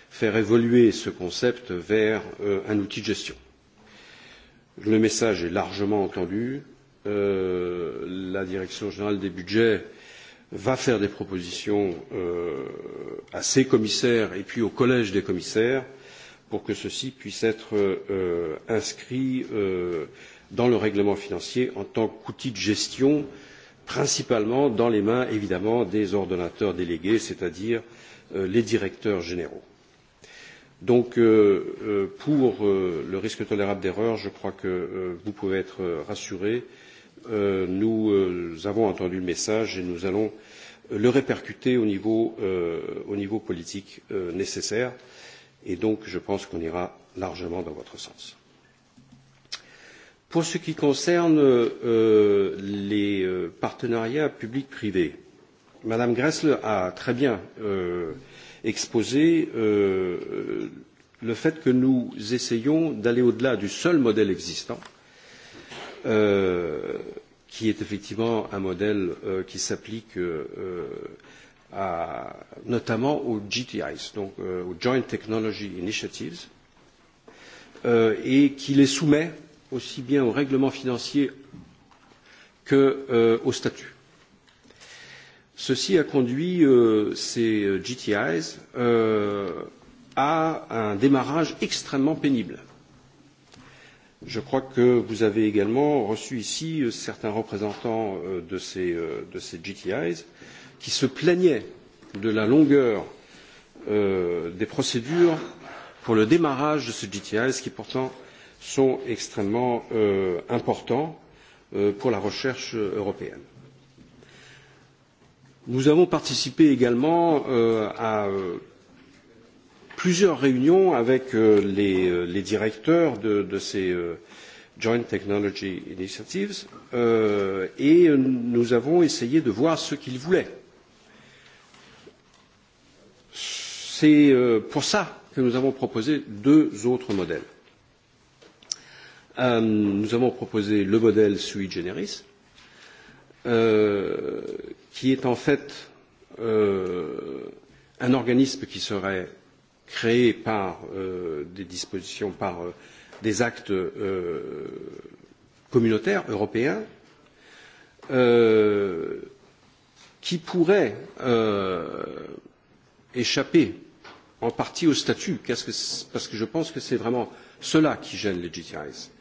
faire évoluer ce concept vers euh, un outil de gestion. Le message est largement entendu. Euh, la Direction générale des budgets va faire des propositions euh, à ses commissaires et puis au collège des commissaires pour que ceci puisse être euh, inscrit euh, dans le règlement financier en tant qu'outil de gestion, principalement dans les mains évidemment des ordonnateurs délégués, c'est-à-dire euh, les directeurs généraux. Donc euh, euh pour euh, le risque tolérable d'erreur, je crois que euh, vous pouvez être euh, rassurés. Euh, nous, euh, avons entendu le message et nous allons euh, le répercuter au niveau, euh, au niveau politique euh, nécessaire. Et donc, je pense qu'on ira largement dans votre sens. Pour ce qui concerne euh, les euh, partenariats public-privé, Madame Gressle a très bien euh, exposé euh, le fait que nous essayons d'aller au-delà du seul modèle existant, euh, qui est effectivement un modèle euh, qui s'applique euh, à, notamment aux GTIs, donc euh, aux Joint Technology Initiatives, euh, et qui les soumet aussi bien au règlement financier que euh, au statut. Ceci a conduit euh, ces GTIs euh, à un démarrage extrêmement pénible. Je crois que vous avez également reçu ici euh, certains représentants euh, de ces, euh, de ces GTIs qui se plaignaient de la longueur euh, des procédures pour le démarrage de ce GTI, qui pourtant sont extrêmement euh, importants euh, pour la recherche européenne. Nous avons participé également euh, à euh, plusieurs réunions avec euh, les, euh, les directeurs de, de ces euh, Joint Technology Initiatives euh, et nous avons essayé de voir ce qu'ils voulaient. C'est euh, pour ça que nous avons proposé deux autres modèles. Euh, nous avons proposé le modèle sui generis, euh, qui est en fait euh, un organisme qui serait créé par euh, des dispositions, par euh, des actes euh, communautaires européens, euh, qui pourrait euh, échapper en partie au statut, qu que parce que je pense que c'est vraiment cela qui gêne les GTIs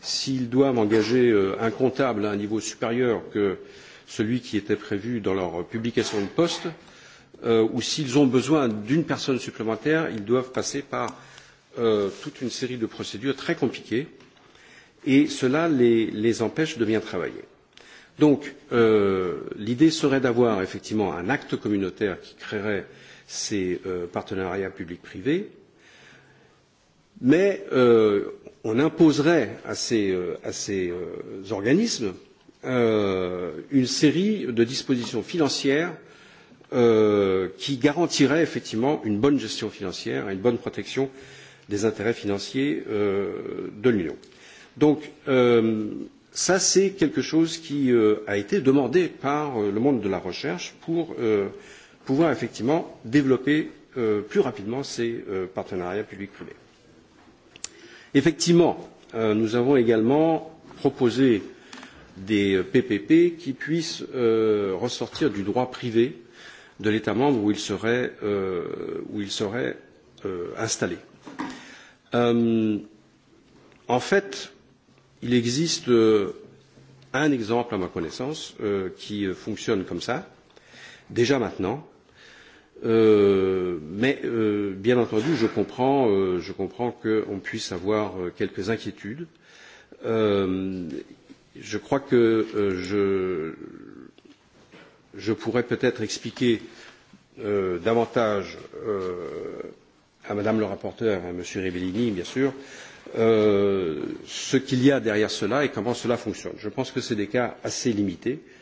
s'ils doivent engager euh, un comptable à un niveau supérieur que celui qui était prévu dans leur publication de poste, euh, ou s'ils ont besoin d'une personne supplémentaire, ils doivent passer par euh, toute une série de procédures très compliquées, et cela les, les empêche de bien travailler. Donc, l'idée serait d'avoir effectivement un acte communautaire qui créerait ces partenariats public-privé, mais euh, on imposerait à ces, euh, à ces euh, organismes euh, une série de dispositions financières euh, qui garantiraient effectivement une bonne gestion financière et une bonne protection des intérêts financiers euh, de l'Union. Donc, euh, ça, c'est quelque chose qui euh, a été demandé par euh, le monde de la recherche pour euh, pouvoir effectivement développer euh, plus rapidement ces euh, partenariats public privés. Effectivement, euh, nous avons également proposé des PPP qui puissent euh, ressortir du droit privé de l'État membre où ils seraient, euh, où ils seraient euh, installés. Euh, en fait, il existe euh, un exemple à ma connaissance euh, qui euh, fonctionne comme ça, déjà maintenant, Euh, mais euh, bien entendu, je comprends, euh, je comprends qu'on puisse avoir euh, quelques inquiétudes. Euh, je crois que euh, je, je pourrais peut-être expliquer euh, davantage euh, à Madame le rapporteur, à Monsieur Rivellini, bien sûr, euh, ce qu'il y a derrière cela et comment cela fonctionne. Je pense que c'est des cas assez limités. Euh,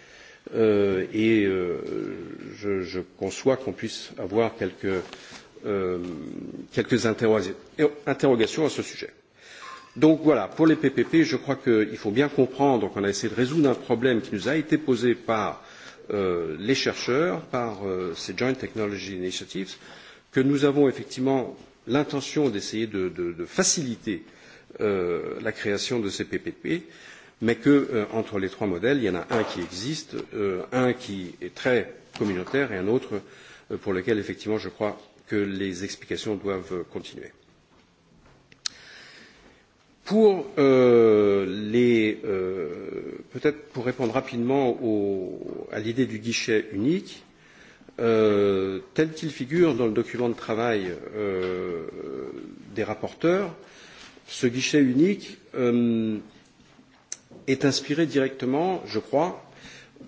euh, et euh, je, je conçois qu'on puisse avoir quelques, euh, quelques interro interrogations à ce sujet. Donc voilà, pour les PPP, je crois qu'il faut bien comprendre qu'on a essayé de résoudre un problème qui nous a été posé par euh, les chercheurs, par euh, ces Joint Technology Initiatives, que nous avons effectivement l'intention d'essayer de, de, de faciliter euh, la création de ces PPP. Euh, mais que euh, entre les trois modèles, il y en a un qui existe, euh, un qui est très communautaire et un autre euh, pour lequel effectivement je crois que les explications doivent continuer. Pour euh, les euh, peut-être pour répondre rapidement au, à l'idée du guichet unique, euh, tel qu'il figure dans le document de travail euh, des rapporteurs, ce guichet unique euh, est inspiré directement, je crois,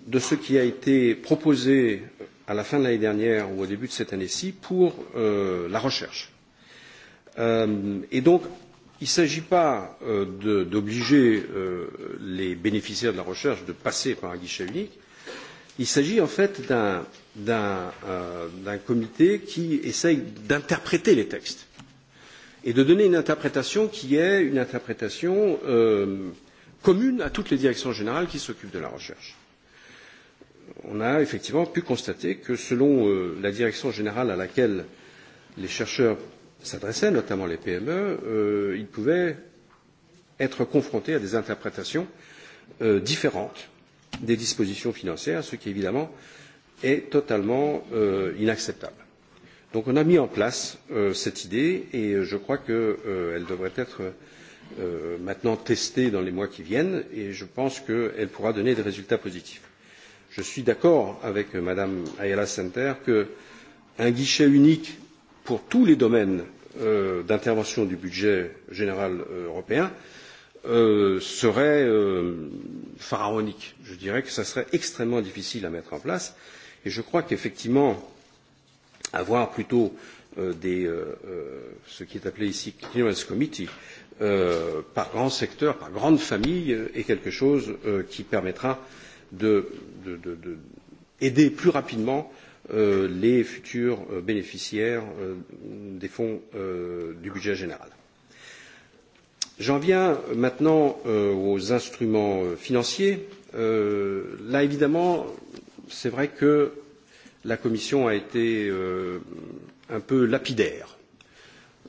de ce qui a été proposé à la fin de l'année dernière ou au début de cette année-ci pour euh, la recherche. Euh, et donc, il ne s'agit pas euh, d'obliger euh, les bénéficiaires de la recherche de passer par un guichet unique. Il s'agit en fait d'un euh, comité qui essaye d'interpréter les textes et de donner une interprétation qui est une interprétation euh, commune à toutes les directions générales qui s'occupent de la recherche. On a effectivement pu constater que selon euh, la direction générale à laquelle les chercheurs s'adressaient, notamment les PME, euh, ils pouvaient être confrontés à des interprétations euh, différentes des dispositions financières, ce qui évidemment est totalement euh, inacceptable. Donc on a mis en place euh, cette idée et euh, je crois qu'elle euh, devrait être euh, Euh, maintenant testée dans les mois qui viennent et je pense qu'elle pourra donner des résultats positifs. Je suis d'accord avec Madame Ayala Center qu'un guichet unique pour tous les domaines euh, d'intervention du budget général euh, européen euh, serait euh, pharaonique. Je dirais que ce serait extrêmement difficile à mettre en place et je crois qu'effectivement avoir plutôt euh, des, euh, ce qui est appelé ici Clearance Committee, Euh, par grand secteur, par grande famille, euh, est quelque chose euh, qui permettra de, de, de, de aider plus rapidement euh, les futurs euh, bénéficiaires euh, des fonds euh, du budget général. J'en viens maintenant euh, aux instruments financiers. Euh, là, évidemment, c'est vrai que la Commission a été euh, un peu lapidaire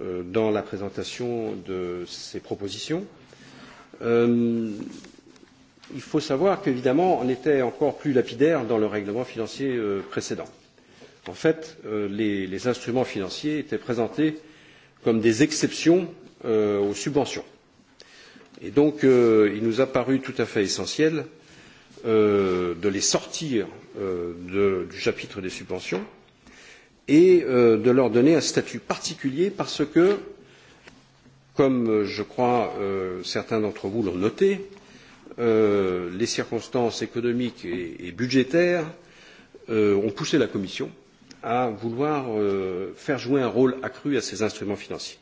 Euh, dans la présentation de ces propositions. Euh, il faut savoir qu'évidemment, on était encore plus lapidaire dans le règlement financier euh, précédent. En fait, euh, les, les instruments financiers étaient présentés comme des exceptions euh, aux subventions. Et donc, euh, il nous a paru tout à fait essentiel euh, de les sortir euh, de, du chapitre des subventions et euh, de leur donner un statut particulier parce que, comme euh, je crois euh, certains d'entre vous l'ont noté, euh, les circonstances économiques et, et budgétaires euh, ont poussé la Commission à vouloir euh, faire jouer un rôle accru à ces instruments financiers.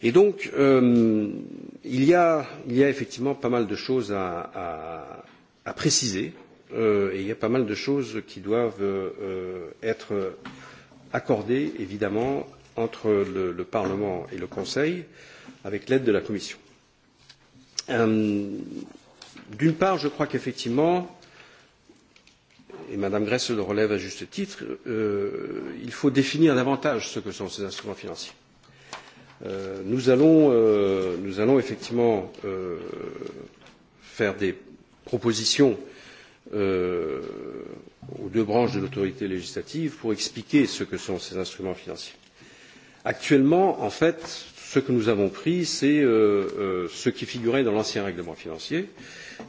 Et donc, il y, a, il, y a, effectivement pas mal de choses à, à, à préciser euh, et il y a pas mal de choses qui doivent euh, être accordées, évidemment, entre le, le Parlement et le Conseil, avec l'aide de la Commission. Euh, D'une part, je crois qu'effectivement, et Madame Grèce le relève à juste titre, euh, il faut définir davantage ce que sont ces instruments financiers. Euh, nous, allons, euh, nous allons effectivement euh, faire des propositions euh, aux deux branches de l'autorité législative pour expliquer ce que sont ces instruments financiers. Actuellement, en fait, ce que nous avons pris, c'est euh, euh, ce qui figurait dans l'ancien règlement financier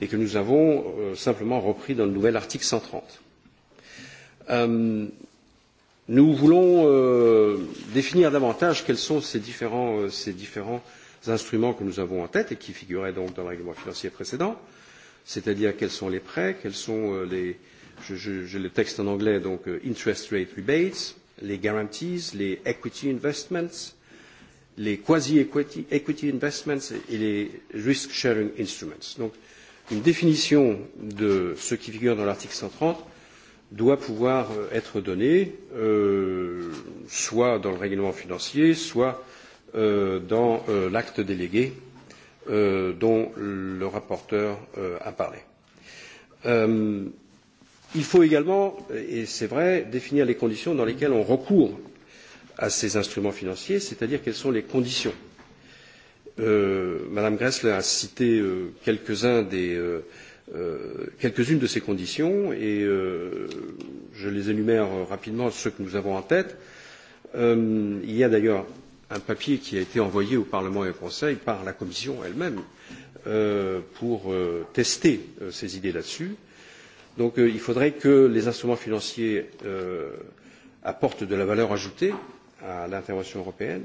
et que nous avons euh, simplement repris dans le nouvel article 130. Euh, nous voulons euh, définir davantage quels sont ces différents, euh, ces différents instruments que nous avons en tête et qui figuraient donc dans le règlement financier précédent. Euh, c'est-à-dire quels sont les prêts, quels sont euh, les, j'ai le texte en anglais, donc euh, interest rate rebates, les guarantees, les equity investments, les quasi-equity equity investments et les risk-sharing instruments. Donc, une définition de ce qui figure dans l'article 130 doit pouvoir euh, être donnée euh, soit dans le règlement financier, soit euh, dans euh, l'acte délégué Euh, dont le rapporteur euh, a parlé. Euh, il faut également, et c'est vrai, définir les conditions dans lesquelles on recourt à ces instruments financiers, c'est-à-dire quelles sont les conditions. Euh, Madame Gressler a cité euh, quelques-uns des euh, euh, quelques-unes de ces conditions et euh, je les énumère rapidement ceux que nous avons en tête. Euh, il y a d'ailleurs un papier qui a été envoyé au Parlement et au Conseil par la Commission elle-même euh, pour euh, tester euh, ces idées là-dessus. Donc euh, il faudrait que les instruments financiers euh, apportent de la valeur ajoutée à l'intervention européenne,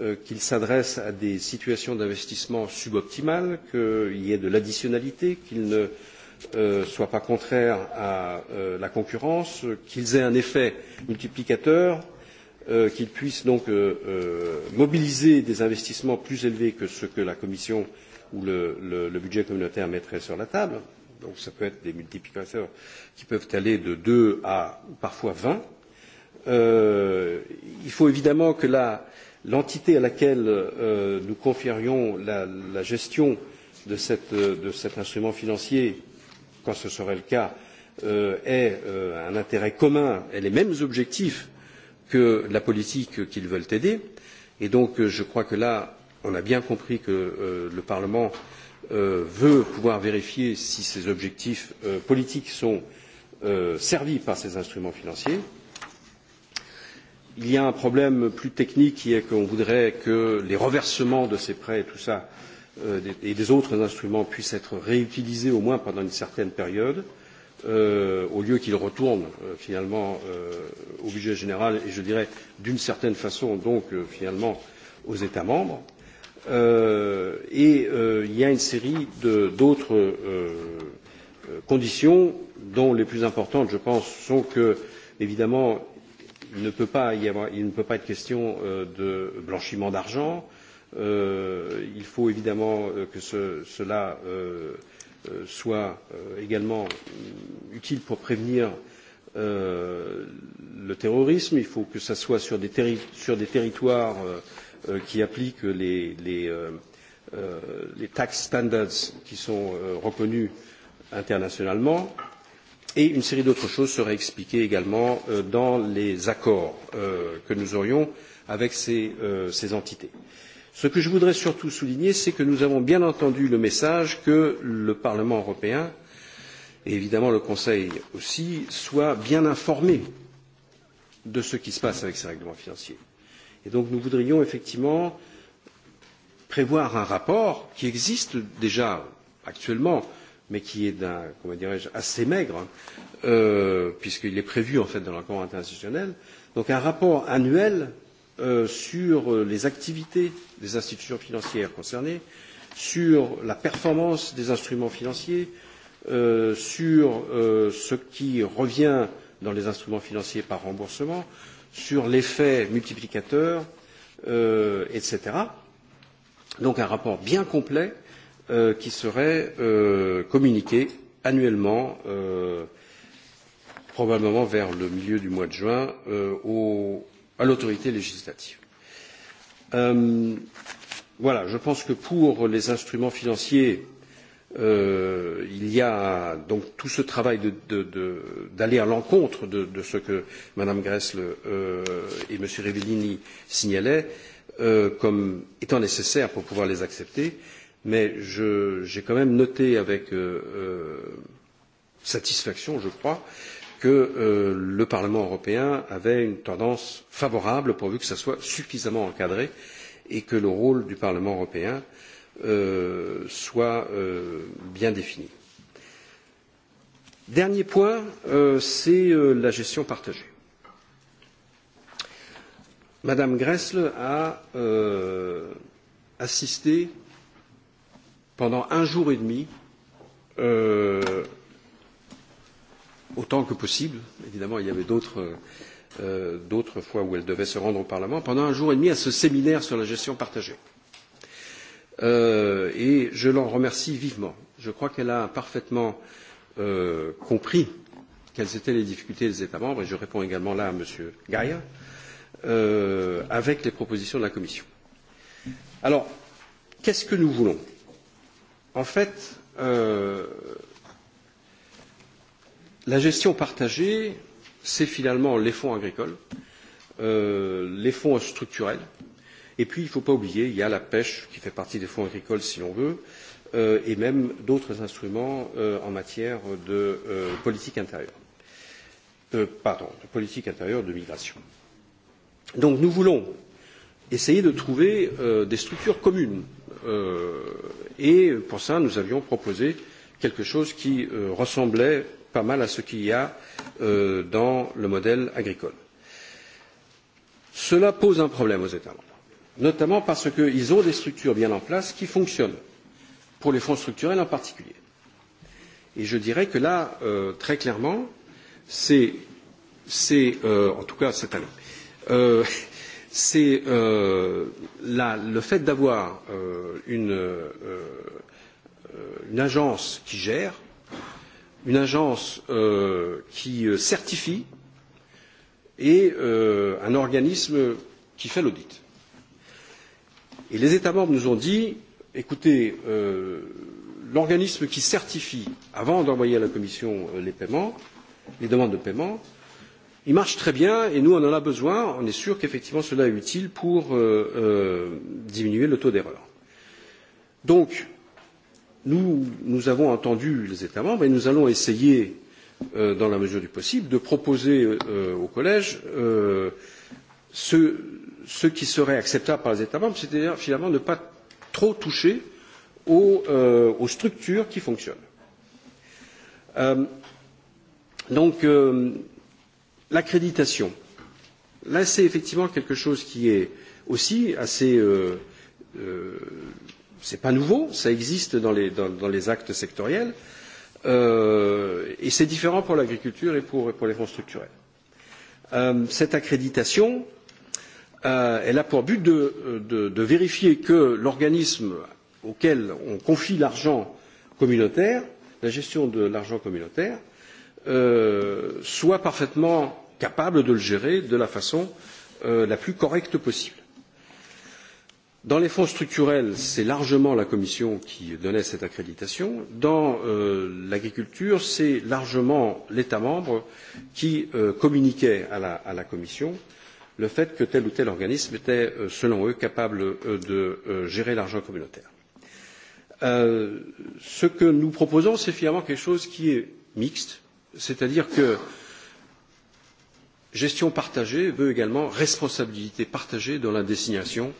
euh, qu'ils s'adressent à des situations d'investissement suboptimales, qu'il y ait de l'additionnalité, qu'ils ne euh, soient pas contraires à euh, la concurrence, qu'ils aient un effet multiplicateur euh, qu'il puisse donc euh, euh, mobiliser des investissements plus élevés que ce que la Commission ou le, le, le budget communautaire mettrait sur la table. Donc ça peut être des multiplicateurs qui peuvent aller de 2 à parfois 20. Euh, il faut évidemment que l'entité la, à laquelle euh, nous confierions la, la gestion de, cette, de cet instrument financier, quand ce serait le cas, euh, ait euh, un intérêt commun et les mêmes objectifs que la politique qu'ils veulent aider. Et donc, euh, je crois que là, on a bien compris que euh, le Parlement euh, veut pouvoir vérifier si ces objectifs euh, politiques sont euh, servis par ces instruments financiers. Il y a un problème plus technique qui est qu'on voudrait que les reversements de ces prêts et tout ça euh, et des autres instruments puissent être réutilisés au moins pendant une certaine période. Euh, euh, au lieu qu'il retourne euh, finalement euh, au budget général et je dirais d'une certaine façon donc euh, finalement aux États membres. Euh, et euh, il y a une série d'autres euh, euh, conditions dont les plus importantes je pense sont que évidemment il ne peut pas, y avoir, il ne peut pas être question euh, de blanchiment d'argent. Euh, il faut évidemment euh, que ce, cela euh, Euh, soit euh, également euh, utile pour prévenir le terrorisme. Il faut que ça soit sur des, terri sur des territoires qui appliquent les, les, les tax standards qui sont reconnus internationalement. Et une série d'autres choses seraient expliquées également dans les accords que nous aurions avec ces, ces entités. Euh, Ce que je voudrais surtout souligner, c'est que nous avons bien entendu le message que le Parlement européen et évidemment le Conseil aussi soient bien informés de ce qui se passe avec ces règlements financiers. Et donc nous voudrions effectivement prévoir un rapport qui existe déjà actuellement, mais qui est d'un, comment dirais-je, assez maigre, euh, puisqu'il est prévu en fait dans l'accord interinstitutionnel. Donc un rapport annuel Euh, sur euh, les activités des institutions financières concernées, sur la performance des instruments financiers, euh, sur euh, ce qui revient dans les instruments financiers par remboursement, sur l'effet multiplicateur, euh, etc. Donc un rapport bien complet euh, qui serait euh, communiqué annuellement, euh, probablement vers le milieu du mois de juin, euh, au, à l'autorité législative. Euh, voilà, je pense que pour les instruments financiers, euh, il y a donc tout ce travail d'aller à l'encontre de, de ce que Mme Gressle euh, et M. Rivellini signalaient euh, comme étant nécessaire pour pouvoir les accepter, mais j'ai quand même noté avec euh, euh, satisfaction, je crois, euh, que euh, le Parlement européen avait une tendance favorable pourvu que ça soit suffisamment encadré et que le rôle du Parlement européen euh, soit euh, bien défini. Dernier point, euh, c'est euh, la gestion partagée. Madame Gressle a euh, assisté pendant un jour et demi autant que possible. Évidemment, il y avait d'autres euh, fois où elle devait se rendre au Parlement, pendant un jour et demi à ce séminaire sur la gestion partagée. Euh, et je l'en remercie vivement. Je crois qu'elle a parfaitement euh, compris quelles étaient les difficultés des États membres, et je réponds également là à M. Gaïa, euh, avec les propositions de la Commission. Alors, qu'est-ce que nous voulons En fait, euh, La gestion partagée, c'est finalement les fonds agricoles, euh, les fonds structurels, et puis il ne faut pas oublier, il y a la pêche qui fait partie des fonds agricoles si l'on veut, euh, et même d'autres instruments euh, en matière de euh, politique intérieure. Euh, pardon, de politique intérieure de migration. Donc nous voulons essayer de trouver euh, des structures communes. Euh, et pour ça, nous avions proposé quelque chose qui euh, ressemblait pas mal à ce qu'il y a euh, dans le modèle agricole. Cela pose un problème aux États membres, notamment parce qu'ils ont des structures bien en place qui fonctionnent, pour les fonds structurels en particulier. Et je dirais que là, euh, très clairement, c'est, euh, en tout cas cette année, euh, c'est euh, la, le fait d'avoir euh, une, euh, euh une agence qui gère une agence euh, qui euh, certifie et euh, un organisme qui fait l'audit. Et les États membres nous ont dit, écoutez, euh, l'organisme qui certifie, avant d'envoyer à la Commission euh, les paiements, les demandes de paiement, il marche très bien et nous on en a besoin, on est sûr qu'effectivement cela est utile pour euh, euh, diminuer le taux d'erreur. Donc, nous, nous avons entendu les États membres et nous allons essayer, euh, dans la mesure du possible, de proposer euh, au Collège euh, ce, ce qui serait acceptable par les États membres, c'est-à-dire finalement ne pas trop toucher aux, euh, aux structures qui fonctionnent. Euh, donc, euh, l'accréditation. Là, c'est effectivement quelque chose qui est aussi assez. Euh, euh, ce n'est pas nouveau, ça existe dans les, dans, dans les actes sectoriels, euh, et c'est différent pour l'agriculture et pour, pour les fonds structurels. Euh, cette accréditation, euh, elle a pour but de, de, de vérifier que l'organisme auquel on confie l'argent communautaire, la gestion de l'argent communautaire, euh, soit parfaitement capable de le gérer de la façon euh, la plus correcte possible. Dans les fonds structurels, c'est largement la Commission qui donnait cette accréditation. Dans euh, l'agriculture, c'est largement l'État membre qui euh, communiquait à la, à la Commission le fait que tel ou tel organisme était, euh, selon eux, capable euh, de euh, gérer l'argent communautaire. Euh, ce que nous proposons, c'est finalement quelque chose qui est mixte, c'est-à-dire que gestion partagée veut également responsabilité partagée dans la désignation euh,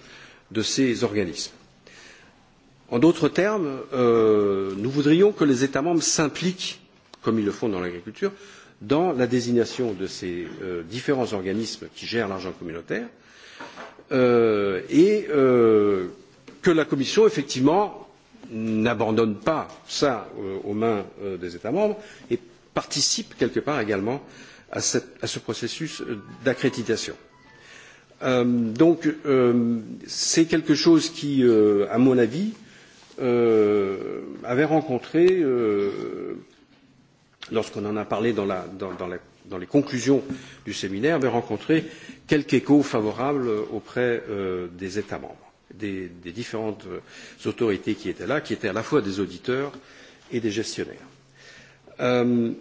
de ces organismes. En d'autres termes, euh, nous voudrions que les États membres s'impliquent, comme ils le font dans l'agriculture, dans la désignation de ces euh, différents organismes qui gèrent l'argent communautaire euh, et euh, que la Commission, effectivement, n'abandonne pas cela euh, aux mains euh, des États membres et participe quelque part également à, cette, à ce processus d'accréditation. Euh, donc euh, c'est quelque chose qui, euh, à mon avis, euh, avait rencontré, euh, lorsqu'on en a parlé dans, la, dans, dans, la, dans les conclusions du séminaire, avait rencontré quelques échos favorables auprès euh, des États membres, des, des différentes euh, autorités qui étaient là, qui étaient à la fois des auditeurs et des gestionnaires. Euh,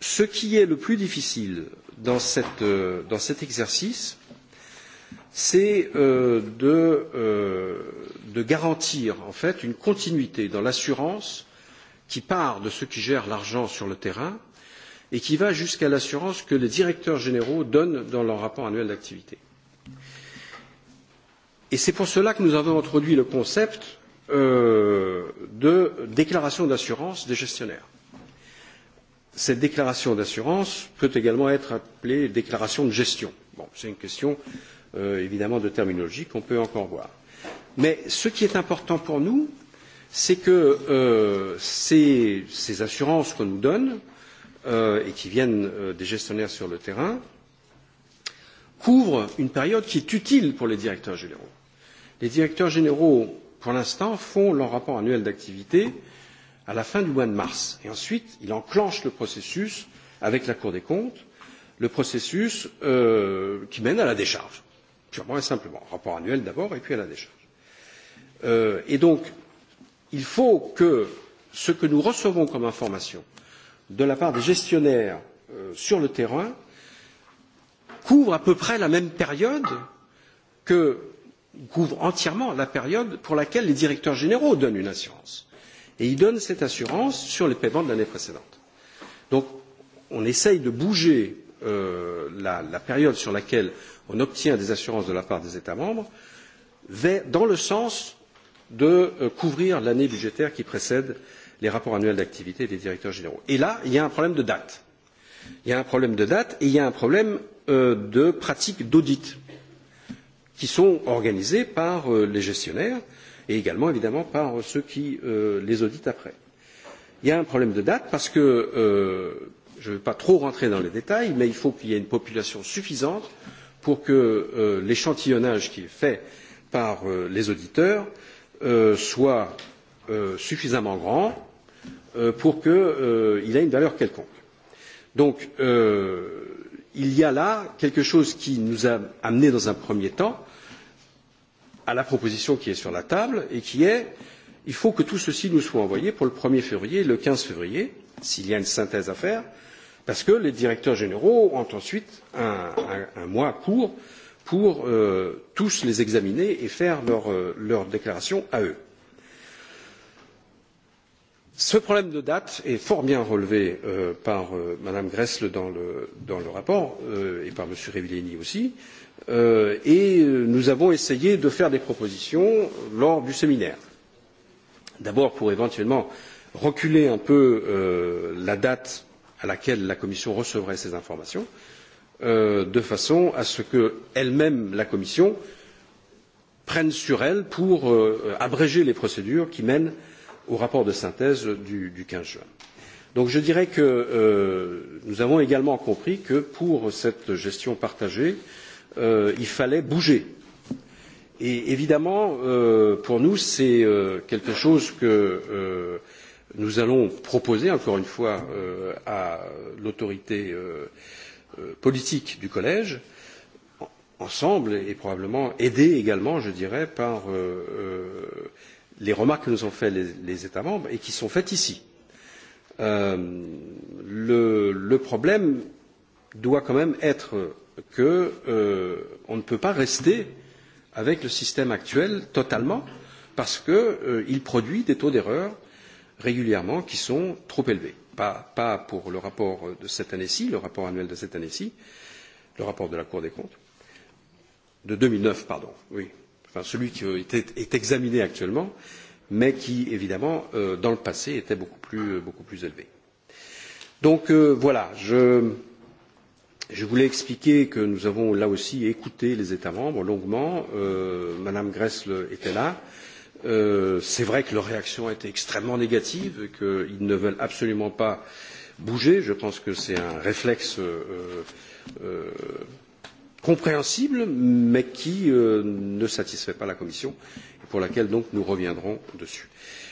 ce qui est le plus difficile dans, cette, euh, dans cet exercice, c'est euh, de, euh, de garantir en fait une continuité dans l'assurance qui part de ceux qui gèrent l'argent sur le terrain et qui va jusqu'à l'assurance que les directeurs généraux donnent dans leur rapport annuel d'activité. Et c'est pour cela que nous avons introduit le concept euh, de déclaration d'assurance des gestionnaires. Cette déclaration d'assurance peut également être appelée déclaration de gestion. Bon, c'est une question euh, euh, évidemment de terminologie qu'on peut encore voir. Mais ce qui est important pour nous, c'est que euh, ces, ces assurances qu'on nous donne euh, et qui viennent euh, des gestionnaires sur le terrain couvrent une période qui est utile pour les directeurs généraux. Les directeurs généraux, pour l'instant, font leur rapport annuel d'activité à la fin du mois de mars et ensuite ils enclenchent le processus avec la Cour des comptes, le processus euh, qui mène à la décharge purement et simplement. Rapport annuel d'abord et puis à la décharge. Euh, et donc, il faut que ce que nous recevons comme information de la part des gestionnaires euh, sur le terrain couvre à peu près la même période que couvre entièrement la période pour laquelle les directeurs généraux donnent une assurance. Et ils donnent cette assurance sur les paiements de l'année précédente. Donc, on essaye de bouger euh, la, la période sur laquelle on obtient des assurances de la part des États membres, dans le sens de euh, couvrir l'année budgétaire qui précède les rapports annuels d'activité des directeurs généraux. Et là, il y a un problème de date. Il y a un problème de date et il y a un problème euh, de pratiques d'audit qui sont organisées par euh, les gestionnaires et également évidemment par ceux qui les auditent après. Il y a un problème de date parce que je ne vais pas trop rentrer dans les détails, mais il faut qu'il y ait une population suffisante pour que euh, l'échantillonnage qui est fait par euh, les auditeurs euh, soit euh, suffisamment grand euh, pour qu'il euh, ait une valeur quelconque. Donc, euh, il y a là quelque chose qui nous a amené dans un premier temps à la proposition qui est sur la table et qui est il faut que tout ceci nous soit envoyé pour le 1er février et le 15 février, s'il y a une synthèse à faire, euh, Parce que les directeurs généraux ont ensuite un, un, un mois court pour euh, tous les examiner et faire leur, euh, leur déclaration à eux. Ce problème de date est fort bien relevé euh, par euh, Mme Gressle dans le, dans le rapport euh, et par M. Rivellini aussi. Euh, et euh, nous avons essayé de faire des propositions lors du séminaire. D'abord pour éventuellement reculer un peu euh, la date à laquelle la Commission recevrait ces informations, euh, de façon à ce que elle-même, la Commission, prenne sur elle pour euh, abréger les procédures qui mènent au rapport de synthèse du, du 15 juin. Donc je dirais que euh, nous avons également compris que pour cette gestion partagée, euh, il fallait bouger. Et évidemment, euh, pour nous, c'est euh, quelque chose que euh, nous allons proposer encore une fois euh, à l'autorité euh, euh politique du collège ensemble et probablement aidés également, je dirais, par euh, euh, les remarques que nous ont faites les, les États membres et qui sont faites ici. Euh, le, le problème doit quand même être que euh, on ne peut pas rester avec le système actuel totalement parce qu'il euh, produit des taux d'erreur régulièrement qui sont trop élevés. Pas, pas pour le rapport de cette année-ci, le rapport annuel de cette année-ci, le rapport de la Cour des comptes, de 2009, pardon, oui, enfin celui qui est, est examiné actuellement, mais qui, évidemment, euh, dans le passé, était beaucoup plus, euh, beaucoup plus élevé. Donc euh, voilà, je, je voulais expliquer que nous avons là aussi écouté les États membres longuement. Euh, Madame Gressle était là. Euh, Euh, c'est vrai que leur réaction a été extrêmement négative, qu'ils ne veulent absolument pas bouger. Je pense que c'est un réflexe euh, euh, compréhensible, mais qui euh, ne satisfait pas la Commission, et pour laquelle donc nous reviendrons dessus.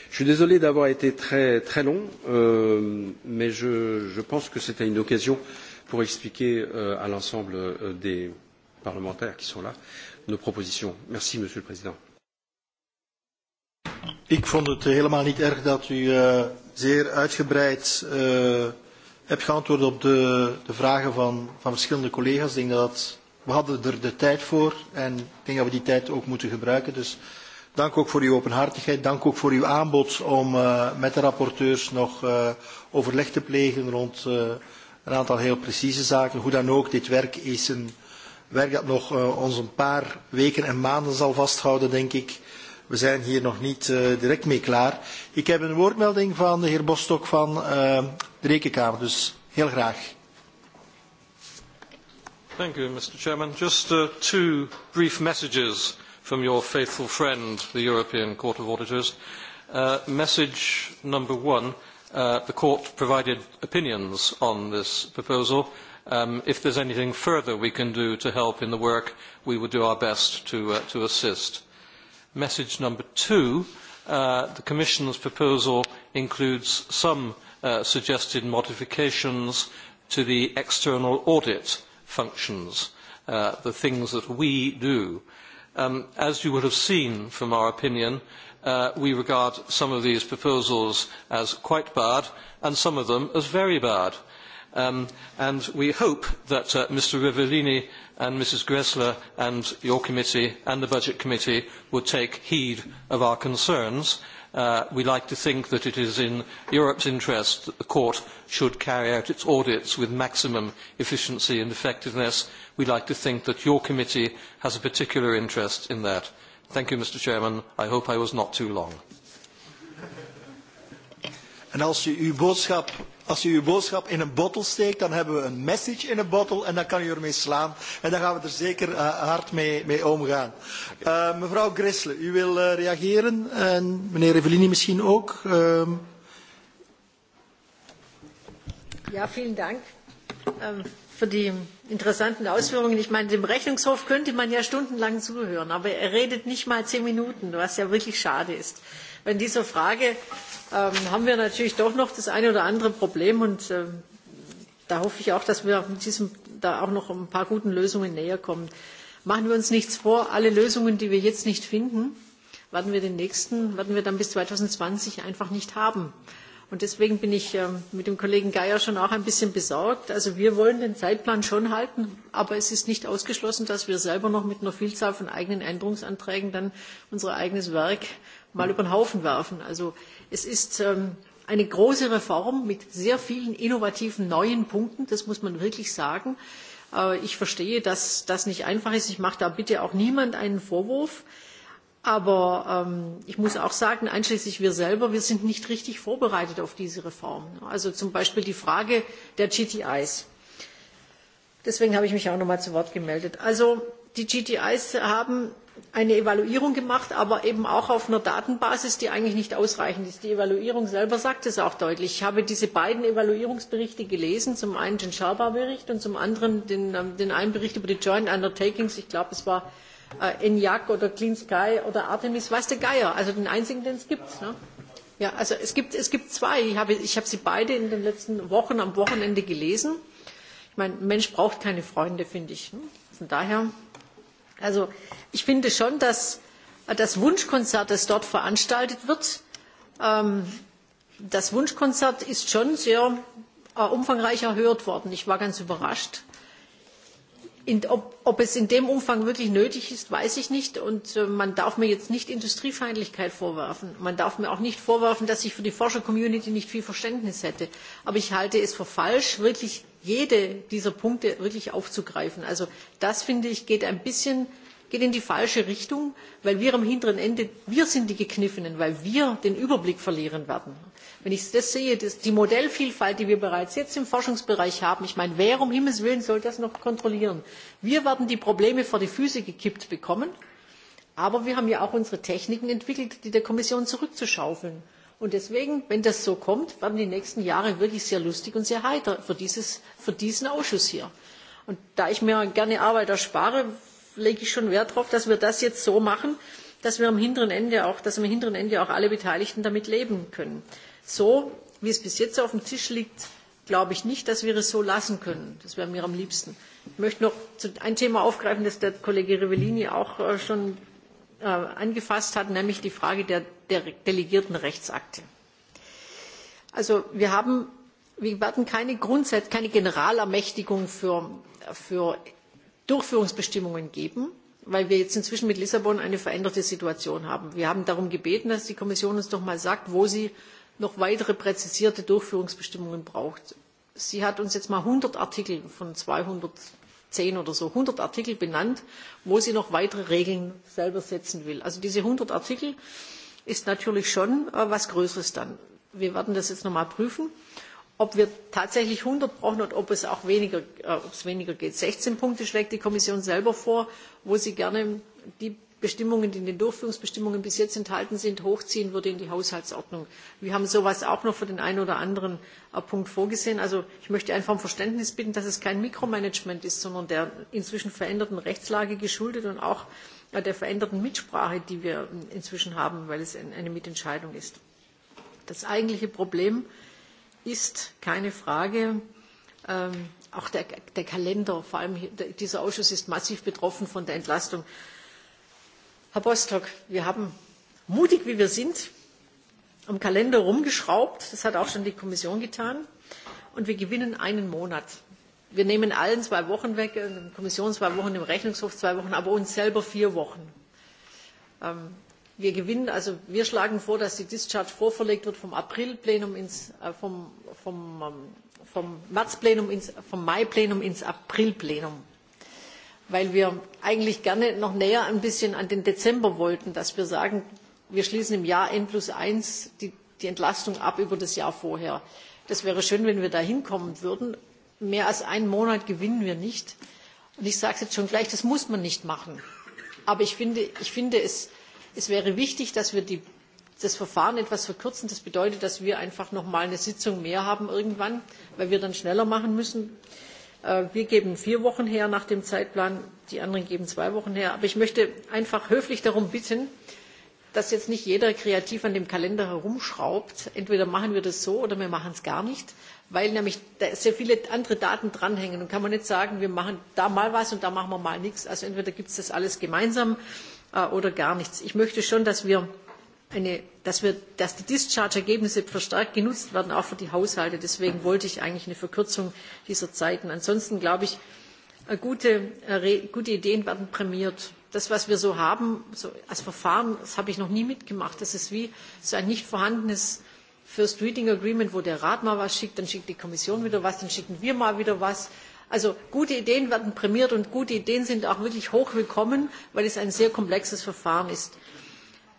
Je suis désolé d'avoir été très, très long, euh, mais je, je pense que c'était une occasion pour expliquer euh, à l'ensemble euh, des parlementaires qui sont là nos propositions. Merci, Monsieur le Président. Ik vond het eh, helemaal niet erg dat u uh, zeer uitgebreid uh, hebt geantwoord op de, de vragen van, van verschillende collega's. Ik denk dat we hadden er de tijd voor en ik denk dat we die tijd ook moeten gebruiken. Dus dank ook voor uw openhartigheid. Dank ook voor uw aanbod om uh, met de rapporteurs nog uh, overleg te plegen rond uh, een aantal heel precieze zaken. Hoe dan ook, dit werk is een werk dat nog uh, ons een paar weken en maanden zal vasthouden, denk ik we zijn hier nog niet uh, direct mee klaar. Ik heb een woordmelding van de heer Bostok van uh, de Rekenkamer, dus heel graag. Thank you, Mr. Chairman. Just uh, two brief messages from your faithful friend, the European Court of Auditors. Uh, message number one, uh, the court provided opinions on this proposal. Um, if there's anything further we can do to help in the work, we will do our best to, uh, to assist. Message number two, uh, the Commission's proposal includes some uh, suggested modifications to the external audit functions, uh, the things that we do. Um, as you would have seen from our opinion, uh, we regard some of these proposals as quite bad and some of them as very bad. Um, and we hope that uh, Mr. Rivellini and Mrs Gressler and your committee and the Budget Committee would take heed of our concerns. Uh, we like to think that it is in Europe's interest that the Court should carry out its audits with maximum efficiency and effectiveness. We like to think that your committee has a particular interest in that. Thank you, Mr Chairman. I hope I was not too long. En als je uw boodschap, als je uw boodschap in een bottle steekt, dan hebben we een message in een bottle en dan kan u ermee slaan. En dan gaan we er zeker uh, hard mee, mee omgaan. Okay. Uh, eh, mevrouw Gressle, u wil uh, reageren en meneer Evelini misschien ook. Uh... Ja, vielen Dank. Um... für die interessanten Ausführungen. Ich meine, dem Rechnungshof könnte man ja stundenlang zuhören, aber er redet nicht mal zehn Minuten, was ja wirklich schade ist. Äh, bei dieser Frage ähm, haben wir natürlich doch noch das eine oder andere Problem und äh, da hoffe ich auch, dass wir mit diesem, da auch noch ein paar guten Lösungen näher kommen. Machen wir uns nichts vor, alle Lösungen, die wir jetzt nicht finden, werden wir den nächsten, werden wir dann bis 2020 einfach nicht haben. Und deswegen bin ich ähm, mit dem Kollegen Geier schon auch ein bisschen besorgt. Also wir wollen den Zeitplan schon halten, aber es ist nicht ausgeschlossen, dass wir selber noch mit einer Vielzahl von eigenen Änderungsanträgen dann unser eigenes Werk mal über den Haufen werfen. Also es ist ähm, eine große Reform mit sehr vielen innovativen neuen Punkten, das muss man wirklich sagen. Äh, ich verstehe, dass das nicht einfach ist. Ich mache da bitte auch niemand einen Vorwurf. Aber ähm, ich muss auch sagen, einschließlich wir selber, wir sind nicht richtig vorbereitet auf diese Reform. Also zum Beispiel die Frage der GTIs. Deswegen habe ich mich auch nochmal zu Wort gemeldet. Also die GTIs haben eine Evaluierung gemacht, aber eben auch auf einer Datenbasis, die eigentlich nicht ausreichend ist. Die Evaluierung selber sagt es auch deutlich. Ich habe diese beiden Evaluierungsberichte gelesen, zum einen den Sharba-Bericht und zum anderen den, ähm, den einen Bericht über die Joint Undertakings. Ich glaube, es war äh, ENIAC oder Clean Sky oder Artemis, weiß der Geier, also den einzigen, den es gibt. Ne? Ja, also es gibt, es gibt zwei. Ich habe, ich habe sie beide in den letzten Wochen am Wochenende gelesen. Ich meine, Mensch braucht keine Freunde, finde ich. Ne? Von daher Also ich finde schon, dass das Wunschkonzert, das dort veranstaltet wird, ähm, das Wunschkonzert ist schon sehr äh, umfangreich erhört worden. Ich war ganz überrascht. In, ob, ob es in dem Umfang wirklich nötig ist, weiß ich nicht. Und äh, man darf mir jetzt nicht Industriefeindlichkeit vorwerfen. Man darf mir auch nicht vorwerfen, dass ich für die Forscher-Community nicht viel Verständnis hätte. Aber ich halte es für falsch, wirklich jede dieser Punkte wirklich aufzugreifen. Also das, finde ich, geht ein bisschen geht in die falsche Richtung, weil wir am hinteren Ende, wir sind die Gekniffenen, weil wir den Überblick verlieren werden. Wenn ich das sehe, dass die Modellvielfalt, die wir bereits jetzt im Forschungsbereich haben, ich meine, wer um Himmels Willen soll das noch kontrollieren? Wir werden die Probleme vor die Füße gekippt bekommen, aber wir haben ja auch unsere Techniken entwickelt, die der Kommission zurückzuschaufeln. Und deswegen, wenn das so kommt, werden die nächsten Jahre wirklich sehr lustig und sehr heiter für, dieses, für diesen Ausschuss hier. Und da ich mir gerne Arbeit erspare, lege ich schon Wert darauf, dass wir das jetzt so machen, dass wir am hinteren Ende auch, dass am hinteren Ende auch alle Beteiligten damit leben können. So, wie es bis jetzt auf dem Tisch liegt, glaube ich nicht, dass wir es so lassen können. Das wäre mir am liebsten. Ich möchte noch ein Thema aufgreifen, das der Kollege Rivellini auch äh, schon äh, angefasst hat, nämlich die Frage der der delegierten Rechtsakte. Also wir haben, wir werden keine Grundsatz, keine Generalermächtigung für, für Durchführungsbestimmungen geben, weil wir jetzt inzwischen mit Lissabon eine veränderte Situation haben. Wir haben darum gebeten, dass die Kommission uns doch mal sagt, wo sie noch weitere präzisierte Durchführungsbestimmungen braucht. Sie hat uns jetzt mal 100 Artikel von 210 oder so, 100 Artikel benannt, wo sie noch weitere Regeln selber setzen will. Also diese 100 Artikel, ist natürlich schon äh, was Größeres dann. Wir werden das jetzt nochmal prüfen, ob wir tatsächlich 100 brauchen und ob es auch weniger, äh, ob es weniger geht. 16 Punkte schlägt die Kommission selber vor, wo sie gerne die Bestimmungen, die in den Durchführungsbestimmungen bis jetzt enthalten sind, hochziehen würde in die Haushaltsordnung. Wir haben sowas auch noch für den einen oder anderen äh, Punkt vorgesehen. Also ich möchte einfach um Verständnis bitten, dass es kein Mikromanagement ist, sondern der inzwischen veränderten Rechtslage geschuldet und auch der veränderten Mitsprache, die wir inzwischen haben, weil es eine Mitentscheidung ist. Das eigentliche Problem ist keine Frage, ähm, auch der, der Kalender, vor allem hier, dieser Ausschuss ist massiv betroffen von der Entlastung. Herr Bostock, wir haben mutig wie wir sind am Kalender rumgeschraubt, das hat auch schon die Kommission getan, und wir gewinnen einen Monat wir nehmen allen zwei Wochen weg, äh, der Kommission zwei Wochen, dem Rechnungshof zwei Wochen, aber uns selber vier Wochen. Ähm, wir gewinnen, also wir schlagen vor, dass die Discharge vorverlegt wird vom Aprilplenum ins, äh, vom, vom, ähm, vom Märzplenum ins, vom Maiplenum ins Aprilplenum. Weil wir eigentlich gerne noch näher ein bisschen an den Dezember wollten, dass wir sagen, wir schließen im Jahr N plus 1 die, die Entlastung ab über das Jahr vorher. Das wäre schön, wenn wir da hinkommen würden mehr als einen Monat gewinnen wir nicht. Und ich sage es jetzt schon gleich, das muss man nicht machen. Aber ich finde, ich finde es, es wäre wichtig, dass wir die, das Verfahren etwas verkürzen. Das bedeutet, dass wir einfach noch mal eine Sitzung mehr haben irgendwann, weil wir dann schneller machen müssen. Äh, wir geben vier Wochen her nach dem Zeitplan, die anderen geben zwei Wochen her. Aber ich möchte einfach höflich darum bitten, dass jetzt nicht jeder kreativ an dem Kalender herumschraubt. Entweder machen wir das so oder wir machen es gar nicht weil nämlich sehr viele andere Daten dranhängen und kann man nicht sagen, wir machen da mal was und da machen wir mal nichts. Also entweder gibt es das alles gemeinsam äh, oder gar nichts. Ich möchte schon, dass wir eine, dass wir, dass die Discharge-Ergebnisse verstärkt genutzt werden, auch für die Haushalte. Deswegen wollte ich eigentlich eine Verkürzung dieser Zeiten. Ansonsten glaube ich, äh, gute, äh, gute Ideen werden prämiert. Das, was wir so haben, so als Verfahren, das habe ich noch nie mitgemacht. Das ist wie so ein nicht vorhandenes First Reading Agreement, wo der Rat mal was schickt, dann schickt die Kommission wieder was, dann schicken wir mal wieder was. Also gute Ideen werden prämiert und gute Ideen sind auch wirklich hoch willkommen, weil es ein sehr komplexes Verfahren ist.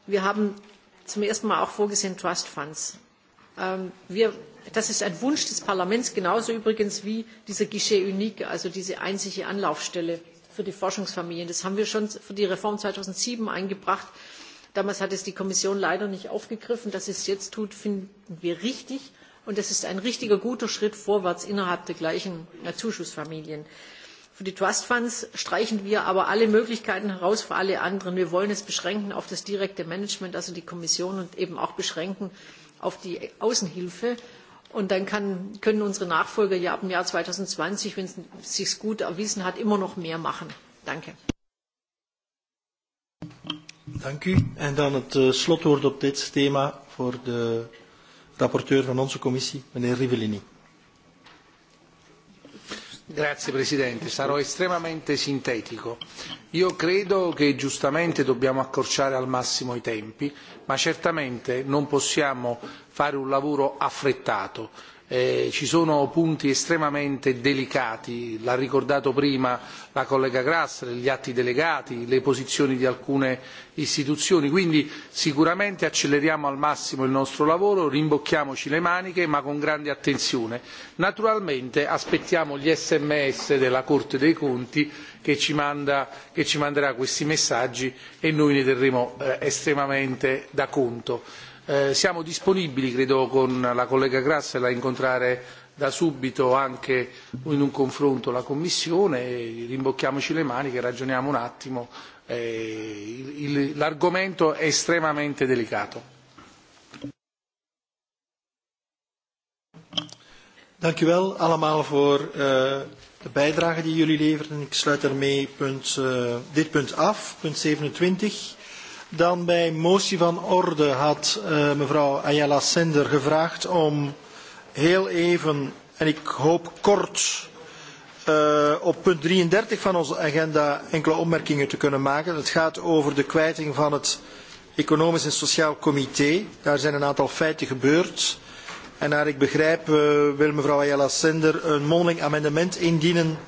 Wir haben zum ersten Mal auch vorgesehen Trust Funds. Ähm, wir, das ist ein Wunsch des Parlaments, genauso übrigens wie dieser Guichet Unique, also diese einzige Anlaufstelle für die Forschungsfamilien. Das haben wir schon für die Reform 2007 eingebracht. Damals hat es die Kommission leider nicht aufgegriffen. Dass sie es jetzt tut, finden wir richtig. Und das ist ein richtiger guter Schritt vorwärts innerhalb der gleichen Zuschussfamilien. Für die Trust Funds streichen wir aber alle Möglichkeiten heraus für alle anderen. Wir wollen es beschränken auf das direkte Management, also die Kommission und eben auch beschränken auf die Außenhilfe. Und dann kann, können unsere Nachfolger ja ab dem Jahr 2020, wenn es sich gut erwiesen hat, immer noch mehr machen. Danke. Dank u. En dan het uh, slotwoord op dit thema voor de rapporteur van onze commissie, meneer Rivellini. Grazie Presidente, sarò estremamente sintetico. Io credo che giustamente dobbiamo accorciare al massimo i tempi, ma certamente non possiamo fare un lavoro affrettato Eh, ci sono punti estremamente delicati, l'ha ricordato prima la collega Grassler, gli atti delegati, le posizioni di alcune istituzioni, quindi sicuramente acceleriamo al massimo il nostro lavoro, rimbocchiamoci le maniche ma con grande attenzione. Naturalmente aspettiamo gli sms della Corte dei Conti che ci, manda, che ci manderà questi messaggi e noi ne terremo eh, estremamente da conto. Eh, siamo disponibili, credo, con la collega Grassel a incontrare da subito anche in un confronto la Commissione, rimbocchiamoci le maniche, ragioniamo un attimo, eh, l'argomento è estremamente delicato. Dank u wel allemaal voor uh, de bijdrage die jullie leverden. Ik sluit daarmee punt, uh, dit punt af, punt 27. Dan bij motie van orde had uh, mevrouw Ayala Sender gevraagd om heel even, en ik hoop kort, uh, op punt 33 van onze agenda enkele opmerkingen te kunnen maken. Het gaat over de kwijting van het Economisch en Sociaal Comité. Daar zijn een aantal feiten gebeurd. En naar ik begrijp uh, wil mevrouw Ayala Sender een mondeling amendement indienen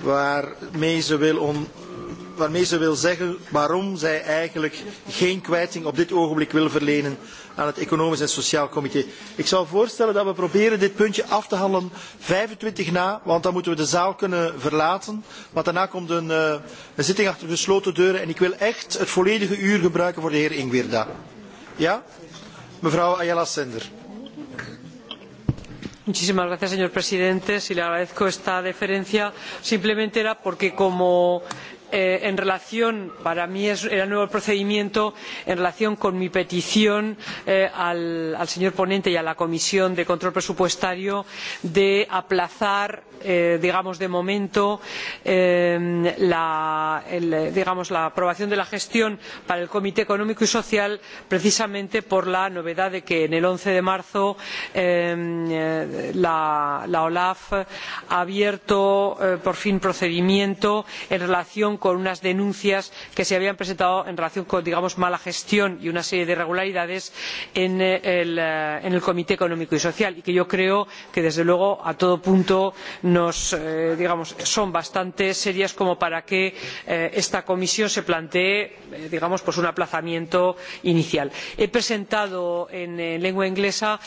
waarmee ze wil om waarmee ze wil zeggen waarom zij eigenlijk geen kwijting op dit ogenblik wil verlenen aan het Economisch en Sociaal Comité. Ik zou voorstellen dat we proberen dit puntje af te handelen 25 na, want dan moeten we de zaal kunnen verlaten. Want daarna komt een, uh, een zitting achter gesloten deuren en ik wil echt het volledige uur gebruiken voor de heer Ingwerda. Ja? Mevrouw Ayala Sender. Gracias, señor presidente. Si le agradezco esta deferencia, simplemente era porque como Eh, en relación para mí es, era nuevo el procedimiento en relación con mi petición eh, al, al, señor ponente y a la comisión de control presupuestario de aplazar eh, digamos de momento eh, la, el, digamos, la, aprobación de la gestión para el comité económico y social precisamente por la novedad de que en el once de marzo eh, la, la, olaf ha abierto eh, por fin procedimiento en relación con unas denuncias que se habían presentado en relación con digamos mala gestión y una serie de irregularidades en eh, eh, el, comité económico y social y que yo creo que desde luego a todo punto eh, son bastante serias como para que esta comisión se plantee digamos, un aplazamiento inicial. he presentado en, en lengua inglesa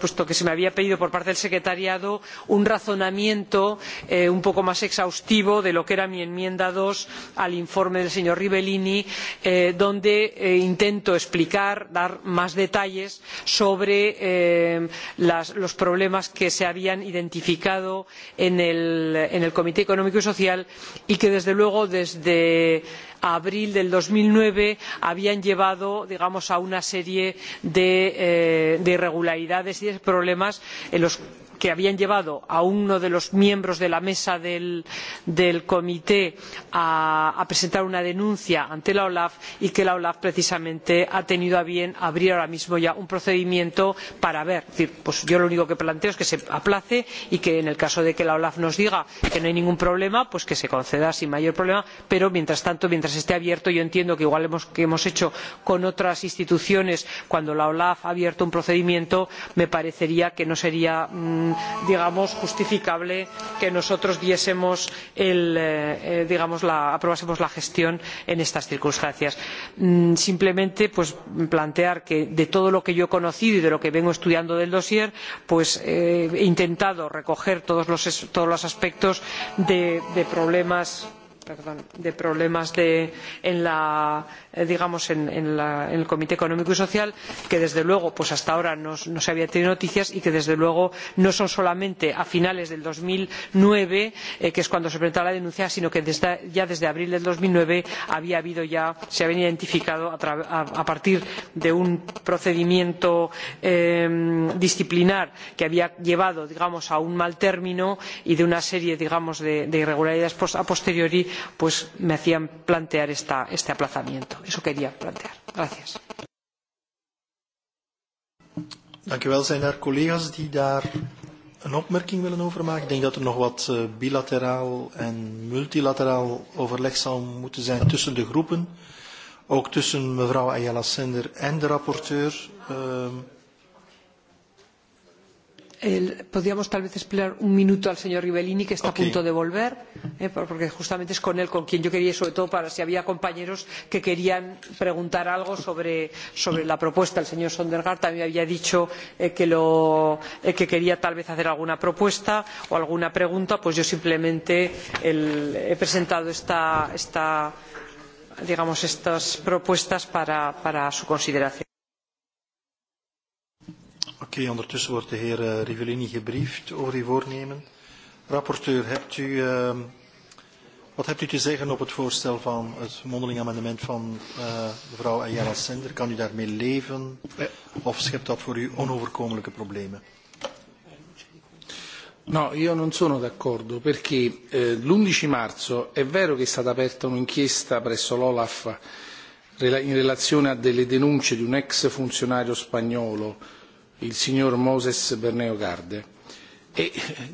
puesto que se me había pedido por parte del secretariado un razonamiento un poco más exhaustivo de lo que era mi enmienda dos al informe del señor rivellini eh, donde eh, intento explicar dar más detalles sobre eh, las, los problemas que se habían identificado en el, en el comité económico y social y que desde luego desde abril de dos mil nueve habían llevado digamos, a una serie de, eh, de irregularidades y de problemas en los que habían llevado a uno de los miembros de la mesa del, del comité a, a presentar una denuncia ante la olaf y que la olaf precisamente ha tenido a bien abrir ahora mismo ya un procedimiento para ver. Es decir, pues yo lo único que planteo es que se aplace y que en el caso de que la olaf nos diga que no hay ningún problema pues que se conceda sin mayor problema pero mientras tanto mientras esté abierto yo entiendo que igual hemos, que hemos hecho con otras instituciones cuando la olaf ha abierto un procedimiento me parecería que no sería mmm, digamos justificable que nosotros diésemos el, eh, eh, digamos la, aprobásemos la gestión en estas circunstancias. Mm, simplemente pues, plantear que de todo lo que yo he conocido y de lo que vengo estudiando del dossier pues, eh, he intentado recoger todos los, todos los aspectos de, de problemas perdón, de problemas de, en, la, eh, digamos, en, en, la, en el Comité Económico y Social, que desde luego pues hasta ahora no, no se había tenido noticias y que desde luego no son solamente a finales del dos mil nueve, eh, que es cuando se presenta la denuncia, sino que desde, ya desde abril del dos mil nueve había habido ya, se habían identificado a, a, a partir de un procedimiento eh, disciplinar que había llevado digamos, a un mal término y de una serie digamos, de, de irregularidades a posteriori pues me hacían plantear esta, este aplazamiento. Eso quería plantear. Gracias. Dank u wel. Zijn er collega's die daar een opmerking willen over maken? Ik denk dat er nog wat eh, bilateraal en multilateraal overleg zal moeten zijn tussen de groepen. Ook tussen mevrouw Ayala Sender en de rapporteur. Uh, El, podríamos tal vez esperar un minuto al señor Rivellini, que está okay. a punto de volver, eh, porque justamente es con él con quien yo quería, sobre todo para si había compañeros que querían preguntar algo sobre, sobre la propuesta. El señor Sondergaard también había dicho eh, que, lo, eh, que quería tal vez hacer alguna propuesta o alguna pregunta, pues yo simplemente el, he presentado esta, esta, digamos, estas propuestas para, para su consideración. Oké, okay, ondertussen wordt de heer uh, Rivellini gebriefd over uw voornemen. Rapporteur, hebt u, uh, wat hebt u te zeggen op het voorstel van het mondeling amendement van uh, mevrouw Ayala Sender? Kan u daarmee leven of schept dat voor u onoverkomelijke problemen? No, io non sono d'accordo perché eh, l'11 marzo è vero che è stata aperta un'inchiesta presso l'Olaf in relazione a delle denunce di un ex funzionario spagnolo il signor Moses Berneo Garde. E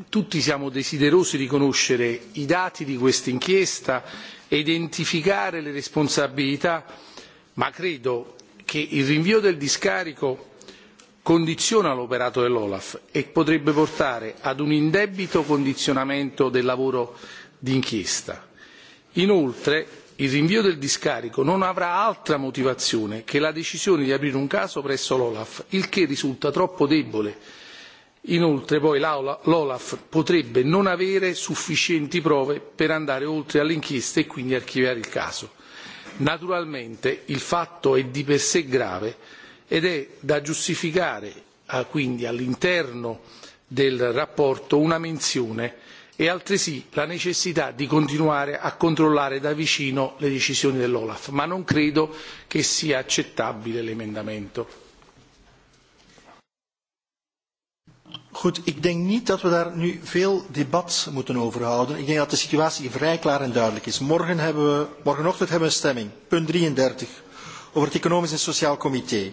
tutti siamo desiderosi di conoscere i dati di questa inchiesta e identificare le responsabilità, ma credo che il rinvio del discarico condiziona l'operato dell'Olaf e potrebbe portare ad un indebito condizionamento del lavoro d'inchiesta. Inoltre, il rinvio del discarico non avrà altra motivazione che la decisione di aprire un caso presso l'Olaf, il che risulta troppo debole. Inoltre poi l'Olaf potrebbe non avere sufficienti prove per andare oltre all'inchiesta e quindi archiviare il caso. Naturalmente il fatto è di per sé grave ed è da giustificare ah, quindi all'interno del rapporto una menzione e altresì la necessità di continuare a controllare da vicino le decisioni dell'Olaf, ma non credo che sia accettabile l'emendamento. Goed, ik denk niet dat we daar nu veel debat moeten over houden. Ik denk dat de situatie vrij klaar en duidelijk is. Morgen hebben we, morgenochtend hebben we een stemming, punt 33, over het Economisch en Sociaal Comité.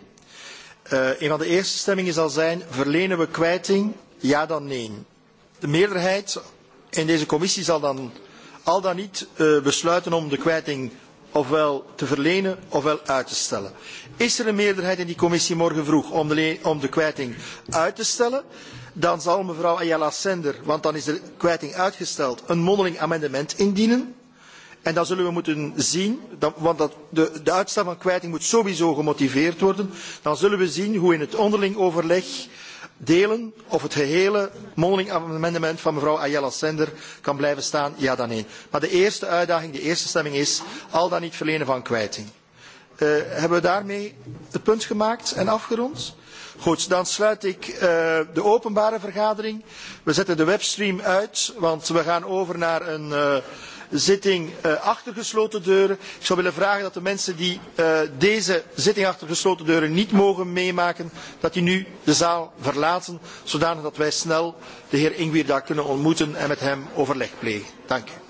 Uh, een van de eerste stemmingen zal zijn, verlenen we kwijting, ja dan nee. De meerderheid En deze commissie zal dan al dan niet uh, besluiten om de kwijting ofwel te verlenen ofwel uit te stellen. Is er een meerderheid in die commissie morgen vroeg om de, om de kwijting uit te stellen? Dan zal mevrouw Ayala Sender, want dan is de kwijting uitgesteld, een mondeling amendement indienen. En dan zullen we moeten zien, dan, want dat, de, de uitstel van kwijting moet sowieso gemotiveerd worden. Dan zullen we zien hoe in het onderling overleg delen of het gehele mondeling amendement van mevrouw Ayala Sender kan blijven staan, ja dan nee. Maar de eerste uitdaging, de eerste stemming is al dan niet verlenen van kwijting. Uh, hebben we daarmee het punt gemaakt en afgerond? Goed, dan sluit ik uh, de openbare vergadering. We zetten de webstream uit, want we gaan over naar een... Uh, zitting eh, achter gesloten deuren. Ik zou willen vragen dat de mensen die eh, deze zitting achter gesloten deuren niet mogen meemaken, dat die nu de zaal verlaten, zodanig dat wij snel de heer daar kunnen ontmoeten en met hem overleg plegen. Dank u.